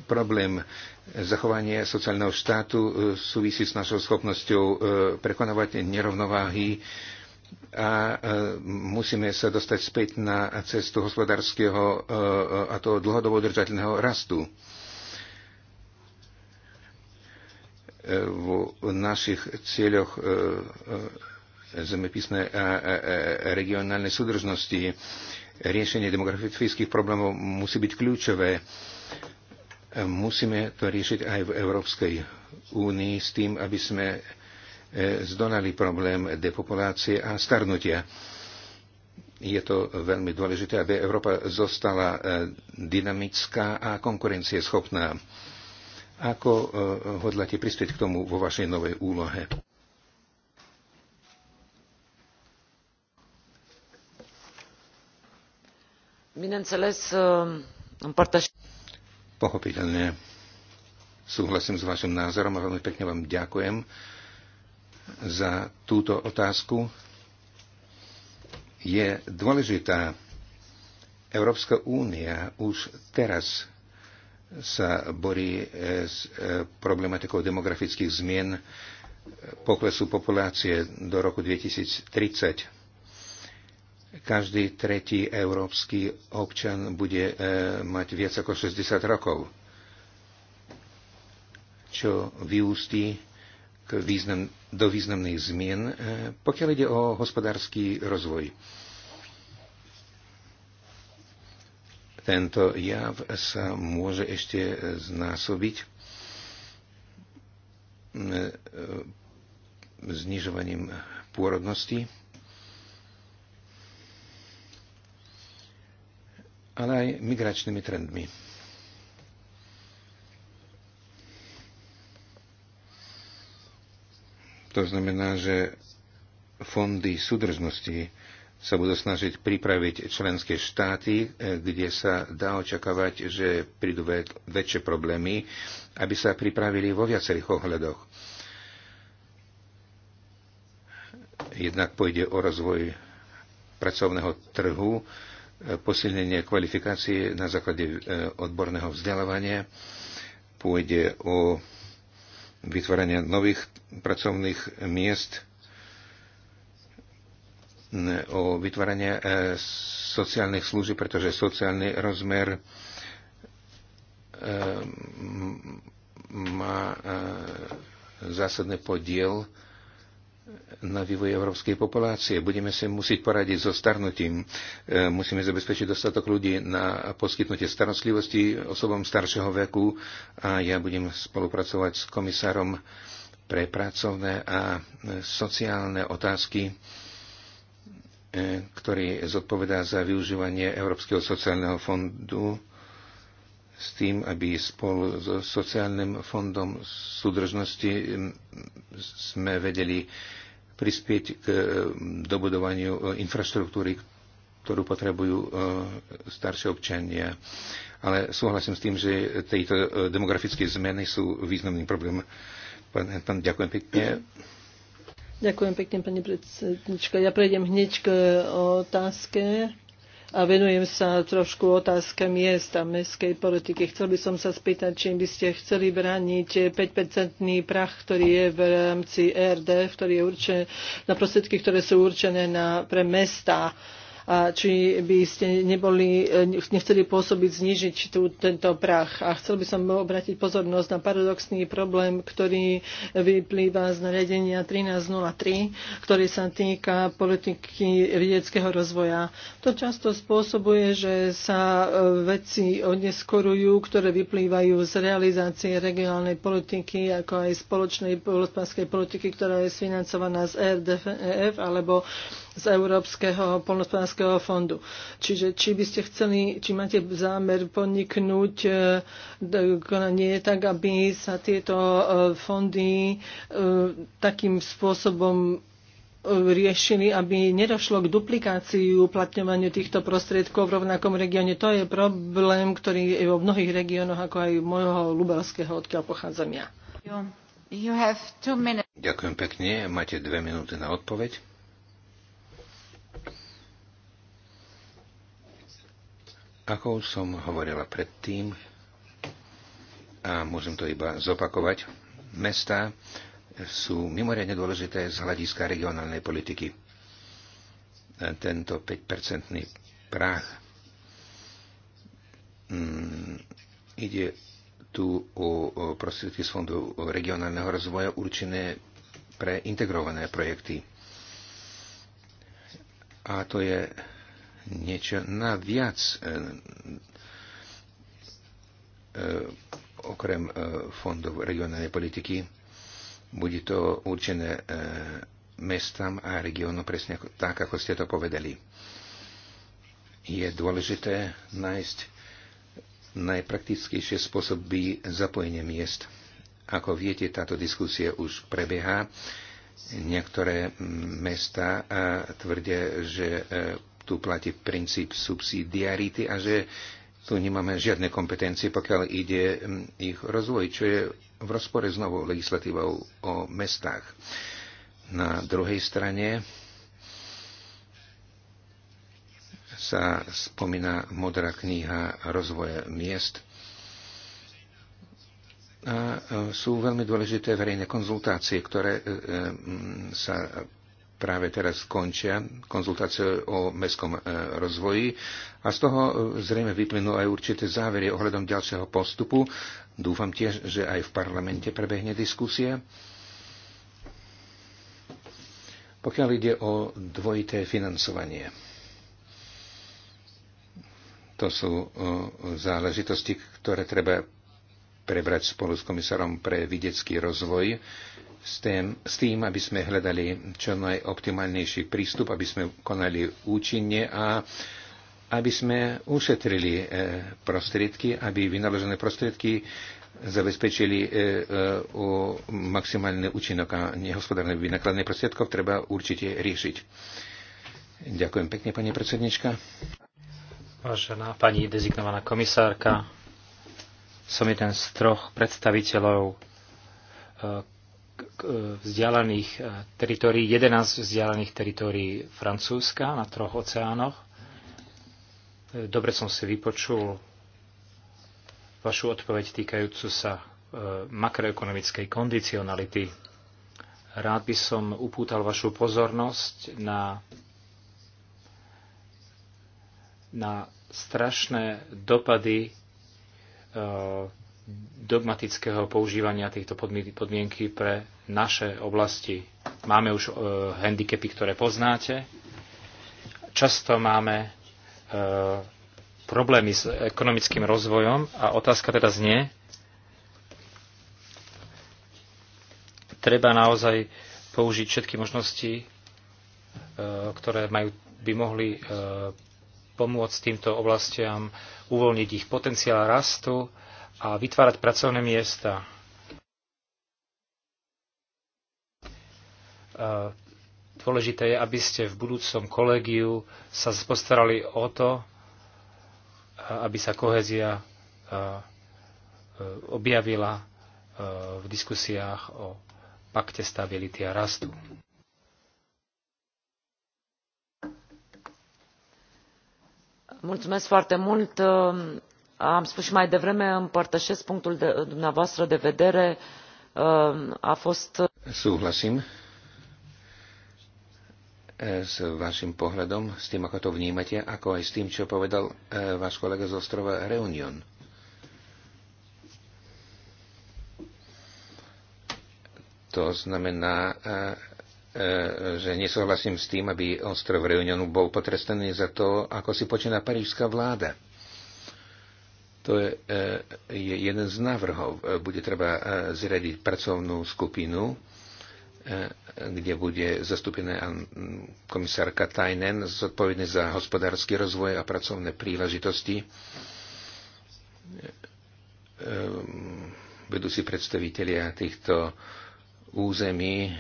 problém zachovanie sociálneho štátu súvisí s našou schopnosťou prekonávať nerovnováhy a musíme sa dostať späť na cestu hospodárskeho a toho dlhodobo udržateľného rastu. E, v našich целях e, e, zemepisnej региональной regionálnej решение Riešenie проблем problémov быть ключевое. kľúčové. Musíme to riešiť aj v Európskej únii s tým, aby sme zdolali problém depopulácie a starnutia. Je to veľmi dôležité, aby Európa zostala dynamická a konkurencieschopná. schopná ako e, hodláte prispieť k tomu vo vašej novej úlohe? Bineînțeles, împărtășesc. E, Pochopiteľne. Súhlasím s vašim názorom a veľmi pekne vám ďakujem za túto otázku. Je dôležitá. Európska únia už teraz sa borí e, s e, problematikou demografických zmien, e, poklesu populácie do roku 2030. Každý tretí európsky občan bude mať viac ako 60 rokov, čo vyústí k význam, do významných zmien, pokiaľ ide o hospodársky rozvoj. Tento jav sa môže ešte znásobiť eh, znižovaním pôrodnosti, ale aj migračnými trendmi. To znamená, že fondy súdržnosti sa budú snažiť pripraviť členské štáty, e, kde sa dá očakávať, že prídu väčšie problémy, aby sa pripravili vo viacerých ohľadoch. Jednak pôjde o rozvoj pracovného trhu, e, posilnenie kvalifikácie na základe e, odborného vzdelávania, pôjde o vytvorenie nových pracovných miest, o vytváranie e, sociálnych služieb, pretože sociálny rozmer e, má e, zásadný podiel na vývoj európskej populácie. Budeme si musieť poradiť so starnutím. Musíme zabezpečiť dostatok ľudí na poskytnutie starostlivosti osobom staršieho veku a ja budem spolupracovať s komisárom pre pracovné a sociálne otázky E, ktorý zodpovedá za využívanie Európskeho sociálneho fondu s tým, aby spolu so sociálnym fondom súdržnosti sme vedeli prispieť k e, dobudovaniu e, infraštruktúry, ktorú potrebujú staršie občania. Ale súhlasím s tým, že tejto demografické zmeny sú významným problémom. Pán Hentan, ďakujem pekne. Ďakujem pekne, pani predsednička. Ja prejdem hneď k otázke a venujem sa trošku otázke miest a mestskej politiky. Chcel by som sa spýtať, či by ste chceli brániť 5-percentný prach, ktorý je v rámci ERD, ktorý je určené, na prostriedky, ktoré sú určené na, pre mesta. Uh, a či by ste neboli, e, nechceli pôsobiť znižiť tú, tento prach. A chcel by som obratiť pozornosť na paradoxný problém, ktorý vyplýva z nariadenia 1303, ktorý sa týka politiky vedeckého rozvoja. To často spôsobuje, že sa e, veci odneskorujú, ktoré vyplývajú z realizácie regionálnej politiky, ako aj spoločnej hospodárskej politiky, ktorá je financovaná z e RDF alebo z Európskeho polnospodárskeho fondu. Čiže či by ste chceli, či máte zámer podniknúť e, konanie tak, aby sa tieto e, fondy e, takým spôsobom riešili, aby nedošlo k duplikácii uplatňovaniu týchto prostriedkov v rovnakom regióne. To je problém, ktorý je vo mnohých regiónoch, ako aj môjho Lubalského, odkiaľ pochádzam ja. You have two minutes. Ďakujem pekne. Máte dve minúty na odpoveď. Ako som hovorila predtým, a môžem to iba zopakovať, mesta sú mimoriadne dôležité z hľadiska regionálnej politiky. E, tento 5-percentný práh mm, ide tu o prostriedky z Fondu regionálneho rozvoja určené pre integrované projekty. A to je niečo naviac e, e, okrem e, fondov regionálnej politiky. Bude to určené mestám a regionu presne tak, ako ste to povedali. Je dôležité nájsť najpraktickejšie spôsoby zapojenia miest. Ako viete, táto diskusia už prebieha. Niektoré mm, mesta tvrdia, že tu platí princíp subsidiarity a že tu nemáme žiadne kompetencie, pokiaľ ide ich rozvoj, čo je v rozpore s novou legislatívou o mestách. Na druhej strane sa spomína modrá kniha rozvoja miest a e, sú veľmi dôležité verejné konzultácie, ktoré e, e, sa práve teraz skončia konzultácie o mestskom e, rozvoji a z toho e, zrejme vyplynú aj určité závery ohľadom ďalšieho postupu. Dúfam tiež, že aj v parlamente prebehne diskusia. Pokiaľ ide o dvojité financovanie, to sú e, záležitosti, ktoré treba prebrať spolu s komisárom pre videcký rozvoj s tým, s tým, aby sme hľadali čo najoptimálnejší prístup, aby sme konali účinne a aby sme ušetrili e, prostriedky, aby vynaložené prostriedky zabezpečili e, e, o maximálny účinok a nehospodárne vynakladné prostriedkov treba určite riešiť. Ďakujem pekne, pani predsednička. Vážená pani dezignovaná komisárka, som jeden z troch predstaviteľov vzdialených e, teritorií, 11 vzdialených teritorií Francúzska na troch oceánoch. E, dobre som si vypočul vašu odpoveď týkajúcu sa e, makroekonomickej kondicionality. Rád by som upútal vašu pozornosť na, na strašné dopady dogmatického používania týchto podmienky pre naše oblasti. Máme už e, handicapy, ktoré poznáte. Často máme e, problémy s ekonomickým rozvojom a otázka teda znie, treba naozaj použiť všetky možnosti, e, ktoré majú, by mohli e, pomôcť týmto oblastiam, uvoľniť ich potenciál rastu, e, a vytvárať pracovné miesta. E, dôležité je, aby ste v budúcom kolegiu sa postarali o to, e, aby sa kohezia e, objavila v diskusiách o pakte stability a rastu. Mulțumesc foarte mult am spus și mai devreme împărtășesc punctul dumneavoastră de vedere a fost Súhlasím eh, s vašim pohľadom, s tým, ako to vnímate, ako aj s tým, čo povedal eh, váš kolega z ostrova Reunion. To znamená, eh, že nesúhlasím s tým, aby ostrov Reunion bol potrestaný za to, ako si počína parížská vláda. To je, eh, je jeden z návrhov. Eh, bude treba eh, zriadiť pracovnú skupinu, kde bude zastúpená komisárka Tajnen, zodpovedný za hospodársky rozvoj a pracovné príležitosti, vedúci predstavitelia týchto území,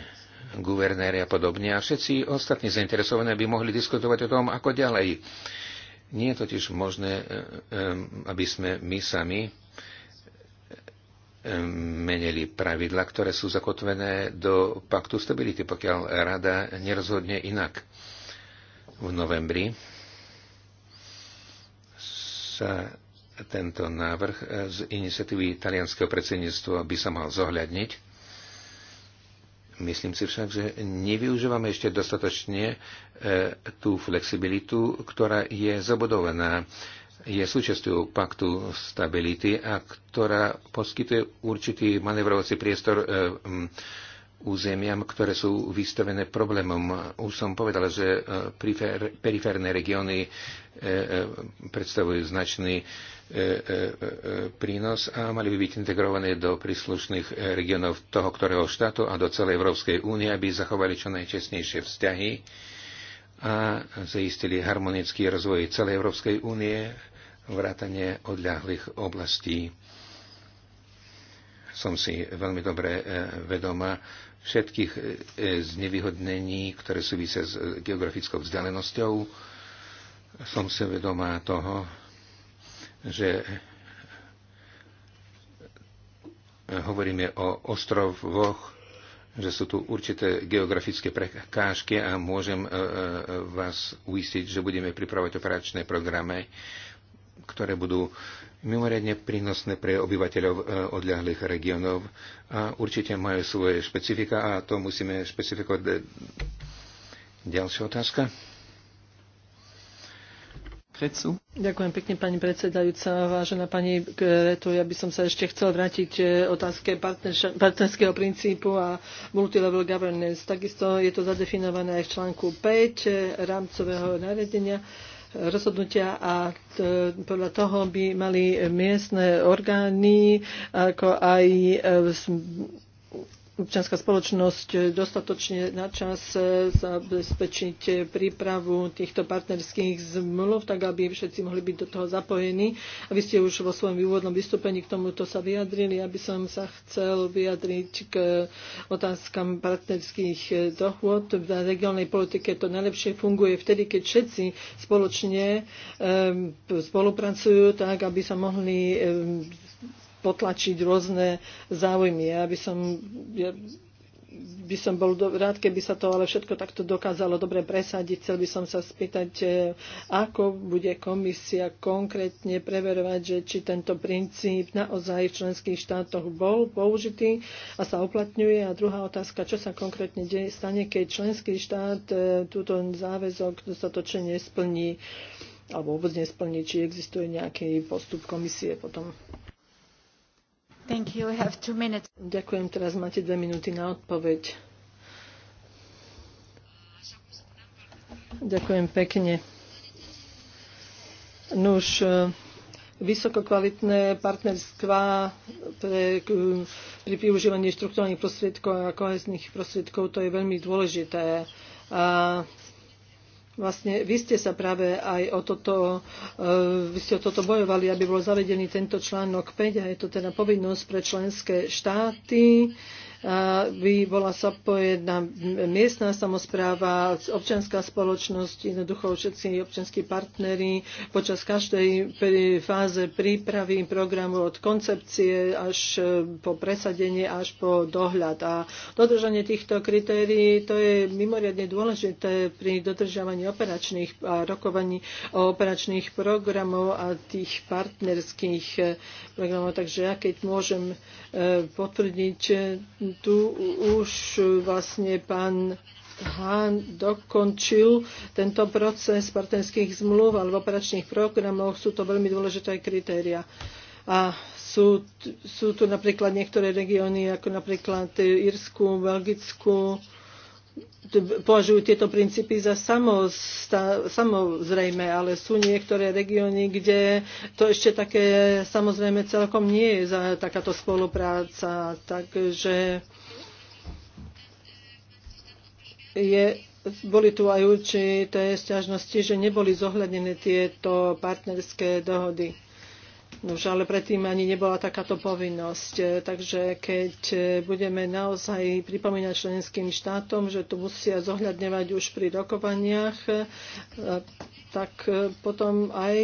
guvernéry a podobne. A všetci ostatní zainteresovaní by mohli diskutovať o tom, ako ďalej nie je totiž možné, e, e, aby sme my sami e, menili pravidla, ktoré sú zakotvené do paktu stability, pokiaľ rada nerozhodne inak. V novembri sa tento návrh z iniciatívy italianského predsedníctva by sa mal zohľadniť Myslím si však, že nevyužívame ešte dostatočne e, tú flexibilitu, ktorá je zabudovaná, je súčasťou paktu stability a ktorá poskytuje určitý manevrovací priestor e, m územiam, ktoré sú vystavené problémom. Už som povedal, že e, periférne regióny e, e, predstavujú značný prínos a mali by byť integrované do príslušných regiónov toho, ktorého štátu a do celej Európskej únie, aby zachovali čo najčestnejšie vzťahy a zaistili harmonický rozvoj celej Európskej únie, vrátanie odľahlých oblastí. Som si veľmi dobre vedoma všetkých e, e, znevýhodnení, ktoré súvisia s e, geografickou vzdialenosťou. Som si vedomá toho, že hovoríme o ostrovoch, že sú tu určité geografické prekážky a môžem vás uistiť, že budeme pripravať operačné programy, ktoré budú mimoriadne prínosné pre obyvateľov e, odľahlých regiónov a určite majú svoje špecifika a to musíme špecifikovať. E, ďalšia otázka. Krecu. Ďakujem pekne, pani predsedajúca. Vážená pani Kretu, ja by som sa ešte chcel vrátiť e, otázke partnerského princípu a multilevel governance. Takisto je to zadefinované aj v článku 5 rámcového nariadenia rozhodnutia a e, podľa toho by mali miestne orgány ako aj e, občianská spoločnosť dostatočne na čas e, zabezpečiť prípravu týchto partnerských zmluv, tak aby všetci mohli byť do toho zapojení. A vy ste už vo svojom úvodnom vystúpení k tomuto sa vyjadrili. aby som sa chcel vyjadriť k otázkam partnerských e, dohôd. V regionálnej politike to najlepšie funguje vtedy, keď všetci spoločne e, spolupracujú tak, aby sa mohli potlačiť rôzne záujmy. Ja by som, ja by som bol do, rád, keby sa to ale všetko takto dokázalo dobre presadiť. Chcel by som sa spýtať, e, ako bude komisia konkrétne preverovať, že či tento princíp naozaj v členských štátoch bol použitý a sa uplatňuje. A druhá otázka, čo sa konkrétne deje, stane, keď členský štát e, túto záväzok dostatočne nesplní alebo vôbec nesplní, či existuje nejaký postup komisie potom. Thank you. have two minutes. Ďakujem, teraz máte dve minúty na odpoveď. Ďakujem pekne. Nuž, e, vysokokvalitné partnerstvá pre, e, pri využívaní štruktúrnych prostriedkov a kohezných prostriedkov, to je veľmi dôležité. A Vlastne vy ste sa práve aj o toto, e, vy ste o toto bojovali, aby bol zavedený tento článok 5 a je to teda povinnosť pre členské štáty by bola zapojená miestna samozpráva, občianská spoločnosť, jednoducho všetci občianskí partnery počas každej fáze prípravy programu od koncepcie až e, po presadenie, až po dohľad. A dodržanie týchto kritérií to je mimoriadne dôležité pri dodržiavaní operačných a rokovaní o operačných programov a tých partnerských e, programov. Takže ja keď môžem e, potvrdiť tu už e, vlastne pán Hahn dokončil tento proces partnerských zmluv alebo operačných programov. Sú to veľmi dôležité kritéria. A sú, sú tu napríklad niektoré regióny, ako napríklad Írsku, Belgicku, považujú tieto princípy za samozrejme, ale sú niektoré regióny, kde to ešte také samozrejme celkom nie je za takáto spolupráca. Takže je, boli tu aj určité stiažnosti, že neboli zohľadené tieto partnerské dohody. Už ale predtým ani nebola takáto povinnosť. E, takže keď e, budeme naozaj pripomínať členským štátom, že to musia zohľadňovať už pri rokovaniach, e, tak potom aj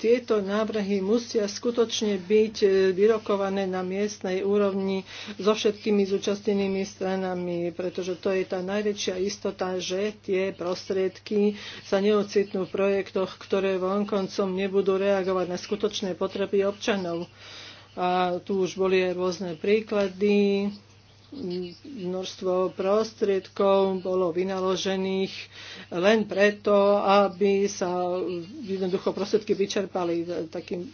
tieto návrhy musia skutočne byť e, vyrokované na miestnej úrovni so všetkými zúčastnenými stranami, pretože to je tá najväčšia istota, že tie prostriedky sa neocitnú v projektoch, ktoré vonkoncom nebudú reagovať na skutočné potreby občanov. A tu už boli aj rôzne príklady množstvo prostriedkov bolo vynaložených len preto, aby sa jednoducho prostriedky vyčerpali takým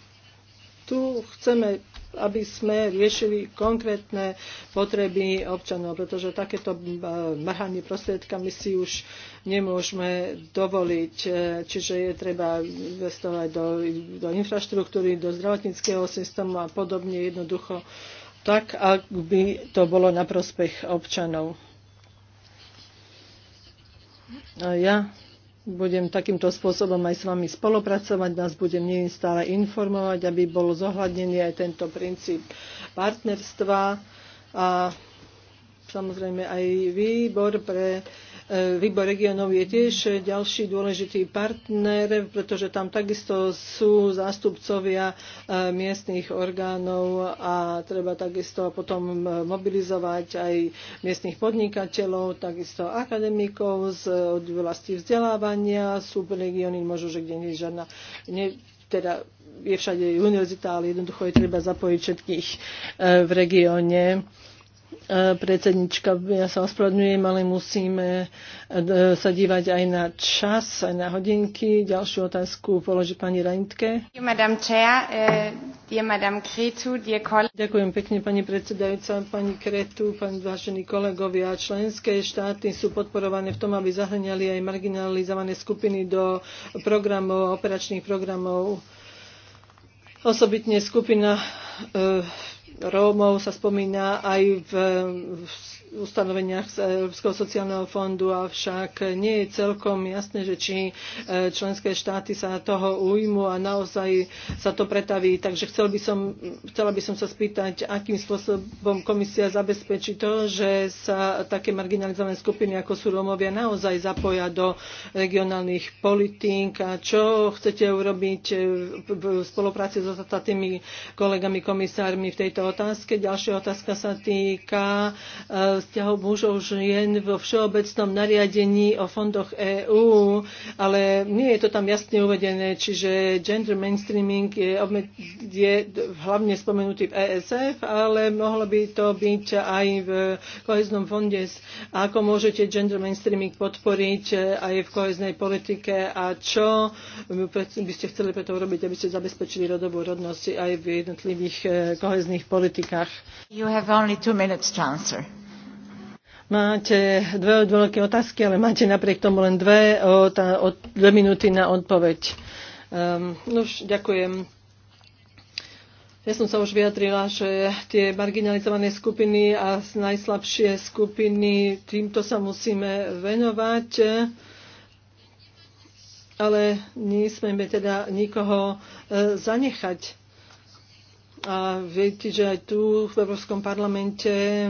tu chceme, aby sme riešili konkrétne potreby občanov, pretože takéto e, mrhanie prostriedkami si už nemôžeme dovoliť. E, čiže je treba investovať do, do infraštruktúry, do zdravotníckého systému a podobne jednoducho tak, ak by to bolo na prospech občanov. A ja budem takýmto spôsobom aj s vami spolupracovať, vás budem neustále informovať, aby bol zohľadnený aj tento princíp partnerstva a samozrejme aj výbor pre E, výbor regionov je tiež ďalší dôležitý partner, pretože tam takisto sú zástupcovia e, miestných orgánov a treba takisto potom e, mobilizovať aj miestných podnikateľov, takisto akademikov z oblasti vzdelávania. Sú regióny, možno, že kde nie je žiadna, nie, teda je všade univerzita, ale jednoducho je treba zapojiť všetkých v regióne. E, predsednička, ja sa ospravedlňujem, ale musíme e, sa dívať aj na čas, aj na hodinky. Ďalšiu otázku položí pani Rajntke. E, Ďakujem pekne, pani predsedajúca, pani Kretu, pani vážení kolegovia. Členské štáty sú podporované v tom, aby zahrňali aj marginalizované skupiny do programov, operačných programov. Osobitne skupina Rómov sa spomína aj v, v ustanoveniach z Európskeho sociálneho fondu, avšak nie je celkom jasné, že či e, členské štáty sa toho ujmu a naozaj sa to pretaví. Takže chcel by som, chcela by som sa spýtať, akým spôsobom komisia zabezpečí to, že sa také marginalizované skupiny ako sú Rómovia naozaj zapoja do regionálnych politík a čo chcete urobiť v spolupráci so ostatnými kolegami komisármi v tejto otázke. Ďalšia otázka sa týka e, vzťahov mužov žien vo všeobecnom nariadení o fondoch EÚ, ale nie je to tam jasne uvedené, čiže gender mainstreaming je, je hlavne spomenutý v ESF, ale mohlo by to byť aj v koheznom fonde. ako môžete gender mainstreaming podporiť e, aj v koheznej politike a čo by ste chceli preto urobiť, aby ste zabezpečili rodovú rodnosť aj v jednotlivých e, kohezných politikách? You have only two minutes to answer. Máte dve veľké otázky, ale máte napriek tomu len dve, o, tá, o, dve minúty na odpoveď. Um, ehm, už ďakujem. Ja som sa už vyjadrila, že tie marginalizované skupiny a najslabšie skupiny, týmto sa musíme venovať, ale nesmieme teda nikoho e, zanechať. A viete, že aj tu v Európskom parlamente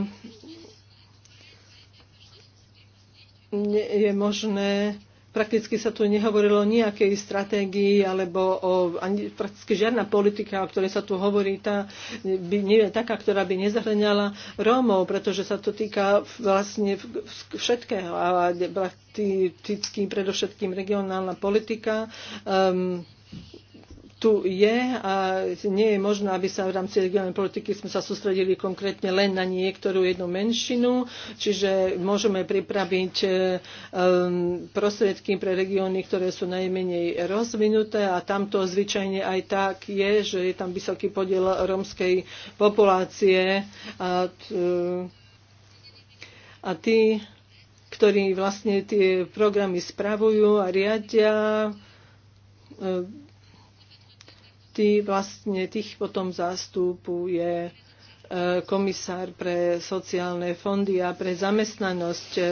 nie je možné prakticky sa tu nehovorilo o nejakej stratégii alebo o, ani, prakticky žiadna politika, o ktorej sa tu hovorí, tá by, nie je taká, ktorá by nezahrňala Rómov, pretože sa to týka vlastne všetkého a prakticky predovšetkým regionálna politika. Um, tu je a nie je možné, aby sa v rámci regionálnej politiky sme sa sústredili konkrétne len na niektorú jednu menšinu, čiže môžeme pripraviť e, um, prostriedky pre regióny, ktoré sú najmenej rozvinuté a tamto zvyčajne aj tak je, že je tam vysoký podiel rómskej populácie a, e, a tí, ktorí vlastne tie programy spravujú a riadia, e, vždy vlastne tých potom zastupuje e, komisár pre sociálne fondy a pre zamestnanosť. E,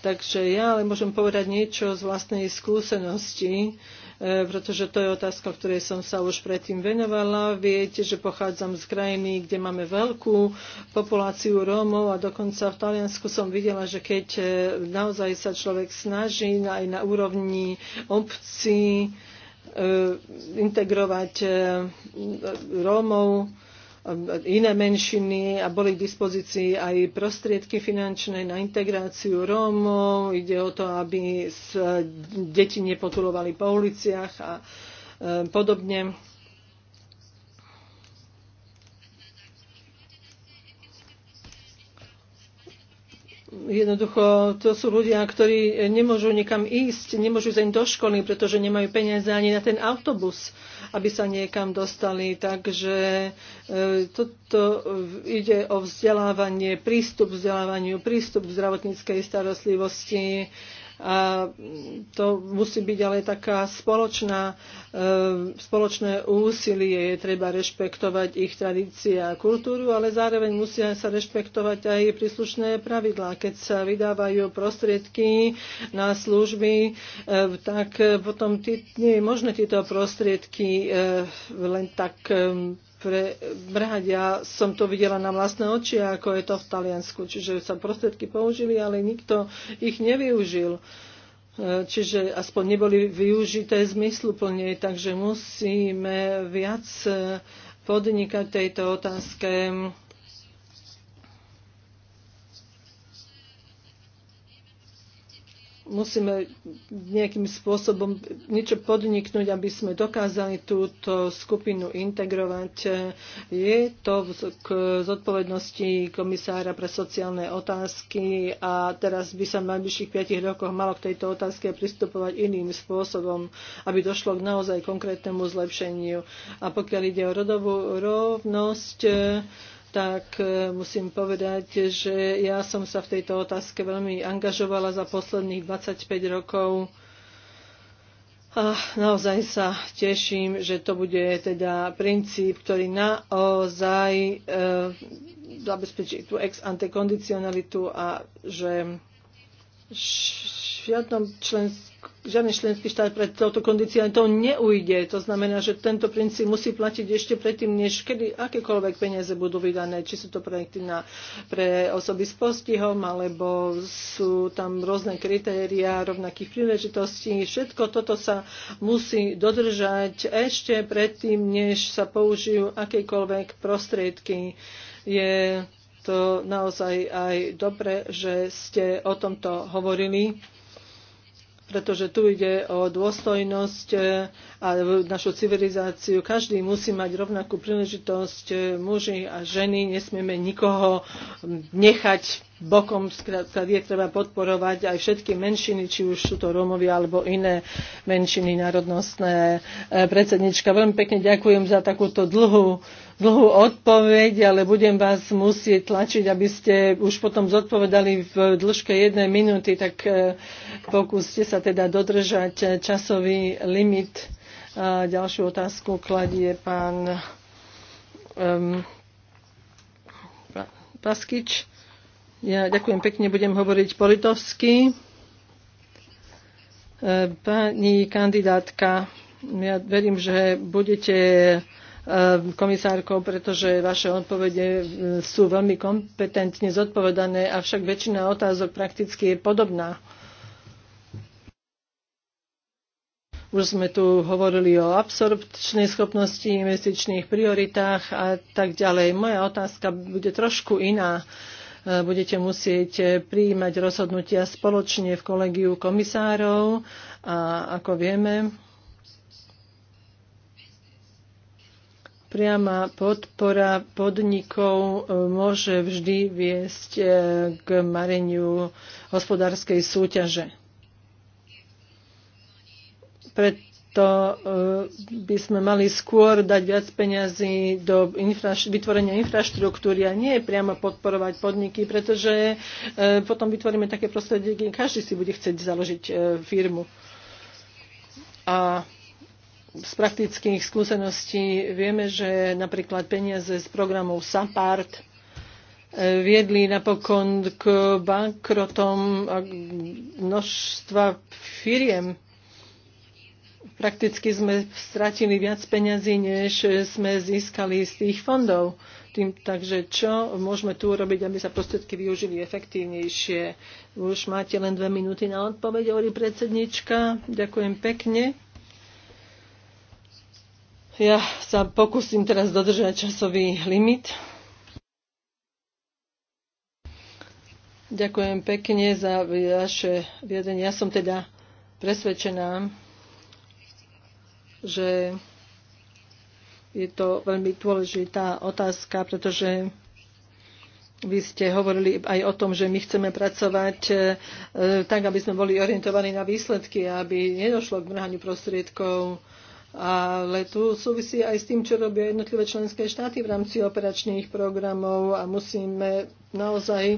takže ja ale môžem povedať niečo z vlastnej skúsenosti, e, pretože to je otázka, ktorej som sa už predtým venovala. Viete, že pochádzam z krajiny, kde máme veľkú populáciu Rómov a dokonca v Taliansku som videla, že keď naozaj sa človek snaží aj na úrovni obcí, Eh, integrovať eh, Rómov, eh, iné menšiny a boli k dispozícii aj prostriedky finančné na integráciu Rómov. Ide o to, aby deti nepotulovali po uliciach a podobne. jednoducho to sú ľudia, ktorí nemôžu nikam ísť, nemôžu ísť ani do školy, pretože nemajú peniaze ani na ten autobus, aby sa niekam dostali. Takže e, toto ide o vzdelávanie, prístup k vzdelávaniu, prístup k zdravotníckej starostlivosti a to musí byť ale taká spoločná, e, spoločné úsilie. Je treba rešpektovať ich tradície a kultúru, ale zároveň musia sa rešpektovať aj príslušné pravidlá. Keď sa vydávajú prostriedky na služby, e, tak potom nie je možné tieto prostriedky e, len tak prebrhať. Ja som to videla na vlastné oči, ako je to v Taliansku. Čiže sa prostriedky použili, ale nikto ich nevyužil. E, čiže aspoň neboli využité zmysluplne, takže musíme viac e, podnikať tejto otázke musíme nejakým spôsobom niečo podniknúť, aby sme dokázali túto skupinu integrovať. Je to k zodpovednosti komisára pre sociálne otázky a teraz by sa v najbližších 5 rokoch malo k tejto otázke pristupovať iným spôsobom, aby došlo k naozaj konkrétnemu zlepšeniu. A pokiaľ ide o rodovú rovnosť, tak e, musím povedať, že ja som sa v tejto otázke veľmi angažovala za posledných 25 rokov. A naozaj sa teším, že to bude teda princíp, ktorý naozaj e, zabezpečí tú ex ante kondicionalitu a že v žiadnom žiadny členský štát pred touto kondíciou neujde. To znamená, že tento princíp musí platiť ešte predtým, než kedy akékoľvek peniaze budú vydané, či sú to projekty na, pre osoby s postihom, alebo sú tam rôzne kritéria rovnakých príležitostí. Všetko toto sa musí dodržať ešte predtým, než sa použijú akékoľvek prostriedky. Je to naozaj aj dobre, že ste o tomto hovorili pretože tu ide o dôstojnosť e, a našu civilizáciu. Každý musí mať rovnakú príležitosť, e, muži a ženy, nesmieme nikoho nechať bokom, skrátka je treba podporovať aj všetky menšiny, či už sú to Rómovia alebo iné menšiny národnostné. E, predsednička, veľmi pekne ďakujem za takúto dlhú dlhú odpoveď, ale budem vás musieť tlačiť, aby ste už potom zodpovedali v dĺžke jednej minúty, tak e, pokúste sa teda dodržať e, časový limit. A ďalšiu otázku kladie pán um, Paskič. Ja ďakujem pekne, budem hovoriť politovsky. E, pani kandidátka, ja verím, že budete Ehm, komisárkou, pretože vaše odpovede ehm, sú veľmi kompetentne zodpovedané, avšak väčšina otázok prakticky je podobná. Už sme tu hovorili o absorpčnej schopnosti, investičných prioritách a tak ďalej. Moja otázka bude trošku iná. Ehm, budete musieť prijímať rozhodnutia spoločne v kolegiu komisárov a ako vieme, priama podpora podnikov e, môže vždy viesť e, k mareniu hospodárskej súťaže. Preto e, by sme mali skôr dať viac peňazí do infraš- vytvorenia infraštruktúry a nie priamo podporovať podniky, pretože potom vytvoríme také prostredie, kde každý si bude chcieť založiť firmu. A z praktických skúseností vieme, že napríklad peniaze z programov SAPART e, viedli napokon k bankrotom množstva firiem. Prakticky sme stratili viac peňazí, než sme získali z tých fondov. Tým, takže čo môžeme tu urobiť, aby sa prostriedky využili efektívnejšie? Už máte len dve minúty na odpoveď, hovorí predsednička. Ďakujem pekne. Ja sa pokúsim teraz dodržať časový limit. Ďakujem pekne za vaše viedenie. Ja som teda presvedčená, že je to veľmi dôležitá otázka, pretože vy ste hovorili aj o tom, že my chceme pracovať e, tak, aby sme boli orientovaní na výsledky, aby nedošlo k mrhaniu prostriedkov ale tu súvisí aj s tým, čo robia jednotlivé členské štáty v rámci operačných programov a musíme naozaj e,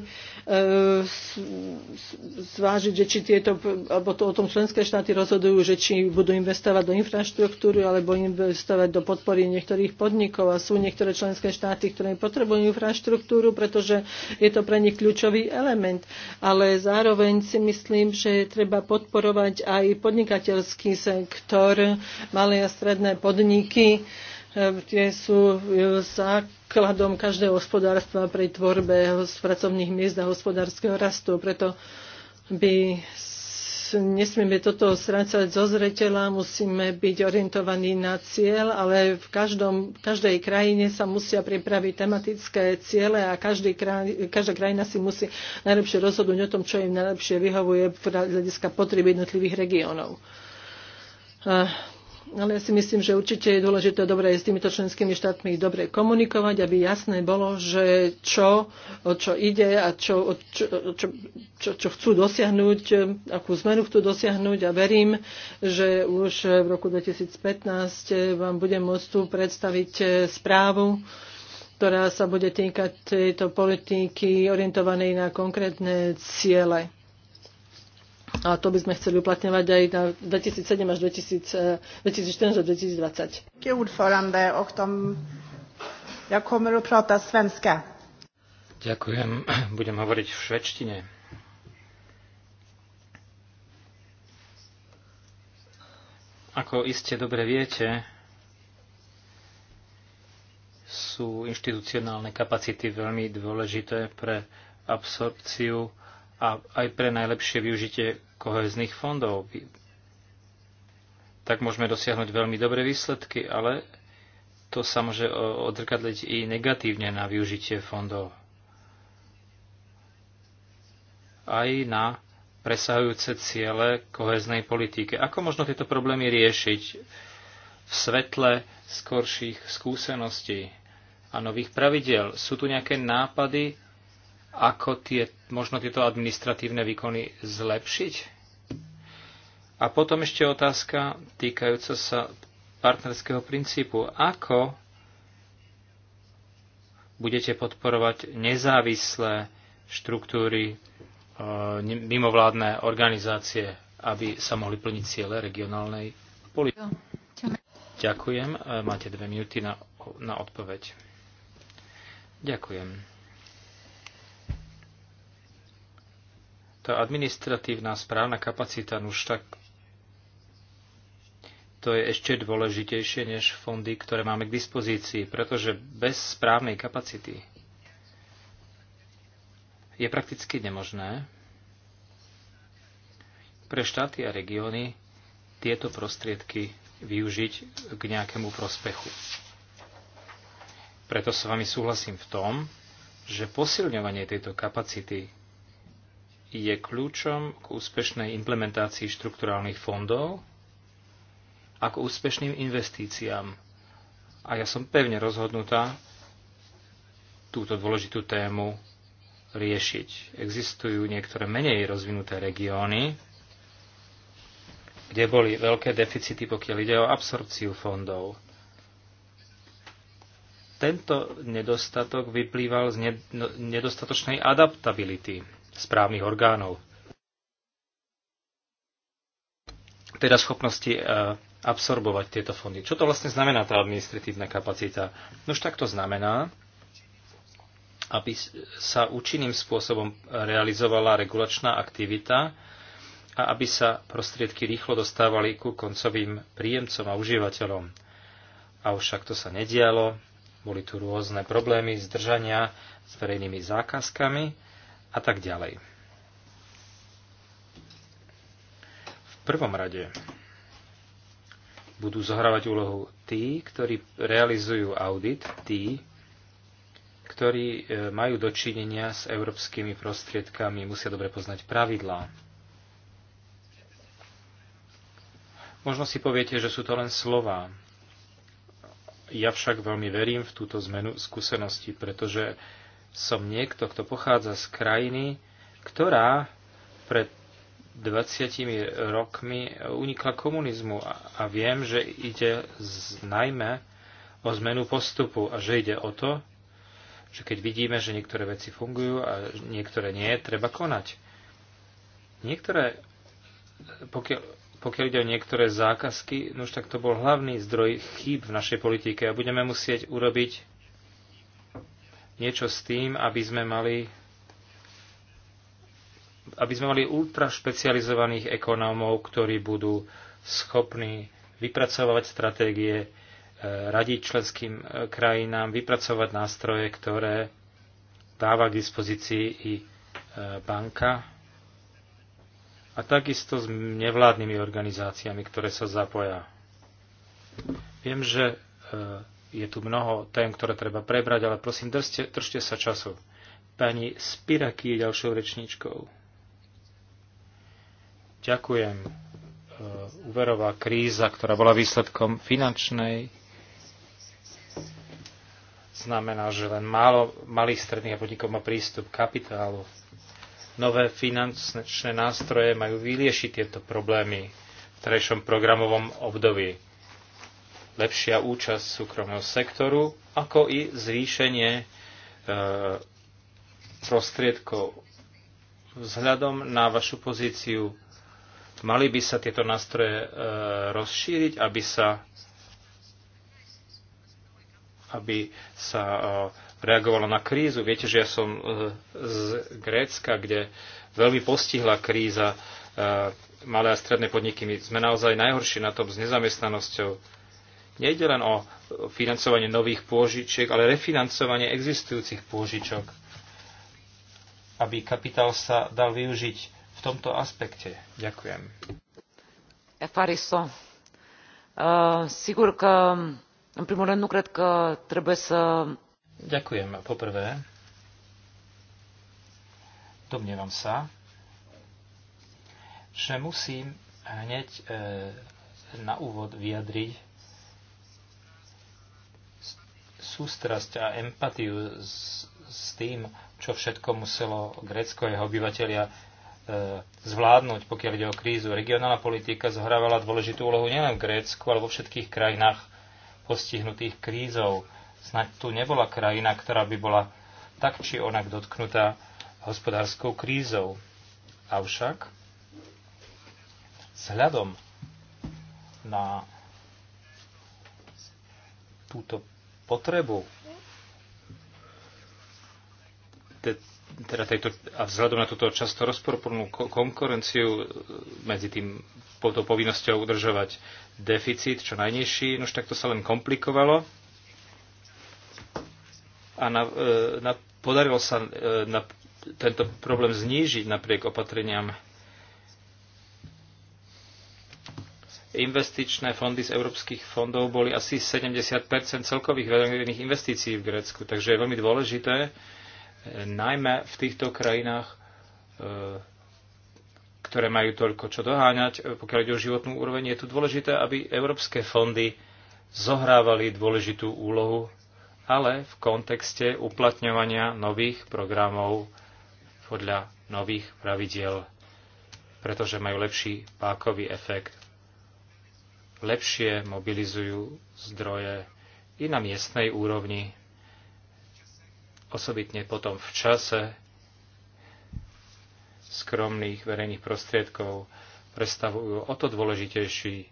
zvážiť, že či tieto, alebo to o tom členské štáty rozhodujú, že či budú investovať do infraštruktúry alebo investovať do podpory niektorých podnikov a sú niektoré členské štáty, ktoré potrebujú infraštruktúru, pretože je to pre nich kľúčový element. Ale zároveň si myslím, že treba podporovať aj podnikateľský sektor, malé a stredné podniky, Ehm, tie sú e, základom každého hospodárstva pri tvorbe pracovných miest a hospodárskeho rastu. Preto by nesmieme toto strácať zo zreteľa, musíme byť orientovaní na cieľ, ale v, každom, v každej krajine sa musia pripraviť tematické ciele a každý kraj, každá krajina si musí najlepšie rozhodnúť o tom, čo im najlepšie vyhovuje v hľadiska potreby jednotlivých regiónov ale ja si myslím, že určite je dôležité dobre s týmito členskými štátmi dobre komunikovať, aby jasné bolo, že čo, o čo ide a čo, čo, čo, čo, čo chcú dosiahnuť, e, akú zmenu chcú dosiahnuť a verím, že už v roku 2015 e, vám budem môcť tu predstaviť e, správu, ktorá sa bude týkať tejto politiky orientovanej na konkrétne ciele. A to by sme chceli uplatňovať aj na 2007 až 2014 e, až 2020. Ďakujem. Budem hovoriť v švedštine. Ako iste dobre viete, sú inštitucionálne kapacity veľmi dôležité pre absorpciu a aj pre najlepšie využitie kohezných fondov. Tak môžeme dosiahnuť veľmi dobré výsledky, ale to sa môže e, odrkadliť i negatívne na využitie fondov. Aj na presahujúce ciele koheznej politike. Ako možno tieto problémy riešiť v svetle skorších skúseností a nových pravidel? Sú tu nejaké nápady, ako tie, možno tieto administratívne výkony zlepšiť? A potom ešte otázka týkajúca sa partnerského princípu. Ako budete podporovať nezávislé štruktúry e, mimovládne organizácie, aby sa mohli plniť ciele regionálnej politiky? Ďakujem. E, máte dve minúty na, na odpoveď. Ďakujem. tá administratívna správna kapacita, už tak to je ešte dôležitejšie než fondy, ktoré máme k dispozícii, pretože bez správnej kapacity je prakticky nemožné pre štáty a regióny tieto prostriedky využiť k nejakému prospechu. Preto s vami súhlasím v tom, že posilňovanie tejto kapacity je kľúčom k úspešnej implementácii štrukturálnych fondov a k úspešným investíciám. A ja som pevne rozhodnutá túto dôležitú tému riešiť. Existujú niektoré menej rozvinuté regióny, kde boli veľké deficity, pokiaľ ide o absorpciu fondov. Tento nedostatok vyplýval z nedostatočnej adaptability správnych orgánov. Teda schopnosti eh, absorbovať tieto fondy. Čo to vlastne znamená tá administratívna kapacita? Nož tak to znamená, aby sa účinným spôsobom realizovala regulačná aktivita a aby sa prostriedky rýchlo dostávali ku koncovým príjemcom a užívateľom. Avšak to sa nedialo, boli tu rôzne problémy zdržania s verejnými zákazkami, a tak ďalej. V prvom rade budú zohrávať úlohu tí, ktorí realizujú audit, tí, ktorí e, majú dočinenia s európskymi prostriedkami, musia dobre poznať pravidlá. Možno si poviete, že sú to len slova. Ja však veľmi verím v túto zmenu skúsenosti, pretože som niekto, kto pochádza z krajiny, ktorá pred 20 rokmi unikla komunizmu a viem, že ide z, najmä o zmenu postupu a že ide o to, že keď vidíme, že niektoré veci fungujú a niektoré nie, treba konať. Niektoré, pokiaľ, pokiaľ ide o niektoré zákazky, no už tak to bol hlavný zdroj chýb v našej politike a budeme musieť urobiť niečo s tým, aby sme mali aby sme mali ultrašpecializovaných ekonómov, ktorí budú schopní vypracovať stratégie, eh, radiť členským eh, krajinám, vypracovať nástroje, ktoré dáva k dispozícii i eh, banka a takisto s nevládnymi organizáciami, ktoré sa zapoja. Viem, že je tu mnoho tém, ktoré treba prebrať, ale prosím, držte, držte sa času. Pani Spiraky je ďalšou rečníčkou. Ďakujem. E, úverová kríza, ktorá bola výsledkom finančnej, znamená, že len málo malých stredných podnikov má prístup k kapitálu. Nové finančné nástroje majú vyriešiť tieto problémy v trejšom programovom období lepšia účasť súkromného sektoru, ako i zvýšenie e, prostriedkov. Vzhľadom na vašu pozíciu, mali by sa tieto nástroje e, rozšíriť, aby sa, aby sa e, reagovalo na krízu. Viete, že ja som z Grécka, kde veľmi postihla kríza malé a stredné podniky. My sme naozaj najhorší na tom s nezamestnanosťou Nejde len o financovanie nových pôžičiek, ale refinancovanie existujúcich pôžičok, aby kapitál sa dal využiť v tomto aspekte. Ďakujem. Fariso, uh, eh, sigur ka, în eh, primul rând, nu cred că trebuie să... Ďakujem. Poprvé, domnievam sa, že musím hneď e, na úvod vyjadriť sústrasť a empatiu s, s tým, čo všetko muselo Grécko a jeho obyvateľia e, zvládnuť, pokiaľ ide o krízu. Regionálna politika zohrávala dôležitú úlohu nielen v Grécku, ale vo všetkých krajinách postihnutých krízou. Snaď tu nebola krajina, ktorá by bola tak či onak dotknutá hospodárskou krízou. Avšak vzhľadom na túto potrebu te, teda tejto, a vzhľadom na túto často rozporúplnú konkurenciu e, medzi tým to povinnosťou udržovať deficit čo najnižší, no už tak to sa len komplikovalo a na, e, na, podarilo sa e, na tento problém znížiť napriek opatreniam investičné fondy z európskych fondov boli asi 70 celkových verejných investícií v Grécku. Takže je veľmi dôležité, e, najmä v týchto krajinách, e, ktoré majú toľko čo doháňať, e, pokiaľ ide o životnú úroveň, je tu dôležité, aby európske fondy zohrávali dôležitú úlohu, ale v kontexte uplatňovania nových programov podľa nových pravidiel, pretože majú lepší pákový efekt lepšie mobilizujú zdroje i na miestnej úrovni, osobitne potom v čase skromných verejných prostriedkov predstavujú o to dôležitejší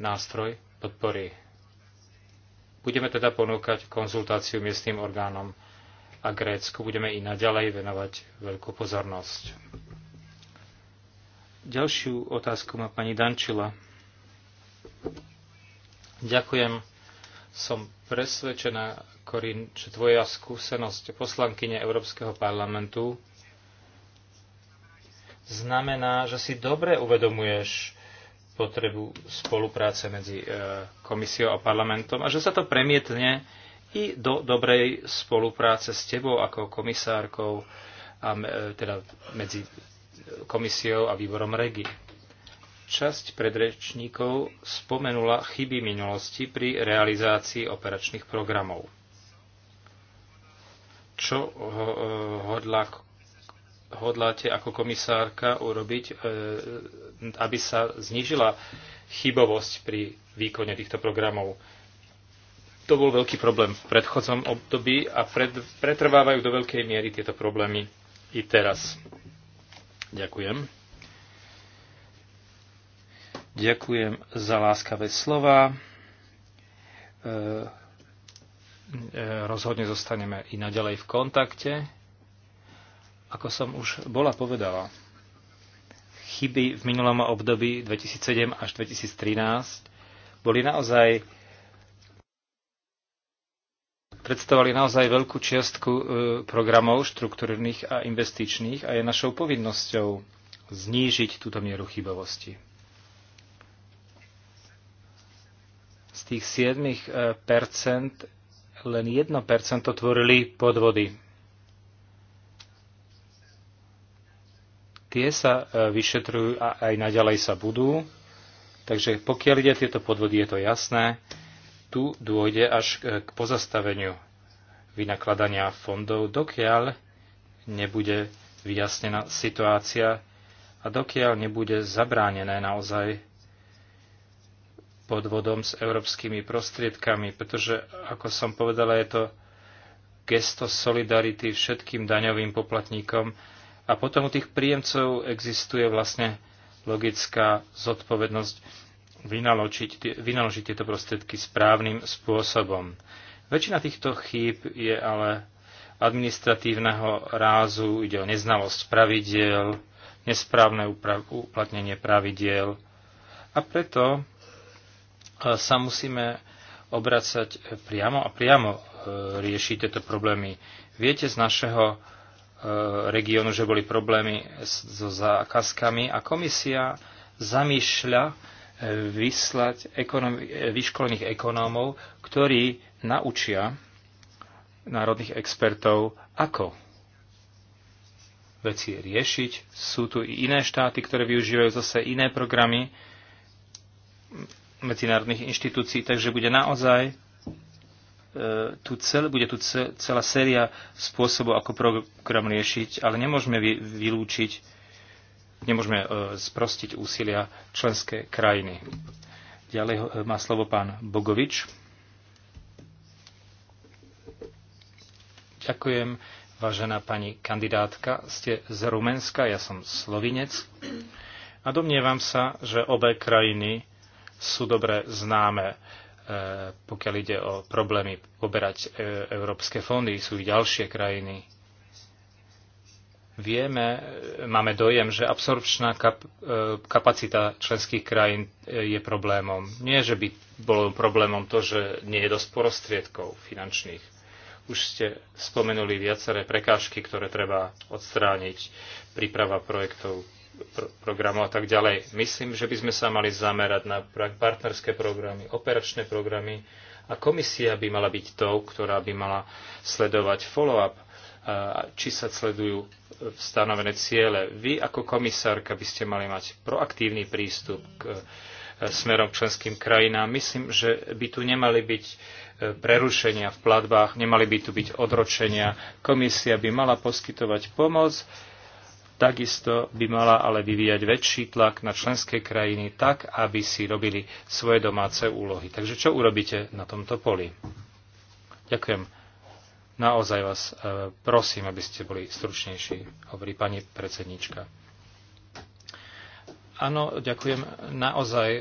nástroj podpory. Budeme teda ponúkať konzultáciu miestnym orgánom a Grécku budeme i naďalej venovať veľkú pozornosť. Ďalšiu otázku má pani Dančila. Ďakujem. Som presvedčená, Korin, že tvoja skúsenosť poslankyne Európskeho parlamentu znamená, že si dobre uvedomuješ potrebu spolupráce medzi e, komisiou a parlamentom a že sa to premietne i do dobrej spolupráce s tebou ako komisárkou, a, e, teda medzi komisiou a výborom regie. Časť predrečníkov spomenula chyby minulosti pri realizácii operačných programov. Čo hodlá, hodláte ako komisárka urobiť, e, aby sa znížila chybovosť pri výkone týchto programov? To bol veľký problém v predchodzom období a pred, pretrvávajú do veľkej miery tieto problémy i teraz. Ďakujem. Ďakujem za láskavé slova. E, e, rozhodne zostaneme i naďalej v kontakte. Ako som už bola povedala, chyby v minulom období 2007 až 2013 boli naozaj predstavovali naozaj veľkú čiastku e, programov štruktúrnych a investičných a je našou povinnosťou znížiť túto mieru chybovosti. tých 7% e, len 1% tvorili podvody. Tie sa e, vyšetrujú a aj naďalej sa budú. Takže pokiaľ ide tieto podvody, je to jasné. Tu dôjde až k pozastaveniu vynakladania fondov, dokiaľ nebude vyjasnená situácia a dokiaľ nebude zabránené naozaj podvodom s európskymi prostriedkami, pretože, ako som povedala, je to gesto solidarity všetkým daňovým poplatníkom a potom u tých príjemcov existuje vlastne logická zodpovednosť vynaložiť, vynaložiť tieto prostriedky správnym spôsobom. Väčšina týchto chýb je ale administratívneho rázu, ide o neznalosť pravidiel, nesprávne uplatnenie pravidiel a preto sa musíme obracať priamo a priamo e, riešiť tieto problémy. Viete z našeho e, regiónu, že boli problémy so zákazkami a komisia zamýšľa e, vyslať vyškolených ekonómov, ktorí naučia národných expertov, ako veci riešiť. Sú tu i iné štáty, ktoré využívajú zase iné programy medzinárodných inštitúcií, takže bude naozaj e, tu cel, bude tu celá séria spôsobov, ako program riešiť, ale nemôžeme vylúčiť, nemôžeme e, sprostiť úsilia členské krajiny. Ďalej e, má slovo pán Bogovič. Ďakujem, vážená pani kandidátka. Ste z Rumenska, ja som slovinec. A domnievam sa, že obe krajiny sú dobre známe, e, pokiaľ ide o problémy poberať e, európske fondy, sú i ďalšie krajiny. Vieme, e, máme dojem, že absorpčná kap, kapacita členských krajín je problémom. Nie, že by bolo problémom to, že nie je dosť prostriedkov finančných. Už ste spomenuli viaceré prekážky, ktoré treba odstrániť. Príprava projektov programov a tak ďalej. Myslím, že by sme sa mali zamerať na partnerské programy, operačné programy a komisia by mala byť tou, ktorá by mala sledovať follow-up, či sa sledujú e, stanovené ciele. Vy ako komisárka by ste mali mať proaktívny prístup k e, smerom k členským krajinám. Myslím, že by tu nemali byť e, prerušenia v platbách, nemali by tu byť odročenia. Komisia by mala poskytovať pomoc, Takisto by mala ale vyvíjať väčší tlak na členské krajiny tak, aby si robili svoje domáce úlohy. Takže čo urobíte na tomto poli? Ďakujem. Naozaj vás e, prosím, aby ste boli stručnejší, hovorí pani predsednička. Áno, ďakujem. Naozaj e,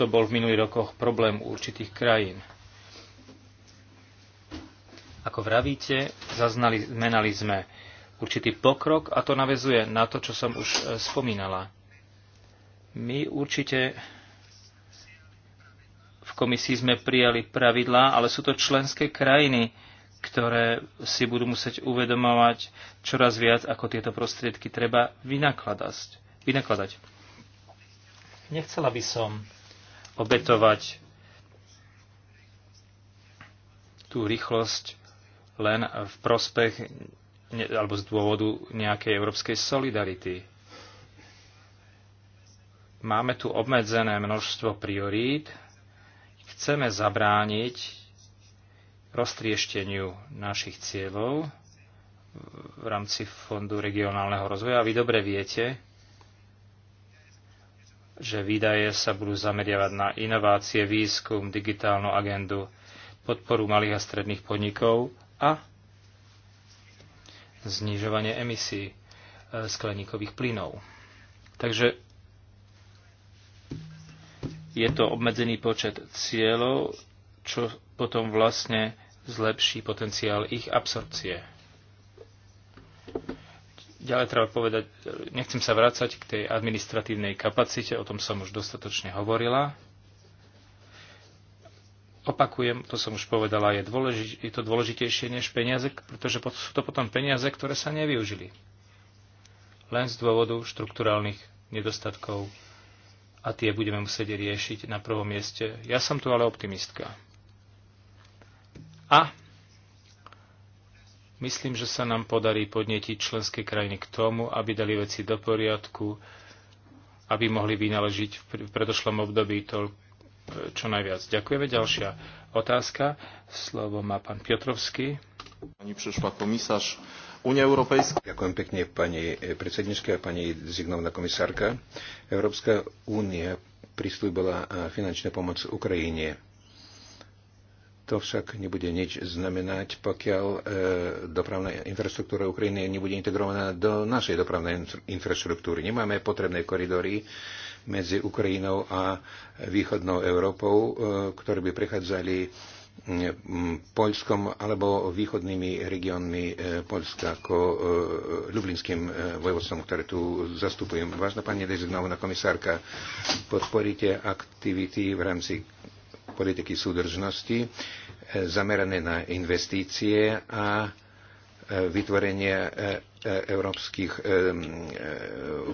to bol v minulých rokoch problém určitých krajín. Ako vravíte, zaznali, zmenali sme určitý pokrok a to navezuje na to, čo som už e, spomínala. My určite v komisii sme prijali pravidlá, ale sú to členské krajiny, ktoré si budú musieť uvedomovať čoraz viac, ako tieto prostriedky treba vynakladať. vynakladať. Nechcela by som obetovať tú rýchlosť len v prospech ne, alebo z dôvodu nejakej európskej solidarity. Máme tu obmedzené množstvo priorít. Chceme zabrániť roztriešteniu našich cieľov v rámci Fondu regionálneho rozvoja. A vy dobre viete, že výdaje sa budú zameriavať na inovácie, výskum, digitálnu agendu, podporu malých a stredných podnikov a znižovanie emisí e, skleníkových plynov. Takže je to obmedzený počet cieľov, čo potom vlastne zlepší potenciál ich absorpcie. Ďalej treba povedať, nechcem sa vrácať k tej administratívnej kapacite, o tom som už dostatočne hovorila opakujem, to som už povedala, je, dôleži- je to dôležitejšie než peniaze, pretože sú to potom peniaze, ktoré sa nevyužili. Len z dôvodu štrukturálnych nedostatkov a tie budeme musieť riešiť na prvom mieste. Ja som tu ale optimistka. A myslím, že sa nám podarí podnetiť členské krajiny k tomu, aby dali veci do poriadku, aby mohli vynaležiť v predošlom období toľko čo najviac. Ďakujeme. Ďalšia otázka. Slovo má pán Piotrovský. Pani prešla komisáž Unia Európejská. Ďakujem pekne pani predsednička a pani zignovná komisárka. Európska únia prislúbila finančnú pomoc Ukrajine to však nebude nič znamenať, pokiaľ e, dopravná infraštruktúra Ukrajiny nebude integrovaná do našej dopravnej infraštruktúry. Nemáme potrebné koridory medzi Ukrajinou a východnou Európou, e, ktoré by prechádzali Polskom alebo východnými regiónmi e, Polska ako ľublinským e, e, vojvodstvom, ktoré tu zastupujem. Vážna pani dezignovaná komisárka, podporíte aktivity v rámci politiky súdržnosti e, zamerané na investície a vytvorenie európskych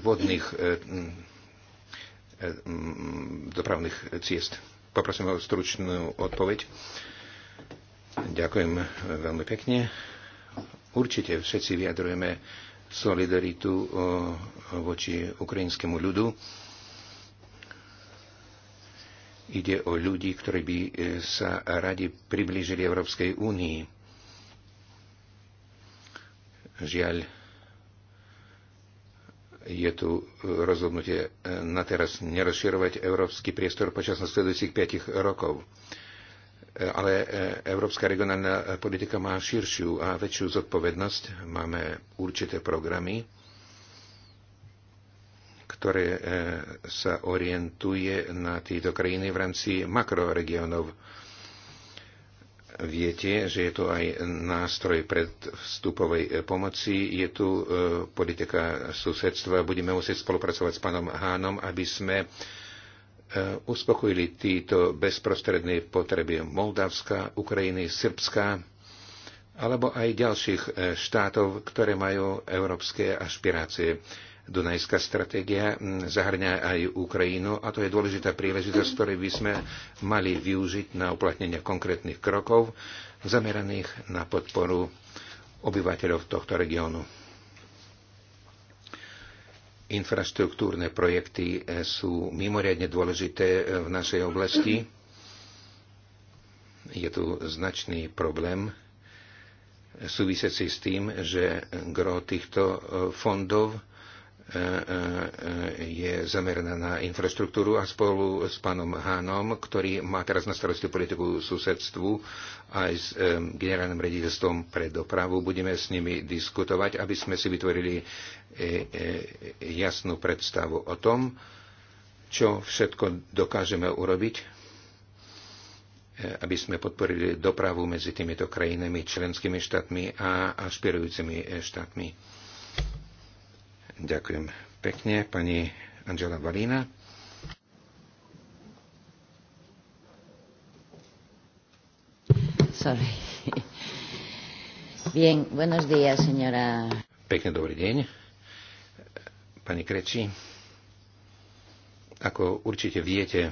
vodných dopravných ciest. Poprosím o stručnú odpoveď. Ďakujem e, veľmi pekne. Určite všetci vyjadrujeme solidaritu e, voči ukrajinskému ľudu. Ide o ľudí, ktorí by e, sa radi priblížili Európskej únii. Žiaľ, je tu rozhodnutie e, na teraz nerozširovať európsky priestor počas nasledujúcich 5 rokov. E, ale európska regionálna politika má širšiu a väčšiu zodpovednosť. Máme určité programy, ktoré e, sa orientuje na tieto krajiny v rámci makroregiónov. Viete, že je to aj nástroj predvstupovej e, pomoci, je tu e, politika susedstva. Budeme musieť spolupracovať s pánom Hánom, aby sme uspokojili títo bezprostredné potreby Moldavska, Ukrajiny, Srbska alebo aj ďalších štátov, ktoré majú európske ašpirácie. Dunajská stratégia zahrňa aj Ukrajinu a to je dôležitá príležitosť, ktorej by sme mali využiť na uplatnenie konkrétnych krokov zameraných na podporu obyvateľov tohto regiónu. Infraštruktúrne projekty e, sú mimoriadne dôležité e, v našej oblasti. Je tu značný problém e, súvisiaci s tým, že gro týchto fondov E, e, je zameraná na infraštruktúru a spolu s pánom Hánom, ktorý má teraz na starosti politiku susedstvu aj s e, generálnym rediteľstvom pre dopravu. Budeme s nimi diskutovať, aby sme si vytvorili jasnú predstavu o tom, čo všetko dokážeme urobiť aby sme podporili dopravu medzi týmito krajinami, členskými štátmi a špirujúcimi štátmi Ďakujem pekne, pani Angela Valína. Sorry. Bien, buenos días, señora. Pekne dobrý deň. Pani Kreči, ako určite viete,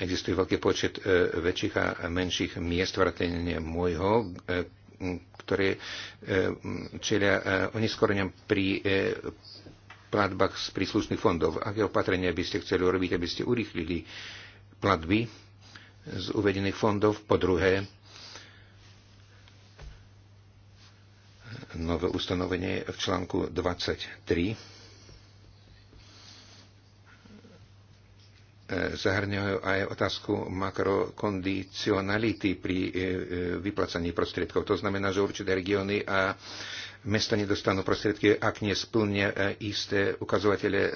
existuje veľký počet e, väčších a menších miest vrátane môjho, e, ktoré e, čelia e, oneskoreniam pri e, platbách z príslušných fondov. Aké opatrenia by ste chceli urobiť, aby ste urýchlili platby z uvedených fondov? Po druhé, nové ustanovenie v článku 23 E, zahrňujú aj otázku makrokondicionality pri e, e, vyplacaní prostriedkov. To znamená, že určité regióny a mesta nedostanú prostriedky, ak nesplnia isté ukazovatele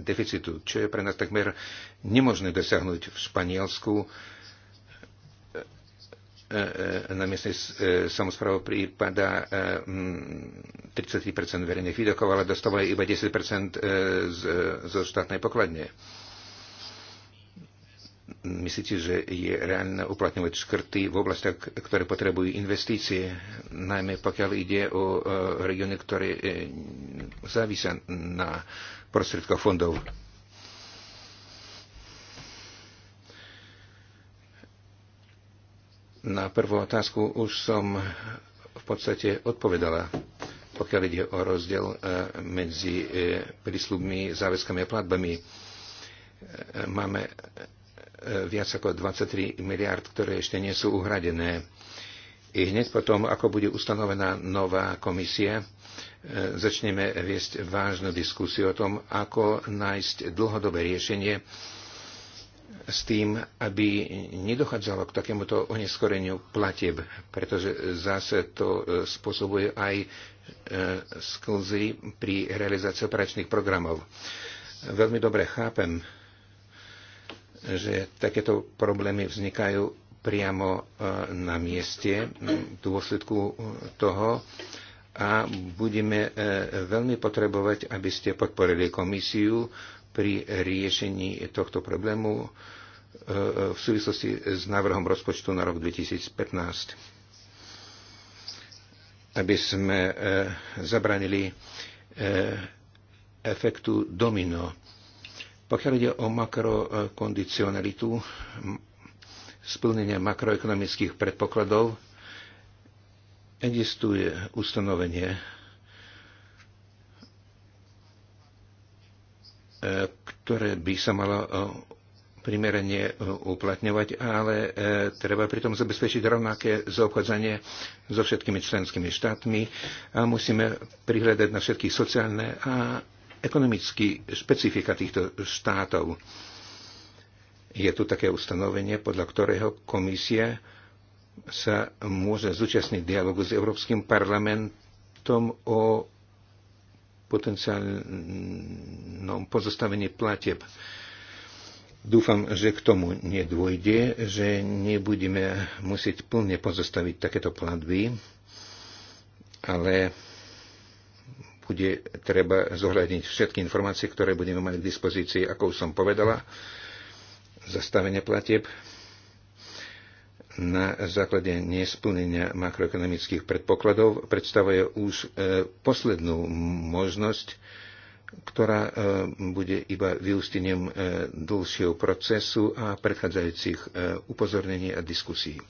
deficitu, čo je pre nás takmer nemožné dosiahnuť v Španielsku na miestnej samozprávu prípada 30% verejných výdokov, ale dostávajú iba 10% zo štátnej pokladne. Myslíte, že je reálne uplatňovať škrty v oblastiach, ktoré potrebujú investície, najmä pokiaľ ide o e, regióny, ktoré e, závisia na prostriedkoch fondov? Na prvú otázku už som v podstate odpovedala, pokiaľ ide o rozdiel e, medzi prísľubmi, záväzkami a platbami. Máme E, viac ako 23 miliard, ktoré ešte nie sú uhradené. I hneď potom, ako bude ustanovená nová komisia, e, začneme viesť vážnu diskusiu o tom, ako nájsť dlhodobé riešenie s tým, aby nedochádzalo k takémuto oneskoreniu platieb, pretože zase to e, spôsobuje aj sklzy pri realizácii operačných programov. Veľmi dobre chápem že takéto problémy vznikajú priamo e, na mieste v dôsledku e, toho a budeme e, veľmi potrebovať, aby ste podporili komisiu pri riešení tohto problému v súvislosti s návrhom rozpočtu na rok 2015 aby sme zabranili efektu domino pokiaľ ide o makrokondicionalitu, splnenia makroekonomických predpokladov, existuje ustanovenie, e, ktoré by sa malo e, primerane e, uplatňovať, ale treba pritom zabezpečiť rovnaké zaobchádzanie so všetkými členskými štátmi a musíme prihľadať na všetky sociálne a ekonomický špecifika týchto štátov. Je tu také ustanovenie, podľa ktorého komisia sa môže zúčastniť dialogu s Európskym parlamentom o potenciálnom pozostavení plateb. Dúfam, že k tomu nedôjde, že nebudeme musieť plne pozostaviť takéto platby, ale bude treba zohľadniť všetky informácie, ktoré budeme mať k dispozícii, ako už som povedala, zastavenie platieb na základe nesplnenia makroekonomických predpokladov predstavuje už e, poslednú možnosť, ktorá e, bude iba vyústením e, dlhšieho procesu a predchádzajúcich upozornení a diskusí.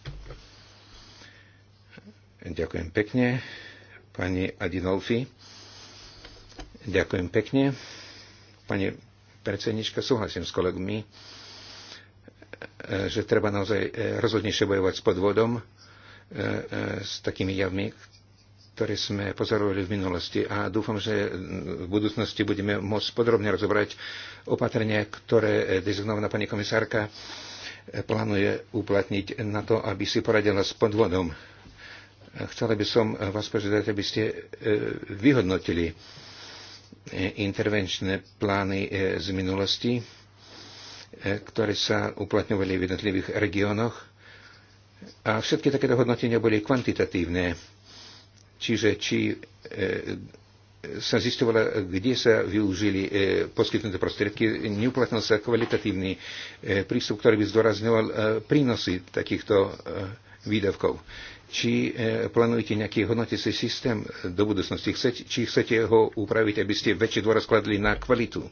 Ďakujem pekne. Pani Adinolfi. Ďakujem pekne. Pani predsednička, súhlasím s kolegmi, e, že treba naozaj e, rozhodnejšie bojovať s podvodom, e, s takými javmi, ktoré sme pozorovali v minulosti a dúfam, že v budúcnosti budeme môcť podrobne rozobrať opatrenia, ktoré dezignovaná pani komisárka plánuje uplatniť na to, aby si poradila s podvodom. Chcela by som vás požiadať, aby ste vyhodnotili E, intervenčné plány e, z minulosti, e, ktoré sa uplatňovali v jednotlivých regiónoch. A všetky takéto hodnotenia boli kvantitatívne. Čiže či sa zistovala, kde sa využili poskytnuté prostriedky, neuplatnil sa kvalitatívny prístup, ktorý by zdôrazňoval prínosy takýchto výdavkov či e, plánujete nejaký hodnoticí systém e, do budúcnosti, chcete, či chcete ho upraviť, aby ste väčšie dôraz kladli na kvalitu.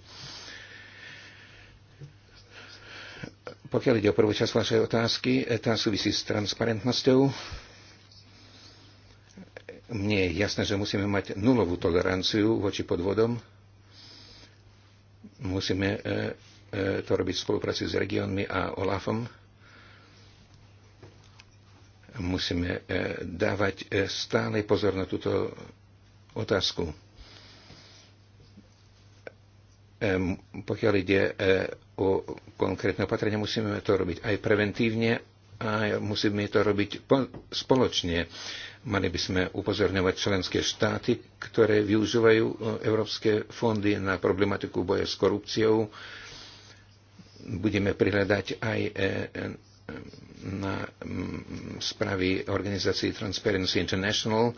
Pokiaľ ide o prvú časť vašej otázky, e, tá súvisí s transparentnosťou. Mne je jasné, že musíme mať nulovú toleranciu voči podvodom. Musíme to robiť v spolupráci s regiónmi a OLAFom Musíme e, dávať e, stále pozor na túto otázku. E, pokiaľ ide o konkrétne opatrenia, musíme to robiť aj preventívne, a musíme to robiť spoločne. Mali by sme upozorňovať členské štáty, ktoré využívajú európske fondy na problematiku boja s korupciou. Budeme prihľadať aj na mm, správy organizácií Transparency International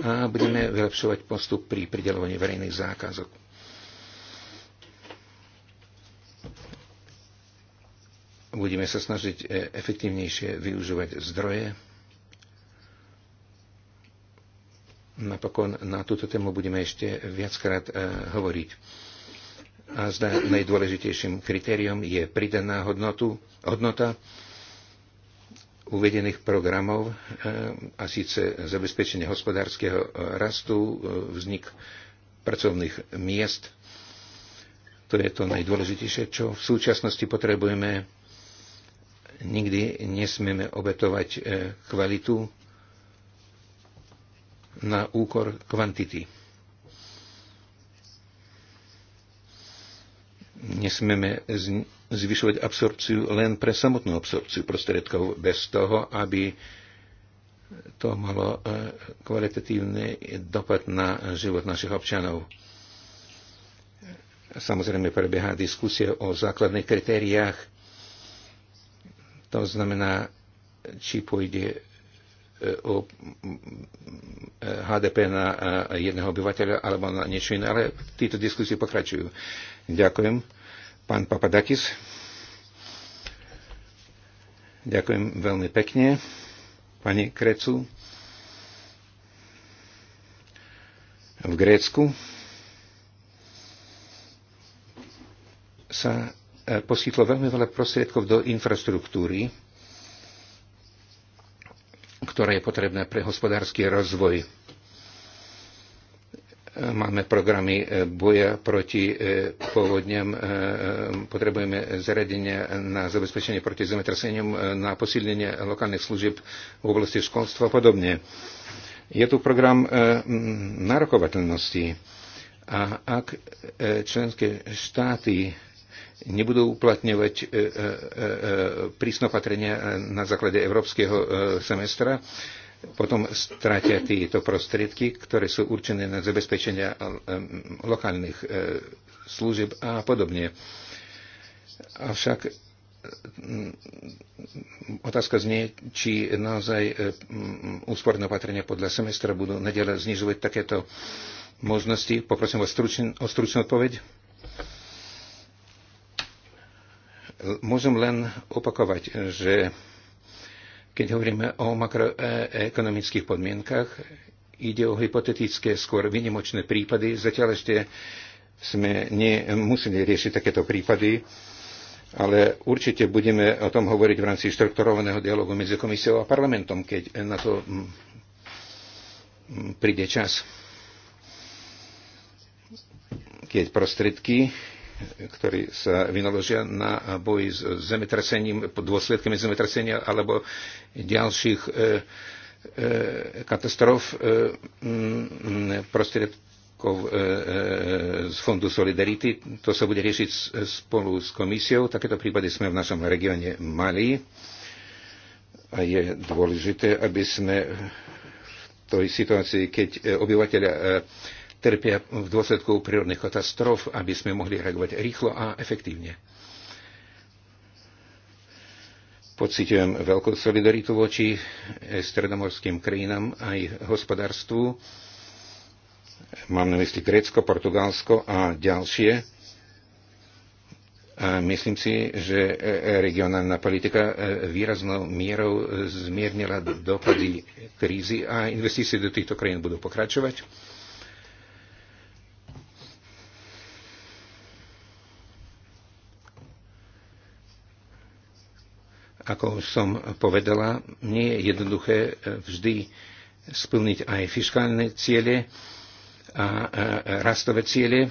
a budeme vylepšovať postup pri pridelovaní verejných zákazok. Budeme sa snažiť e, efektívnejšie využívať zdroje. Napokon na túto tému budeme ešte viackrát e, hovoriť a zda najdôležitejším kritériom je pridaná hodnotu, hodnota uvedených programov, e, a síce zabezpečenie hospodárskeho e, rastu, e, vznik pracovných miest. To je to najdôležitejšie, čo v súčasnosti potrebujeme. Nikdy nesmieme obetovať kvalitu na úkor kvantity. Nesmieme zvyšovať absorpciu len pre samotnú absorpciu prostriedkov, bez toho, aby to malo e, kvalitatívny dopad na život našich občanov. Samozrejme prebieha diskusia o základných kritériách. To znamená, či pôjde e, o HDP na e, jedného obyvateľa alebo na niečo iné, ale títo diskusie pokračujú. Ďakujem. Pán Papadakis. Ďakujem veľmi pekne. Pani Krecu. V Grécku sa e, poskytlo veľmi veľa prostriedkov do infraštruktúry, ktoré je potrebné pre hospodársky rozvoj Máme programy e, boja proti e, povodňam, e, potrebujeme zariadenia na zabezpečenie proti zemetraseniam, na posilnenie lokálnych služieb v oblasti školstva a podobne. Je tu program nárokovateľnosti a ak členské štáty nebudú uplatňovať opatrenia na základe európskeho semestra, potom stratia tieto prostriedky, ktoré sú určené na zabezpečenia eh, lokálnych eh, služieb a podobne. Avšak mm, otázka znie, či naozaj eh, mm, úsporné opatrenia podľa semestra budú nadalej znižovať takéto možnosti. Poprosím vás o stručnú odpoveď. Môžem len opakovať, že keď hovoríme o makroekonomických podmienkach, ide o hypotetické, skôr vynimočné prípady. Zatiaľ ešte sme nemuseli riešiť takéto prípady, ale určite budeme o tom hovoriť v rámci štrukturovaného dialogu medzi komisiou a parlamentom, keď na to mm, mm, príde čas. Keď prostriedky ktorí sa vynaložia na boji s zemetrasením, dôsledkami zemetrasenia alebo ďalších e, e, katastrof e, prostriedkov z Fondu Solidarity. To sa bude riešiť spolu s komisiou. Takéto prípady sme v našom regióne mali a je dôležité, aby sme v tej situácii, keď obyvateľia trpia v dôsledku prírodných katastrof, aby sme mohli reagovať rýchlo a efektívne. Pocitujem veľkú solidaritu voči eh, stredomorským krajinám aj hospodárstvu. Mám na mysli Grécko, Portugalsko a ďalšie. A myslím si, že eh, regionálna politika eh, výraznou mierou zmiernila dopady krízy a investície do týchto krajín budú pokračovať. Ako som povedala, nie je jednoduché e, vždy splniť aj fiskálne ciele a e, rastové ciele.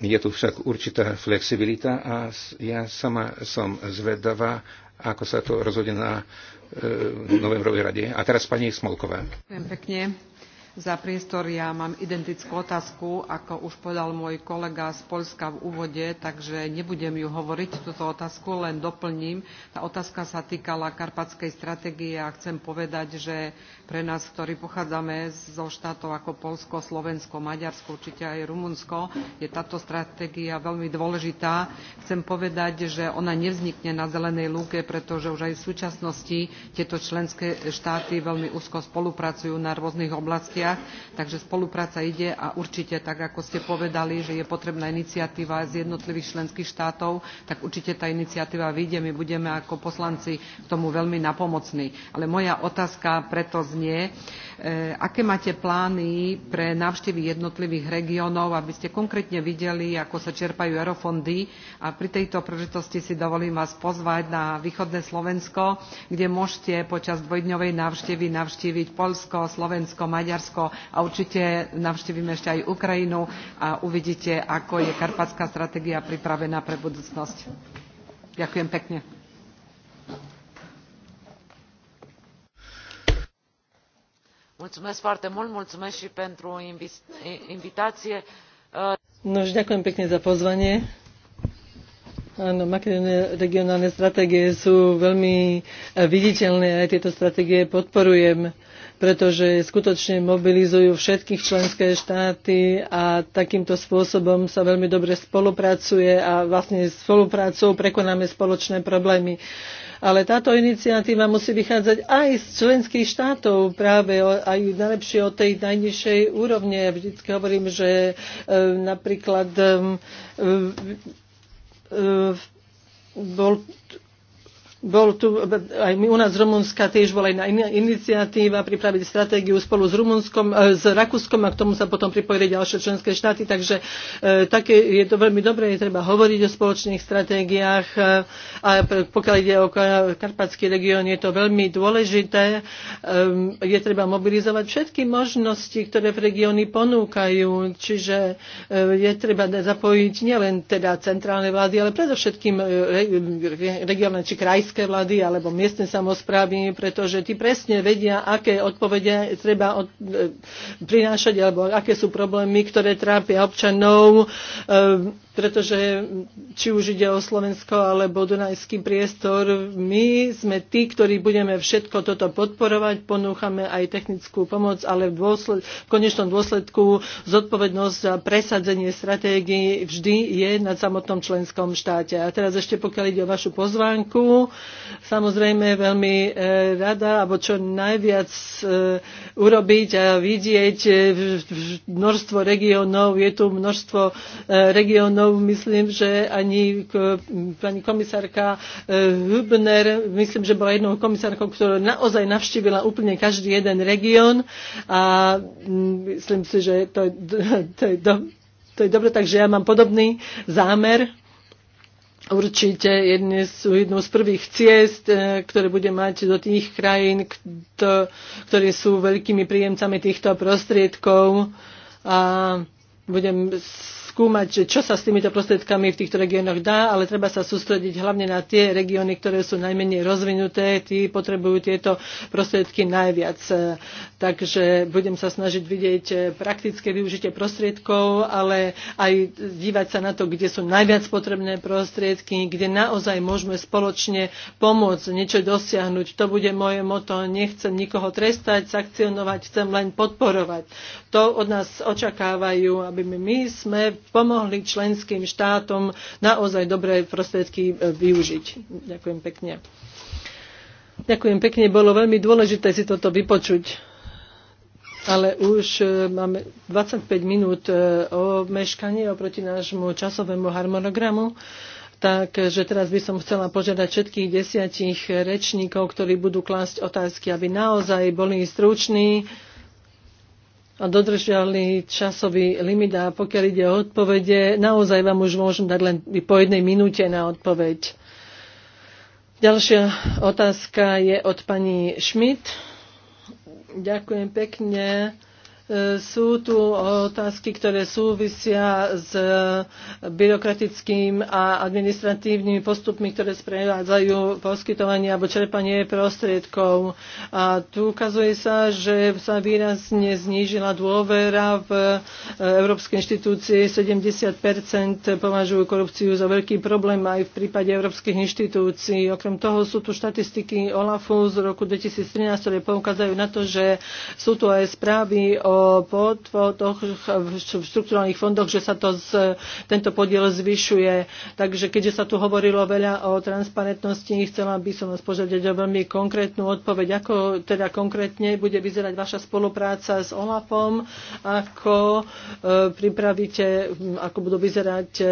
Je tu však určitá flexibilita a ja sama som zvedavá, ako sa to rozhodne na e, novembrovej rade. A teraz pani Smolková. Ďakujem pekne za priestor. Ja mám identickú otázku, ako už povedal môj kolega z Polska v úvode, takže nebudem ju hovoriť, túto otázku, len doplním. Tá otázka sa týkala karpatskej stratégie a chcem povedať, že pre nás, ktorí pochádzame zo štátov ako Polsko, Slovensko, Maďarsko, určite aj Rumunsko, je táto stratégia veľmi dôležitá. Chcem povedať, že ona nevznikne na zelenej lúke, pretože už aj v súčasnosti tieto členské štáty veľmi úzko spolupracujú na rôznych oblastiach veciach takže spolupráca ide a určite, tak ako ste povedali, že je potrebná iniciatíva z jednotlivých členských štátov, tak určite tá iniciatíva vyjde. My budeme ako poslanci k tomu veľmi napomocní. Ale moja otázka preto znie, e, aké máte plány pre návštevy jednotlivých regiónov, aby ste konkrétne videli, ako sa čerpajú eurofondy a pri tejto príležitosti si dovolím vás pozvať na východné Slovensko, kde môžete počas dvojdňovej návštevy navštíviť Poľsko, Slovensko, Maďarsko, Moldavsko a určite navštívime ešte aj Ukrajinu a uvidíte, ako je karpatská stratégia pripravená pre budúcnosť. Ďakujem pekne. Mulțumesc foarte mult, mulțumesc și pentru invitație. No, ďakujem pekne za pozvanie. Áno, makedónne regionálne stratégie sú veľmi eh, viditeľné a aj tieto stratégie podporujem pretože skutočne mobilizujú všetkých členské štáty a takýmto spôsobom sa veľmi dobre spolupracuje a vlastne spoluprácou prekonáme spoločné problémy. Ale táto iniciatíva musí vychádzať aj z členských štátov, práve aj najlepšie od tej najnižšej úrovne. Ja vždy hovorím, že e, napríklad e, e, bol bol tu, aj my u nás z Rumunska tiež bola iná iniciatíva pripraviť stratégiu spolu s Rumunskom, e, s Rakúskom a k tomu sa potom pripojili ďalšie členské štáty, takže e, také je to veľmi dobré, je treba hovoriť o spoločných stratégiách e, a pokiaľ ide o Karpatský región, je to veľmi dôležité, je treba mobilizovať všetky možnosti, ktoré v regióny ponúkajú, čiže je treba zapojiť nielen teda centrálne vlády, ale predovšetkým regionálne či krajské mestské vlády alebo miestne samozprávy, pretože tí presne vedia, aké odpovede treba od, e, prinášať alebo aké sú problémy, ktoré trápia občanov. E, pretože či už ide o Slovensko alebo Dunajský priestor, my sme tí, ktorí budeme všetko toto podporovať, ponúchame aj technickú pomoc, ale v, dôsled, v konečnom dôsledku zodpovednosť za presadzenie stratégií vždy je na samotnom členskom štáte. A teraz ešte pokiaľ ide o vašu pozvánku, samozrejme veľmi e, rada, alebo čo najviac e, urobiť a vidieť e, množstvo regiónov, je tu množstvo e, regiónov, myslím, že ani pani komisárka e, Hübner, myslím, že bola jednou komisárkou, ktorá naozaj navštívila úplne každý jeden región a myslím si, že to, to, je, do, to je dobre, takže ja mám podobný zámer určite jedne sú jednou z prvých ciest, e, ktoré bude mať do tých krajín, ktoré sú veľkými príjemcami týchto prostriedkov. A budem skúmať, čo sa s týmito prostriedkami v týchto regiónoch dá, ale treba sa sústrediť hlavne na tie regióny, ktoré sú najmenej rozvinuté, tí potrebujú tieto prostriedky najviac. E, takže budem sa snažiť vidieť e, praktické využitie prostriedkov, ale aj dívať sa na to, kde sú najviac potrebné prostriedky, kde naozaj môžeme spoločne pomôcť, niečo dosiahnuť. To bude moje moto. Nechcem nikoho trestať, sankcionovať, chcem len podporovať. To od nás očakávajú, aby my sme pomohli členským štátom naozaj dobré prostriedky e, využiť. Ďakujem pekne. Ďakujem pekne, bolo veľmi dôležité si toto vypočuť. Ale už e, máme 25 minút e, o meškanie oproti nášmu časovému harmonogramu. Takže teraz by som chcela požiadať všetkých desiatich rečníkov, ktorí budú klásť otázky, aby naozaj boli struční dodržali časový limit a pokiaľ ide o odpovede, naozaj vám už môžem dať len po jednej minúte na odpoveď. Ďalšia otázka je od pani Schmidt. Ďakujem pekne. Sú tu otázky, ktoré súvisia s byrokratickým a administratívnymi postupmi, ktoré sprevádzajú poskytovanie alebo čerpanie prostriedkov. A tu ukazuje sa, že sa výrazne znížila dôvera v Európskej inštitúcie. 70 považujú korupciu za veľký problém aj v prípade európskych inštitúcií. Okrem toho sú tu štatistiky OLAFu z roku 2013, ktoré poukazajú na to, že sú tu aj správy o o toch, v štruktúrnych fondoch, že sa to z, tento podiel zvyšuje. Takže keďže sa tu hovorilo veľa o transparentnosti, chcela by som vás požiadať o veľmi konkrétnu odpoveď. Ako teda konkrétne bude vyzerať vaša spolupráca s OLAFom? Ako e, pripravíte, ako budú vyzerať e,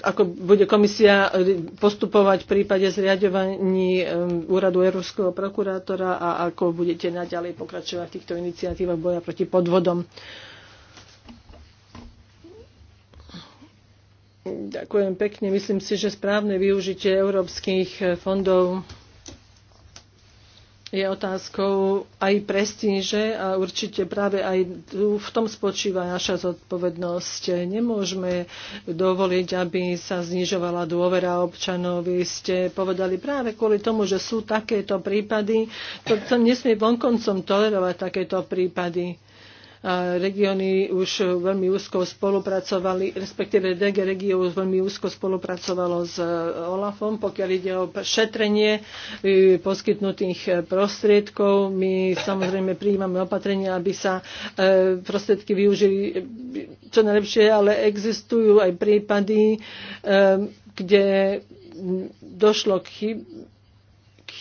ako bude komisia e, postupovať v prípade zriadovaní e, úradu Európskeho prokurátora a ako budete naďalej pokračovať v týchto iniciatívach boja proti podvodom. Ďakujem pekne. Myslím si, že správne využitie európskych fondov je otázkou aj prestíže a určite práve aj tu v tom spočíva naša zodpovednosť. Nemôžeme dovoliť, aby sa znižovala dôvera občanov. Vy ste povedali práve kvôli tomu, že sú takéto prípady, to, to nesmie vonkoncom tolerovať takéto prípady regióny už veľmi úzko spolupracovali, respektíve DG regió už veľmi úzko spolupracovalo s e, OLAFom, pokiaľ ide o šetrenie e, poskytnutých e, prostriedkov. My samozrejme prijímame opatrenia, aby sa prostriedky využili čo najlepšie, ale existujú aj prípady, kde došlo k chyb,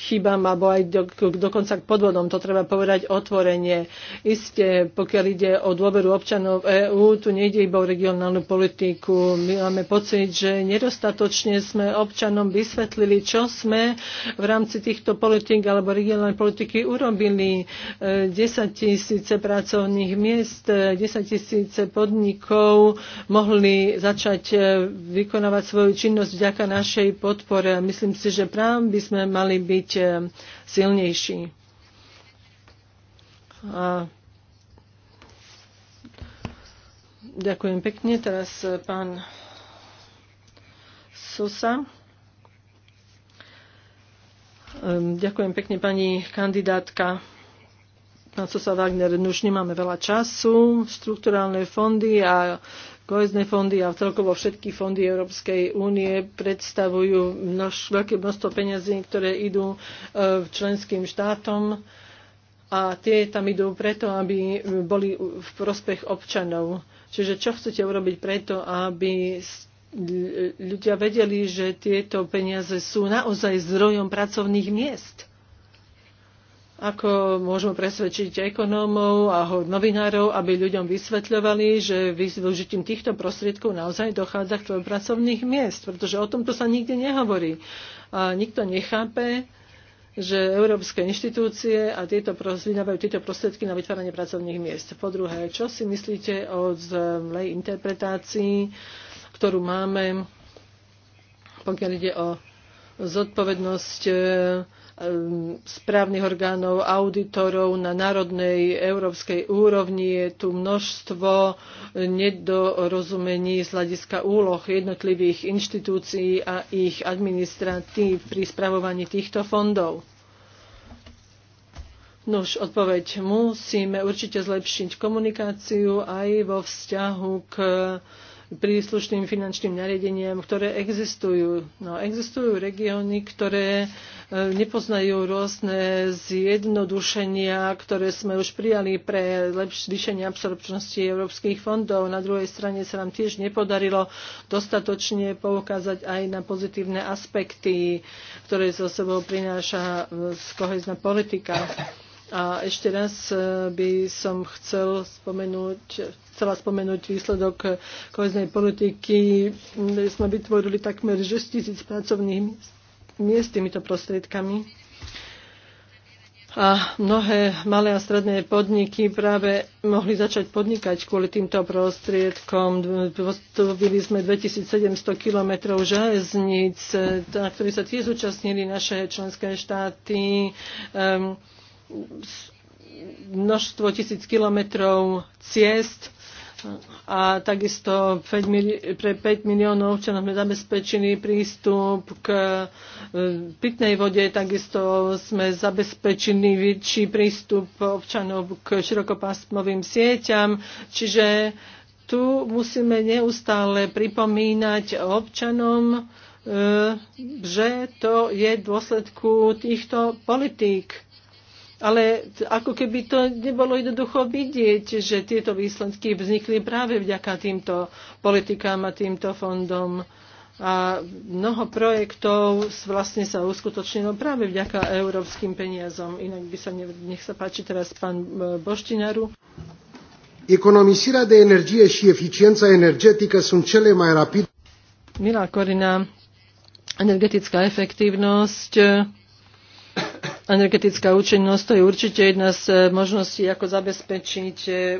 chybám alebo aj do, dokonca k podvodom. To treba povedať otvorenie. Isté, pokiaľ ide o dôveru občanov EÚ, tu nejde iba o regionálnu politiku. My máme pocit, že nedostatočne sme občanom vysvetlili, čo sme v rámci týchto politik alebo regionálnej politiky urobili. 10 e, tisíce pracovných miest, 10 e, tisíce podnikov mohli začať e, vykonávať svoju činnosť vďaka našej podpore. Myslím si, že práve by sme mali byť byť eh, silnejší. A Ďakujem pekne. Teraz eh, pán Sosa. Ehm, ďakujem pekne pani kandidátka. Pán Sosa Wagner, no už nemáme veľa času. Štruktúrálne fondy a Kohezné fondy a celkovo všetky fondy Európskej únie predstavujú množ, veľké množstvo peňazí, ktoré idú e, členským štátom a tie tam idú preto, aby boli v prospech občanov. Čiže čo chcete urobiť preto, aby ľudia vedeli, že tieto peniaze sú naozaj zdrojom pracovných miest? ako môžeme presvedčiť ekonómov a novinárov, aby ľuďom vysvetľovali, že využitím týchto prostriedkov naozaj dochádza k tvojim pracovných miest, pretože o tomto sa nikde nehovorí. A nikto nechápe, že európske inštitúcie a tieto vydávajú tieto prostriedky na vytváranie pracovných miest. Po druhé, čo si myslíte o zlej interpretácii, ktorú máme, pokiaľ ide o zodpovednosť Um, správnych orgánov, auditorov na národnej európskej úrovni. Je tu množstvo nedorozumení z hľadiska úloh jednotlivých inštitúcií a ich administratív pri spravovaní týchto fondov. Nuž, odpoveď. Musíme určite zlepšiť komunikáciu aj vo vzťahu k príslušným finančným nariadeniam, ktoré existujú. No, existujú regióny, ktoré e, nepoznajú rôzne zjednodušenia, ktoré sme už prijali pre zvýšenie absorpčnosti európskych fondov. Na druhej strane sa nám tiež nepodarilo dostatočne poukázať aj na pozitívne aspekty, ktoré so sebou prináša e, kohezná politika. A ešte raz e, by som chcel spomenúť chcela spomenúť výsledok koheznej politiky. Sme vytvorili takmer 6 tisíc pracovných miest týmito prostriedkami. A mnohé malé a stredné podniky práve mohli začať podnikať kvôli týmto prostriedkom. Postavili sme 2700 kilometrov železníc, na ktorých sa tiež zúčastnili naše členské štáty. Um, množstvo tisíc kilometrov ciest a takisto 5 pre 5 miliónov občanov sme zabezpečili prístup k e, pitnej vode, takisto sme zabezpečili väčší prístup občanov k širokopásmovým sieťam, čiže tu musíme neustále pripomínať občanom, e, že to je dôsledku týchto politík ale ako keby to nebolo jednoducho vidieť, že tieto výsledky vznikli práve vďaka týmto politikám a týmto fondom. A mnoho projektov vlastne sa uskutočnilo práve vďaka európskym peniazom. Inak by sa ne, nech sa páči teraz pán e, Boštinaru. Economisirea de energie și eficiența energetică sunt cele mai rapide. Milá Korina, energetická efektívnosť energetická účinnosť to je určite jedna z eh, možností, ako zabezpečiť eh, eh,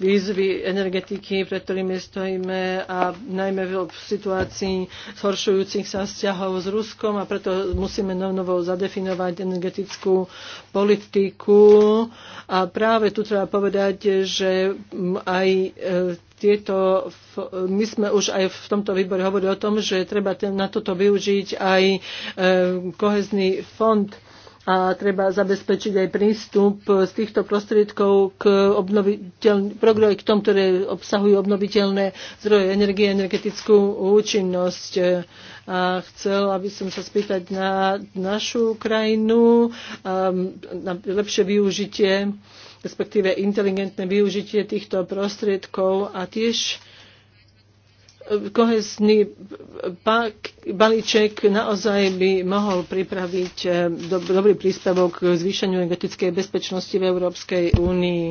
výzvy energetiky, pred ktorými stojíme a najmä v situácii zhoršujúcich sa vzťahov s Ruskom a preto musíme novnovo zadefinovať energetickú politiku. A práve tu treba povedať, že mm, aj tieto, my sme už aj v tomto výbore hovorili o tom, že treba na toto využiť aj kohezný fond a treba zabezpečiť aj prístup z týchto prostriedkov k, tom, ktoré obsahujú obnoviteľné zdroje energie, energetickú účinnosť. A chcel, aby som sa spýtať na našu krajinu, um, na lepšie využitie, respektíve inteligentné využitie týchto prostriedkov a tiež kohezný balíček naozaj by mohol pripraviť eh, dobrý príspevok k zvýšeniu energetickej bezpečnosti v Európskej únii.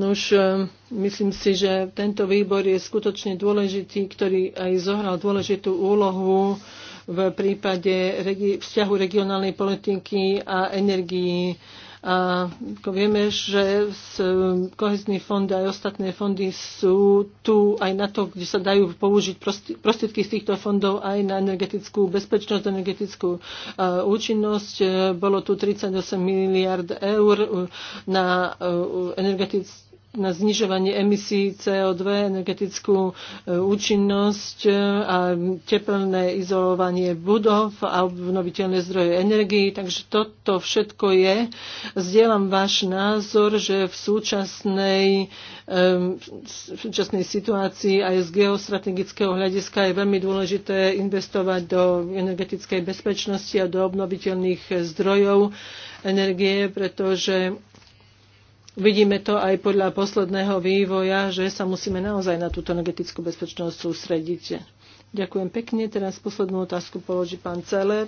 Nož eh, myslím si, že tento výbor je skutočne dôležitý, ktorý aj zohral dôležitú úlohu v prípade vzťahu regionálnej politiky a energii a ako vieme, že kohezný fond a aj ostatné fondy sú tu aj na to, kde sa dajú použiť prostriedky z týchto fondov aj na energetickú bezpečnosť, energetickú účinnosť. Bolo tu 38 miliard eur na energetickú na znižovanie emisí CO2, energetickú e, účinnosť e, a teplné izolovanie budov a obnoviteľné zdroje energii. Takže toto všetko je. Zdieľam váš názor, že v súčasnej, e, v súčasnej situácii aj z geostrategického hľadiska je veľmi dôležité investovať do energetickej bezpečnosti a do obnoviteľných zdrojov energie, pretože Vidíme to aj podľa posledného vývoja, že sa musíme naozaj na túto energetickú bezpečnosť sústrediť. Ďakujem pekne. Teraz poslednú otázku položí pán Celer.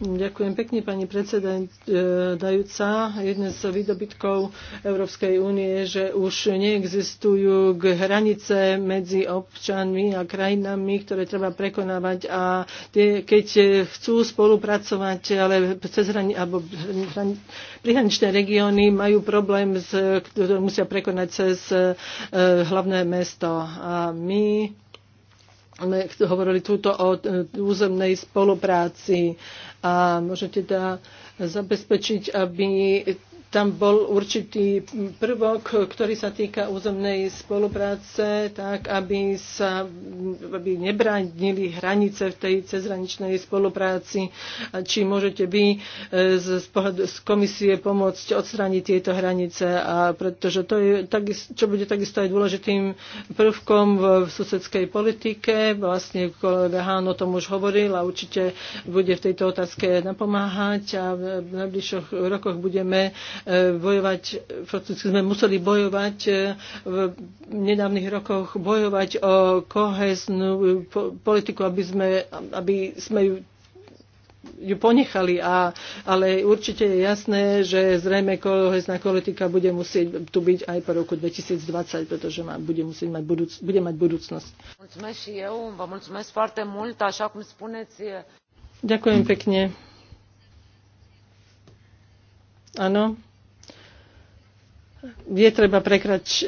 Ďakujem pekne, pani predsedajúca. Jedna z výdobytkov Európskej únie, že už neexistujú hranice medzi občanmi a krajinami, ktoré treba prekonávať a tie, keď chcú spolupracovať, ale cez hrani, alebo hrani, prihraničné regióny majú problém, s, ktorý musia prekonať cez eh, hlavné mesto. A my hovorili túto o e, územnej spolupráci a môžete teda zabezpečiť, aby tam bol určitý prvok, ktorý sa týka územnej spolupráce, tak aby sa aby nebránili hranice v tej cezhraničnej spolupráci. Či môžete vy e, z, z komisie pomôcť odstrániť tieto hranice, a pretože to je, čo bude takisto aj dôležitým prvkom v susedskej politike. Vlastne kolega Hán o tom už hovoril a určite bude v tejto otázke napomáhať a v najbližších rokoch budeme E, bojovať, prakticky sme museli bojovať e, v nedávnych rokoch, bojovať o koheznú e, politiku, aby sme, aby sme ju ju ponechali, a, ale určite je jasné, že zrejme kohezná politika bude musieť tu byť aj po roku 2020, pretože má, bude, musieť mať budúc, bude mať budúcnosť. Mulțumesc și eu, vă mulțumesc foarte mult, așa cum spuneți. Ďakujem pekne. Áno je treba prekrač...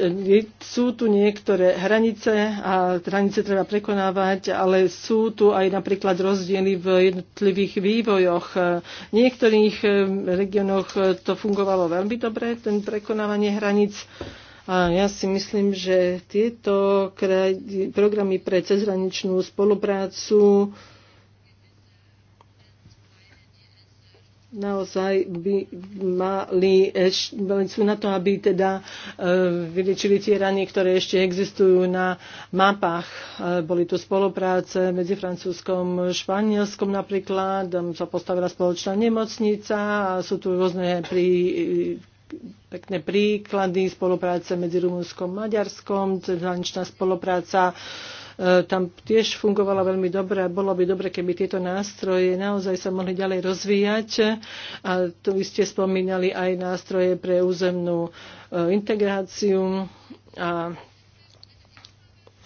Sú tu niektoré hranice a hranice treba prekonávať, ale sú tu aj napríklad rozdiely v jednotlivých vývojoch. V niektorých eh, regiónoch eh, to fungovalo veľmi dobre, ten prekonávanie hranic. A ja si myslím, že tieto programy pre cezhraničnú spoluprácu naozaj by mali, mali sú na to, aby teda e, vylečili tie rany, ktoré ešte existujú na mapách. E, boli tu spolupráce medzi Francúzskom, a Španielskom napríklad, tam sa postavila spoločná nemocnica a sú tu rôzne pri pekné príklady spolupráce medzi Rumunskom a Maďarskom, zahraničná spolupráca E, tam tiež fungovala veľmi dobre a bolo by dobre, keby tieto nástroje naozaj sa mohli ďalej rozvíjať. A tu vy ste spomínali aj nástroje pre územnú e, integráciu a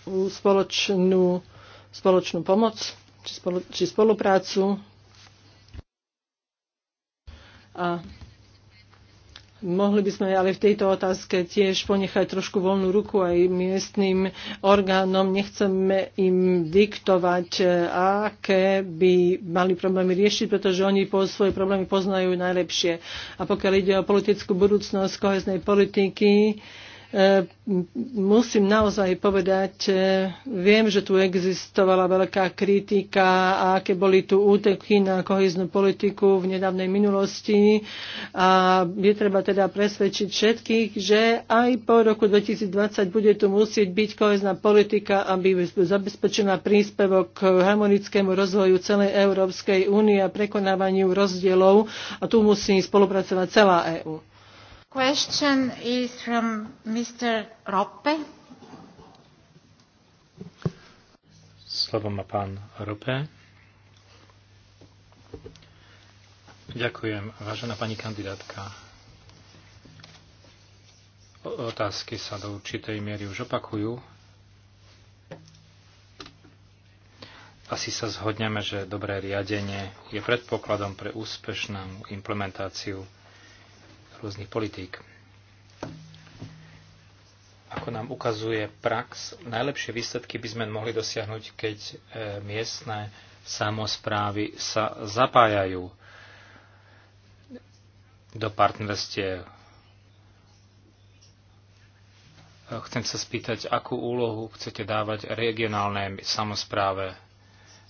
spoločnú, spoločnú pomoc či, spolu, či spoluprácu. A Mohli by sme ale v tejto otázke tiež ponechať trošku voľnú ruku aj miestnym orgánom. Nechceme im diktovať, e, aké by mali problémy riešiť, pretože oni po svoje problémy poznajú najlepšie. A pokiaľ ide o politickú budúcnosť koheznej politiky, E, musím naozaj povedať, e, viem, že tu existovala veľká kritika a aké boli tu úteky na koheznú politiku v nedávnej minulosti a je treba teda presvedčiť všetkých, že aj po roku 2020 bude tu musieť byť kohezná politika, aby zabezpečila príspevok k harmonickému rozvoju celej Európskej únie a prekonávaniu rozdielov a tu musí spolupracovať celá EÚ. Question is from Mr. Slovo má pán Rope. Ďakujem, vážená pani kandidátka. Otázky sa do určitej miery už opakujú. Asi sa zhodneme, že dobré riadenie je predpokladom pre úspešnú implementáciu rôznych politík. Ako nám ukazuje prax, najlepšie výsledky by sme mohli dosiahnuť, keď e, miestne samozprávy sa zapájajú do partnerstiev. E, chcem sa spýtať, akú úlohu chcete dávať regionálnej samozpráve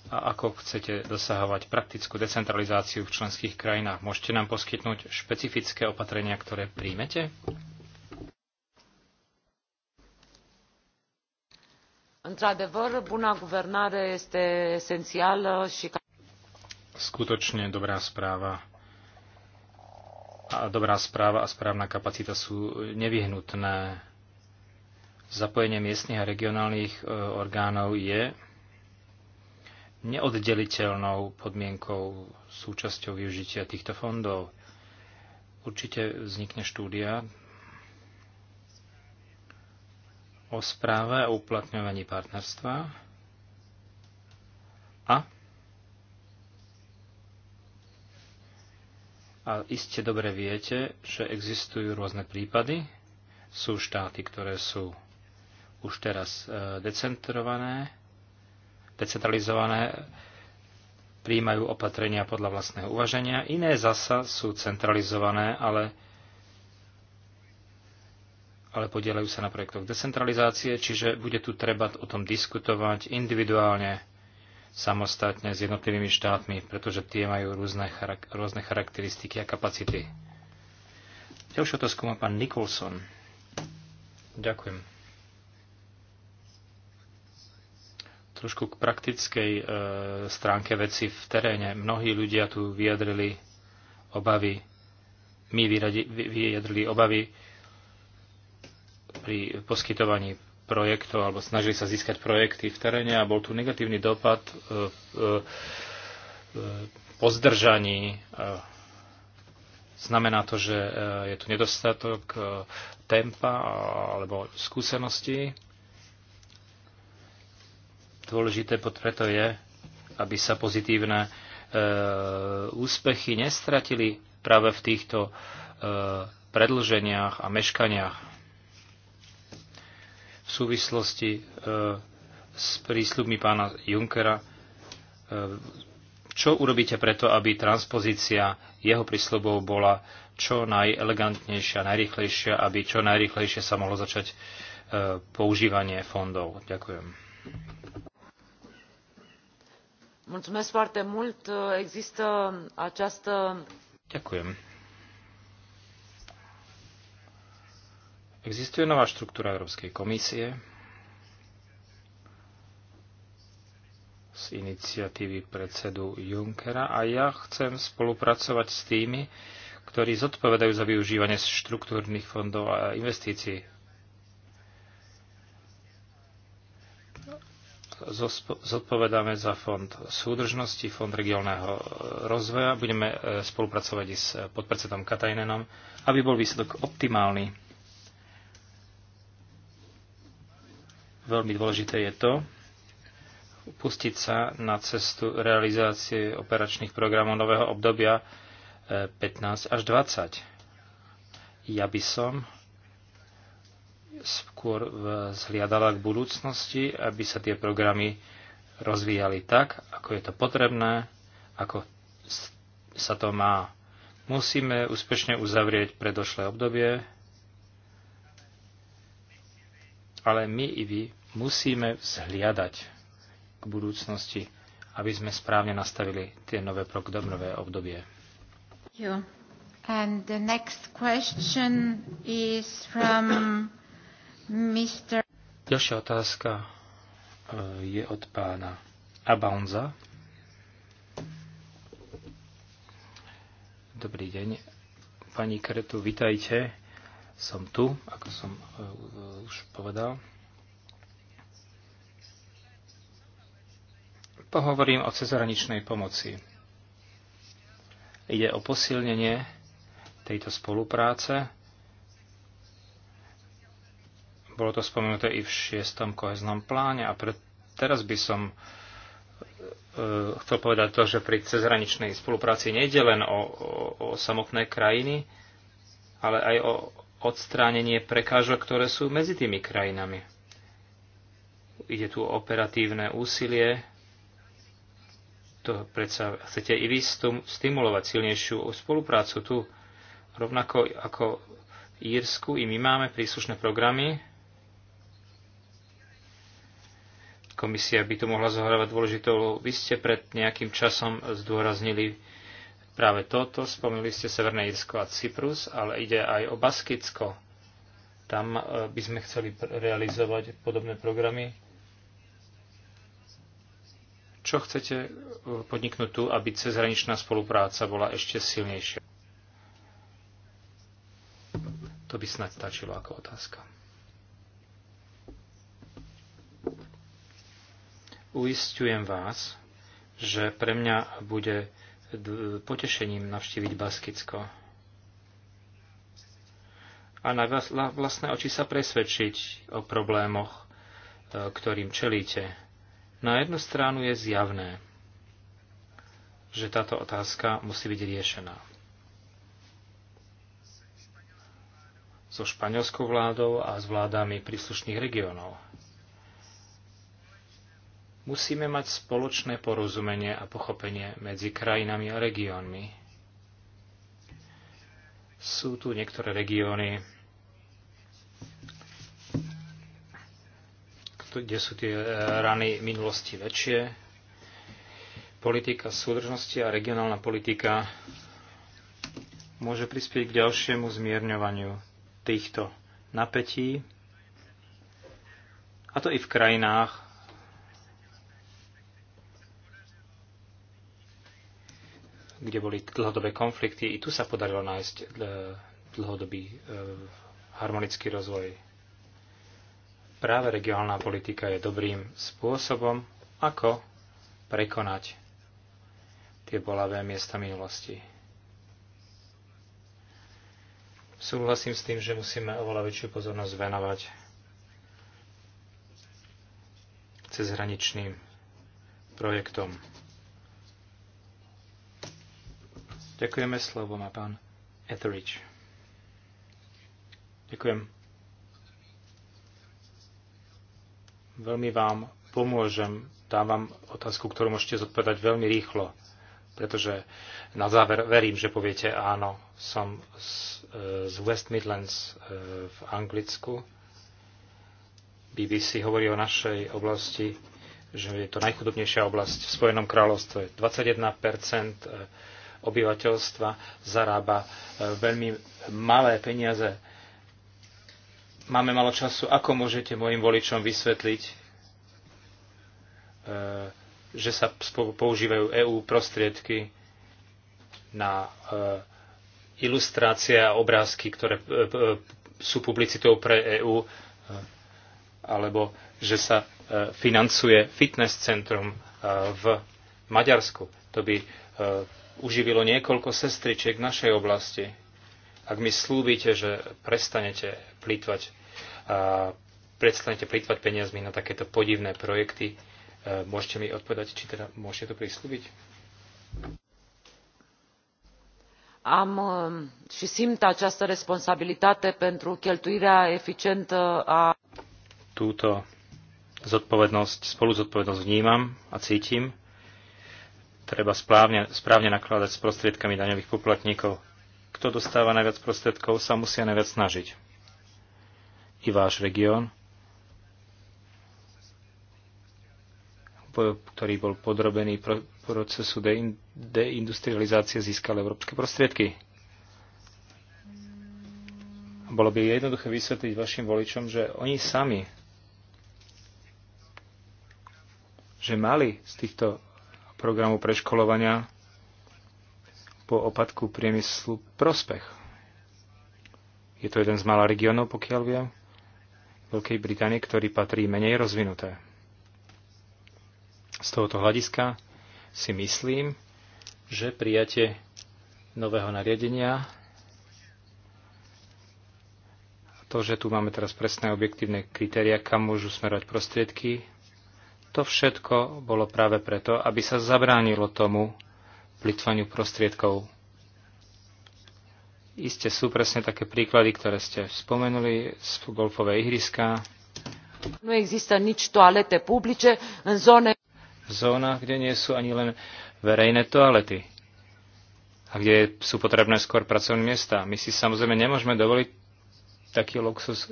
a ako chcete dosahovať praktickú decentralizáciu v členských krajinách. Môžete nám poskytnúť špecifické opatrenia, ktoré príjmete? Într-adevăr, buna guvernare este esențială și Skutočne dobrá správa a dobrá správa a správna kapacita sú nevyhnutné. Zapojenie miestnych a regionálnych e, orgánov je neoddeliteľnou podmienkou súčasťou využitia týchto fondov. Určite vznikne štúdia o správe a uplatňovaní partnerstva a A iste dobre viete, že existujú rôzne prípady. Sú štáty, ktoré sú už teraz eh, decentrované, decentralizované príjmajú opatrenia podľa vlastného uvaženia, iné zasa sú centralizované, ale, ale podielajú sa na projektoch decentralizácie, čiže bude tu treba o tom diskutovať individuálne, samostatne s jednotlivými štátmi, pretože tie majú rôzne, charak- rôzne charakteristiky a kapacity. Ďalšiu otázku má pán Nicholson. Ďakujem. Trošku k praktickej e, stránke veci v teréne. Mnohí ľudia tu vyjadrili obavy. My vyradi, vyjadrili obavy pri poskytovaní projektov alebo snažili sa získať projekty v teréne a bol tu negatívny dopad e, e, e po zdržaní. E, Znamená to, že e, je tu nedostatok tempa alebo skúseností Dôležité preto je, aby sa pozitívne e, úspechy nestratili práve v týchto e, predlženiach a meškaniach. V súvislosti e, s prísľubmi pána Junkera, e, čo urobíte preto, aby transpozícia jeho prísľubov bola čo najelegantnejšia, najrychlejšia, aby čo najrychlejšie sa mohlo začať e, používanie fondov. Ďakujem. Existuje nová štruktúra Európskej komisie z iniciatívy predsedu Junckera a ja chcem spolupracovať s tými, ktorí zodpovedajú za využívanie štruktúrnych fondov a investícií zodpovedáme za Fond súdržnosti, Fond regionálneho e, rozvoja. Budeme e, spolupracovať i s e, podpredsedom Katajnenom, aby bol výsledok optimálny. Veľmi dôležité je to, pustiť sa na cestu realizácie operačných programov nového obdobia 15 až 20. Ja by som skôr e, zhliadala k budúcnosti, aby sa tie programy rozvíjali tak, ako je to potrebné, ako sa to má. Musíme úspešne uzavrieť predošlé obdobie, ale my i vy musíme vzhliadať k budúcnosti, aby sme správne nastavili tie nové programové obdobie. And the next question is from Mister... Ďalšia otázka eh, je od pána Abanza. Dobrý deň. Pani Kretu, vitajte. Som tu, ako som eh, už povedal. Pohovorím o cezhraničnej pomoci. Ide o posilnenie tejto spolupráce bolo to spomenuté i v šiestom koheznom pláne a pre, teraz by som e, chcel povedať to, že pri cezhraničnej spolupráci nejde len o, o, o samotné krajiny, ale aj o odstránenie prekážok, ktoré sú medzi tými krajinami. Ide tu o operatívne úsilie, to predsa chcete i vy stimulovať silnejšiu spoluprácu tu. Rovnako ako Írsku, i my máme príslušné programy, Komisia by tu mohla zohrávať dôležitú úlohu. Vy ste pred nejakým časom zdôraznili práve toto. Spomínali ste Severné Irsko a Cyprus, ale ide aj o Baskicko. Tam e, by sme chceli realizovať podobné programy. Čo chcete e, podniknúť tu, aby cezhraničná spolupráca bola ešte silnejšia? To by snad stačilo ako otázka. Uistujem vás, že pre mňa bude potešením navštíviť Baskicko. A na vlastné oči sa presvedčiť o problémoch, e, ktorým čelíte. Na jednu stranu je zjavné, že táto otázka musí byť riešená. So španielskou vládou a s vládami príslušných regiónov. Musíme mať spoločné porozumenie a pochopenie medzi krajinami a regiónmi. Sú tu niektoré regióny, kde sú tie e, rany minulosti väčšie. Politika súdržnosti a regionálna politika môže prispieť k ďalšiemu zmierňovaniu týchto napätí, a to i v krajinách, kde boli dlhodobé konflikty. I tu sa podarilo nájsť e, dlhodobý e, harmonický rozvoj. Práve regionálna politika je dobrým spôsobom, ako prekonať tie bolavé miesta minulosti. Súhlasím s tým, že musíme oveľa väčšiu pozornosť venovať cezhraničným projektom. Ďakujeme, slovo má pán Etheridge. Ďakujem. Veľmi vám pomôžem, dávam otázku, ktorú môžete zodpovedať veľmi rýchlo, pretože na záver verím, že poviete áno, som z, e, z West Midlands e, v Anglicku. BBC hovorí o našej oblasti, že je to najchudobnejšia oblasť v Spojenom kráľovstve. 21 obyvateľstva zarába e, veľmi malé peniaze. Máme malo času. Ako môžete mojim voličom vysvetliť, e, že sa používajú EÚ prostriedky na e, ilustrácie a obrázky, ktoré sú publicitou pre EÚ, alebo že sa financuje fitness centrum v Maďarsku. To by uživilo niekoľko sestričiek v našej oblasti. Ak mi slúbite, že prestanete plýtvať, a prestanete plýtvať peniazmi na takéto podivné projekty, e, môžete mi odpovedať, či teda môžete to prislúbiť? am e, și simt această responsabilitate pentru cheltuirea eficientă a túto zodpovednosť, spolu zodpovednosť vnímam a cítim treba správne, správne nakladať s prostriedkami daňových poplatníkov. Kto dostáva najviac prostriedkov, sa musia najviac snažiť. I váš región, ktorý bol podrobený procesu deindustrializácie, získal európske prostriedky. Bolo by jednoduché vysvetliť vašim voličom, že oni sami že mali z týchto programu preškolovania po opadku priemyslu prospech. Je to jeden z malých regionov, pokiaľ viem, Veľkej Británie, ktorý patrí menej rozvinuté. Z tohoto hľadiska si myslím, že prijatie nového nariadenia to, že tu máme teraz presné objektívne kritéria, kam môžu smerovať prostriedky, to všetko bolo práve preto, aby sa zabránilo tomu plitvaniu prostriedkov. Iste sú presne také príklady, ktoré ste spomenuli z golfové ihriska. Nu există nici toalete publice în zone... V zónach, kde nie sú ani len verejné toalety a kde sú potrebné skôr pracovné miesta. My si samozrejme nemôžeme dovoliť taký luxus.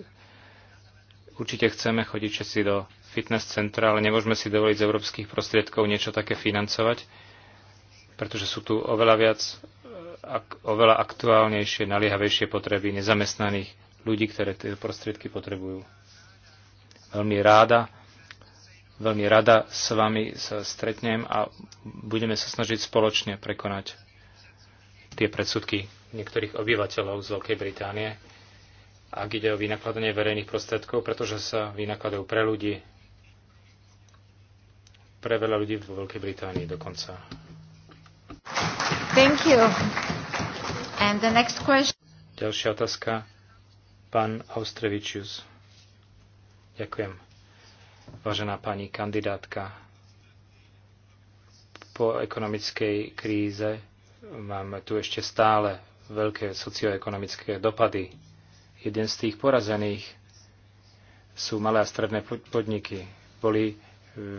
Určite chceme chodiť všetci do fitness centra, ale nemôžeme si dovoliť z európskych prostriedkov niečo také financovať, pretože sú tu oveľa viac, eh, oveľa aktuálnejšie, naliehavejšie potreby nezamestnaných ľudí, ktoré tie prostriedky potrebujú. Veľmi ráda, veľmi rada s vami sa stretnem a budeme sa snažiť spoločne prekonať tie predsudky niektorých obyvateľov z Veľkej Británie ak ide o vynakladanie verejných prostriedkov, pretože sa vynakladajú pre ľudí, pre veľa ľudí vo Veľkej Británii dokonca. Thank you. And the next question. Ďalšia otázka. Pán Austrevičius. Ďakujem. Vážená pani kandidátka, po ekonomickej kríze máme tu ešte stále veľké socioekonomické dopady. Jeden z tých porazených sú malé a stredné podniky. Boli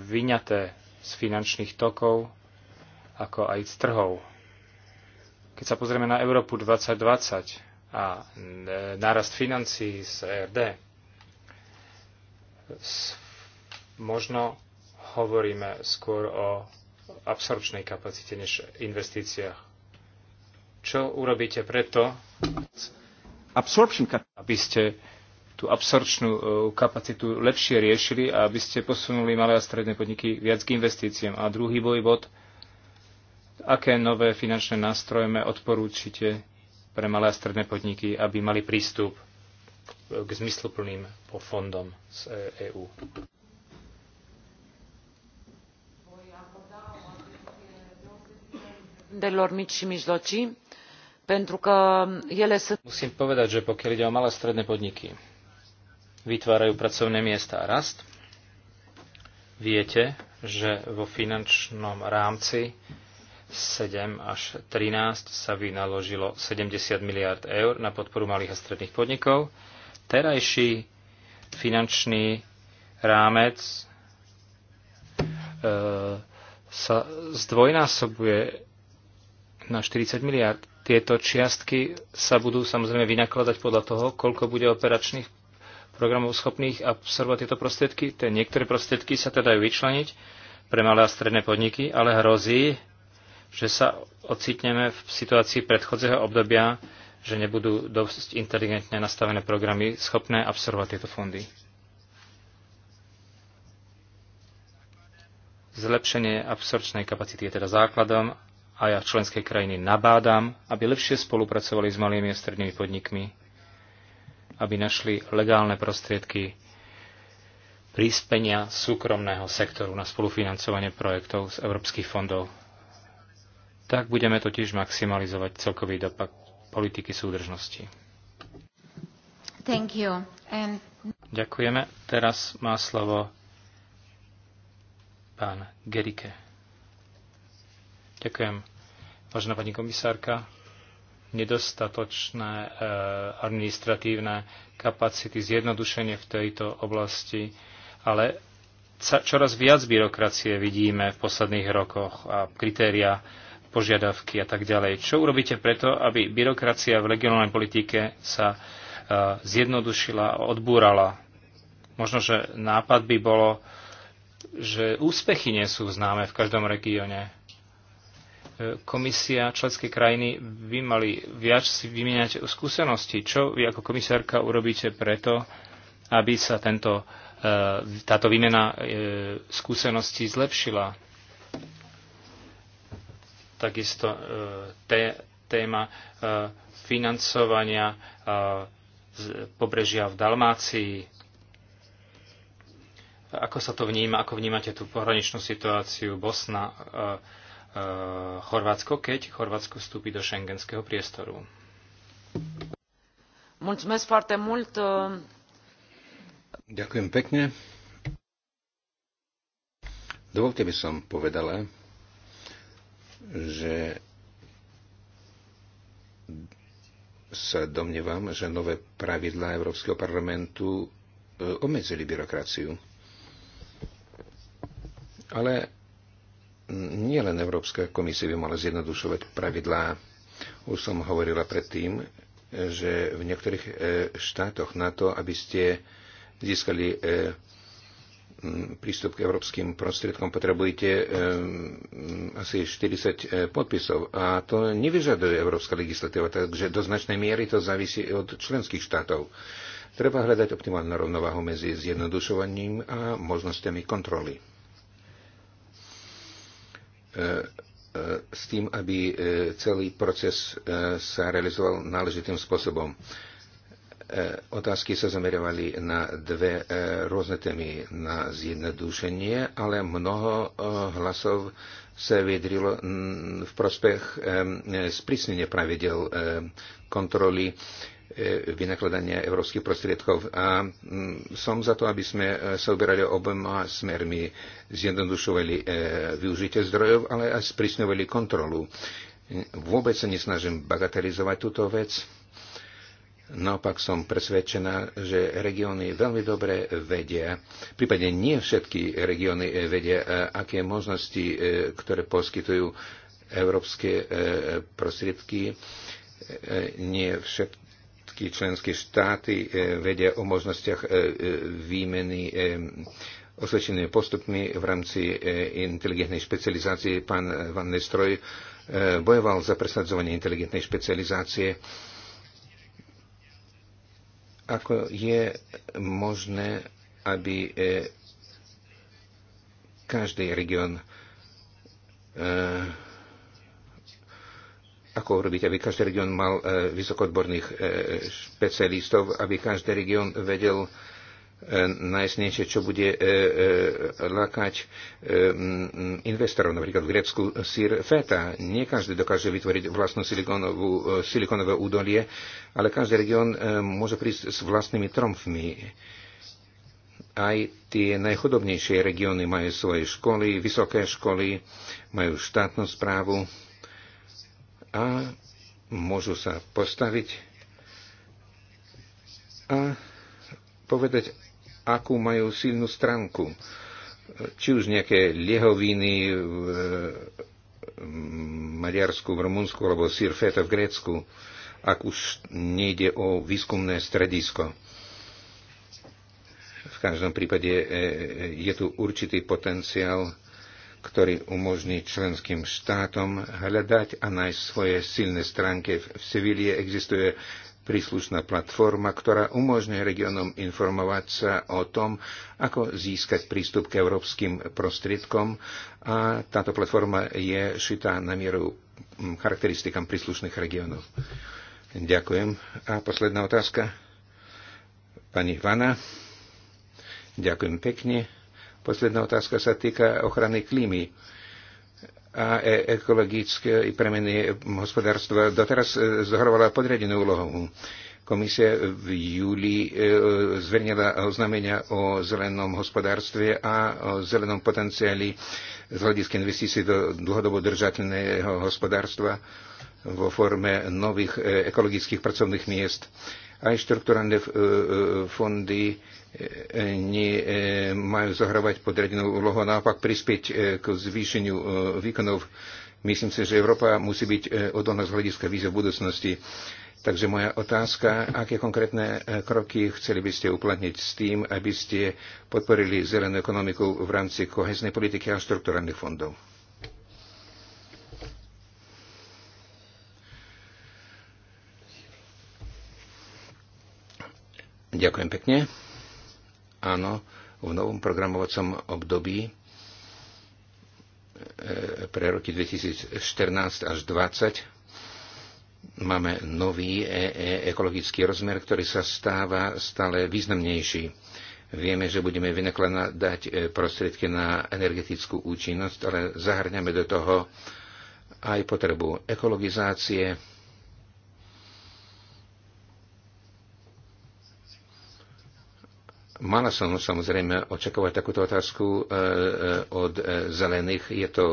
vyňaté z finančných tokov, ako aj z trhov. Keď sa pozrieme na Európu 2020 a e, nárast financií z ERD, možno hovoríme skôr o absorpčnej kapacite než investíciách. Čo urobíte preto, aby ste tú absorčnú e, kapacitu lepšie riešili a aby ste posunuli malé a stredné podniky viac k investíciám. A druhý boj bod, aké nové finančné nástroje odporúčite pre malé a stredné podniky, aby mali prístup e, k zmysluplným fondom z EÚ. E Musím povedať, že pokiaľ ide o malé a stredné podniky, vytvárajú pracovné miesta a rast. Viete, že vo finančnom rámci 7 až 13 sa vynaložilo 70 miliard eur na podporu malých a stredných podnikov. Terajší finančný rámec e, sa zdvojnásobuje na 40 miliard. Tieto čiastky sa budú samozrejme vynakladať podľa toho, koľko bude operačných programov schopných absorbovať tieto prostriedky. Tie niektoré prostriedky sa teda dajú vyčleniť pre malé a stredné podniky, ale hrozí, že sa ocitneme v situácii predchodzeho obdobia, že nebudú dosť inteligentne nastavené programy schopné absorbovať tieto fondy. Zlepšenie absorčnej kapacity je teda základom a ja členské krajiny nabádam, aby lepšie spolupracovali s malými a strednými podnikmi aby našli legálne prostriedky príspenia súkromného sektoru na spolufinancovanie projektov z európskych fondov. Tak budeme totiž maximalizovať celkový dopad politiky súdržnosti. Thank you. And... Ďakujeme. Teraz má slovo pán Gerike. Ďakujem. Vážená pani komisárka, nedostatočné eh, administratívne kapacity, zjednodušenie v tejto oblasti, ale čoraz viac byrokracie vidíme v posledných rokoch a kritéria, požiadavky a tak ďalej. Čo urobíte preto, aby byrokracia v regionálnej politike sa eh, zjednodušila a odbúrala? Možno, že nápad by bolo, že úspechy nie sú známe v každom regióne komisia, členské krajiny by mali viac si vymieňať skúsenosti. Čo vy ako komisárka urobíte preto, aby sa tento, eh, táto výmena eh, skúseností zlepšila? Takisto eh, té, téma financovania pobrežia v Dalmácii. Ako sa to vníma? Ako vnímate tú pohraničnú situáciu Bosna? Eh, Chorvátsko, keď Chorvátsko vstúpi do šengenského priestoru. Mulțumesc foarte mult. Eh. Ďakujem pekne. Dovolte by som povedala, že sa domnievam, že nové pravidlá Európskeho parlamentu eh, obmedzili byrokraciu. Ale nielen Európska komisia by mala zjednodušovať pravidlá. Už som hovorila predtým, že v niektorých e, štátoch na to, aby ste získali e, prístup k európskym prostriedkom, potrebujete e, asi 40 podpisov. A to nevyžaduje európska legislatíva, takže do značnej miery to závisí od členských štátov. Treba hľadať optimálnu rovnováhu medzi zjednodušovaním a možnosťami kontroly. E, e, s tým, aby e, celý proces sa realizoval náležitým spôsobom. Otázky sa zameriavali na dve rôzne témy, na zjednodušenie, ale mnoho hlasov sa vyjadrilo v prospech sprísnenia pravidel kontroly E, vynakladania európskych prostriedkov. A mm, som za to, aby sme e, sa uberali oboma smermi, zjednodušovali e, využitie zdrojov, ale aj sprísňovali kontrolu. Vôbec sa nesnažím bagatelizovať túto vec. Naopak som presvedčená, že regióny veľmi dobre vedia, prípadne nie všetky regióny vedia, aké možnosti, ktoré poskytujú európske prostriedky, nie všetky všetky členské štáty e, vedia o možnostiach e, e, výmeny osvedčenými postupmi v rámci inteligentnej špecializácie. Pán Van Nestroj bojoval za presadzovanie inteligentnej špecializácie. Ako je možné, aby každý region ako urobiť, aby každý región mal e, vysokoodborných e, špecialistov, aby každý región vedel nájsť e, niečo, čo bude lákať investorov, napríklad v Grécku sír feta. Nie každý dokáže vytvoriť vlastnú silikonové údolie, ale každý región môže prísť s vlastnými tromfmi. Aj tie najchudobnejšie regióny majú svoje školy, vysoké školy, majú štátnu správu, a môžu sa postaviť a povedať, akú majú silnú stránku. Či už nejaké liehoviny v Maďarsku, v Rumunsku alebo Sirfeta v Grécku, ak už nejde o výskumné stredisko. V každom prípade e, e, e, je tu určitý potenciál ktorý umožní členským štátom hľadať a nájsť svoje silné stránky. V Sevilie existuje príslušná platforma, ktorá umožňuje regionom informovať sa o tom, ako získať prístup k európskym prostriedkom a táto platforma je šitá na mieru charakteristikám príslušných regionov. Ďakujem. A posledná otázka. Pani Vana. Ďakujem pekne. Posledná otázka sa týka ochrany klímy a e- ekologické premeny hospodárstva. Doteraz e, zohrovala podriadenú úlohu. Komisia v júli e, zverejnila oznámenia o zelenom hospodárstve a o zelenom potenciáli z hľadiska investícií do dlhodobo držateľného hospodárstva vo forme nových ekologických pracovných miest aj štrukturálne fondy E, nemajú e, zohrávať podriadenú úlohu, naopak prispieť e, k zvýšeniu výkonov. Myslím si, že Európa musí byť odolná z hľadiska vízie v budúcnosti. Takže moja otázka, aké konkrétne kroky chceli by ste uplatniť s tým, aby ste podporili zelenú ekonomiku v rámci koheznej politiky a štruktúrnych fondov? Ďakujem pekne. Áno, v novom programovacom období e, pre roky 2014 až 2020 máme nový e, e, ekologický rozmer, ktorý sa stáva stále významnejší. Vieme, že budeme vynakladať prostriedky na energetickú účinnosť, ale zahrňame do toho aj potrebu ekologizácie, Mala som samozrejme očakovať takúto otázku e, e, od e, zelených. Je to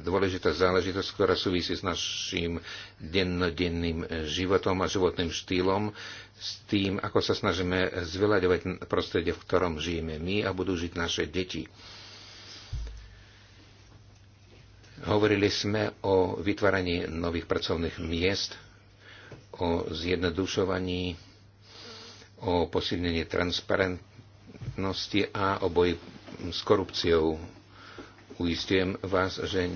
dôležitá záležitosť, ktorá súvisí s našim dennodenným životom a životným štýlom, s tým, ako sa snažíme zveľaďovať prostredie, v ktorom žijeme my a budú žiť naše deti. Hovorili sme o vytváraní nových pracovných miest, o zjednodušovaní o posilnenie transparentnosti a o boji s korupciou. Uistujem vás, že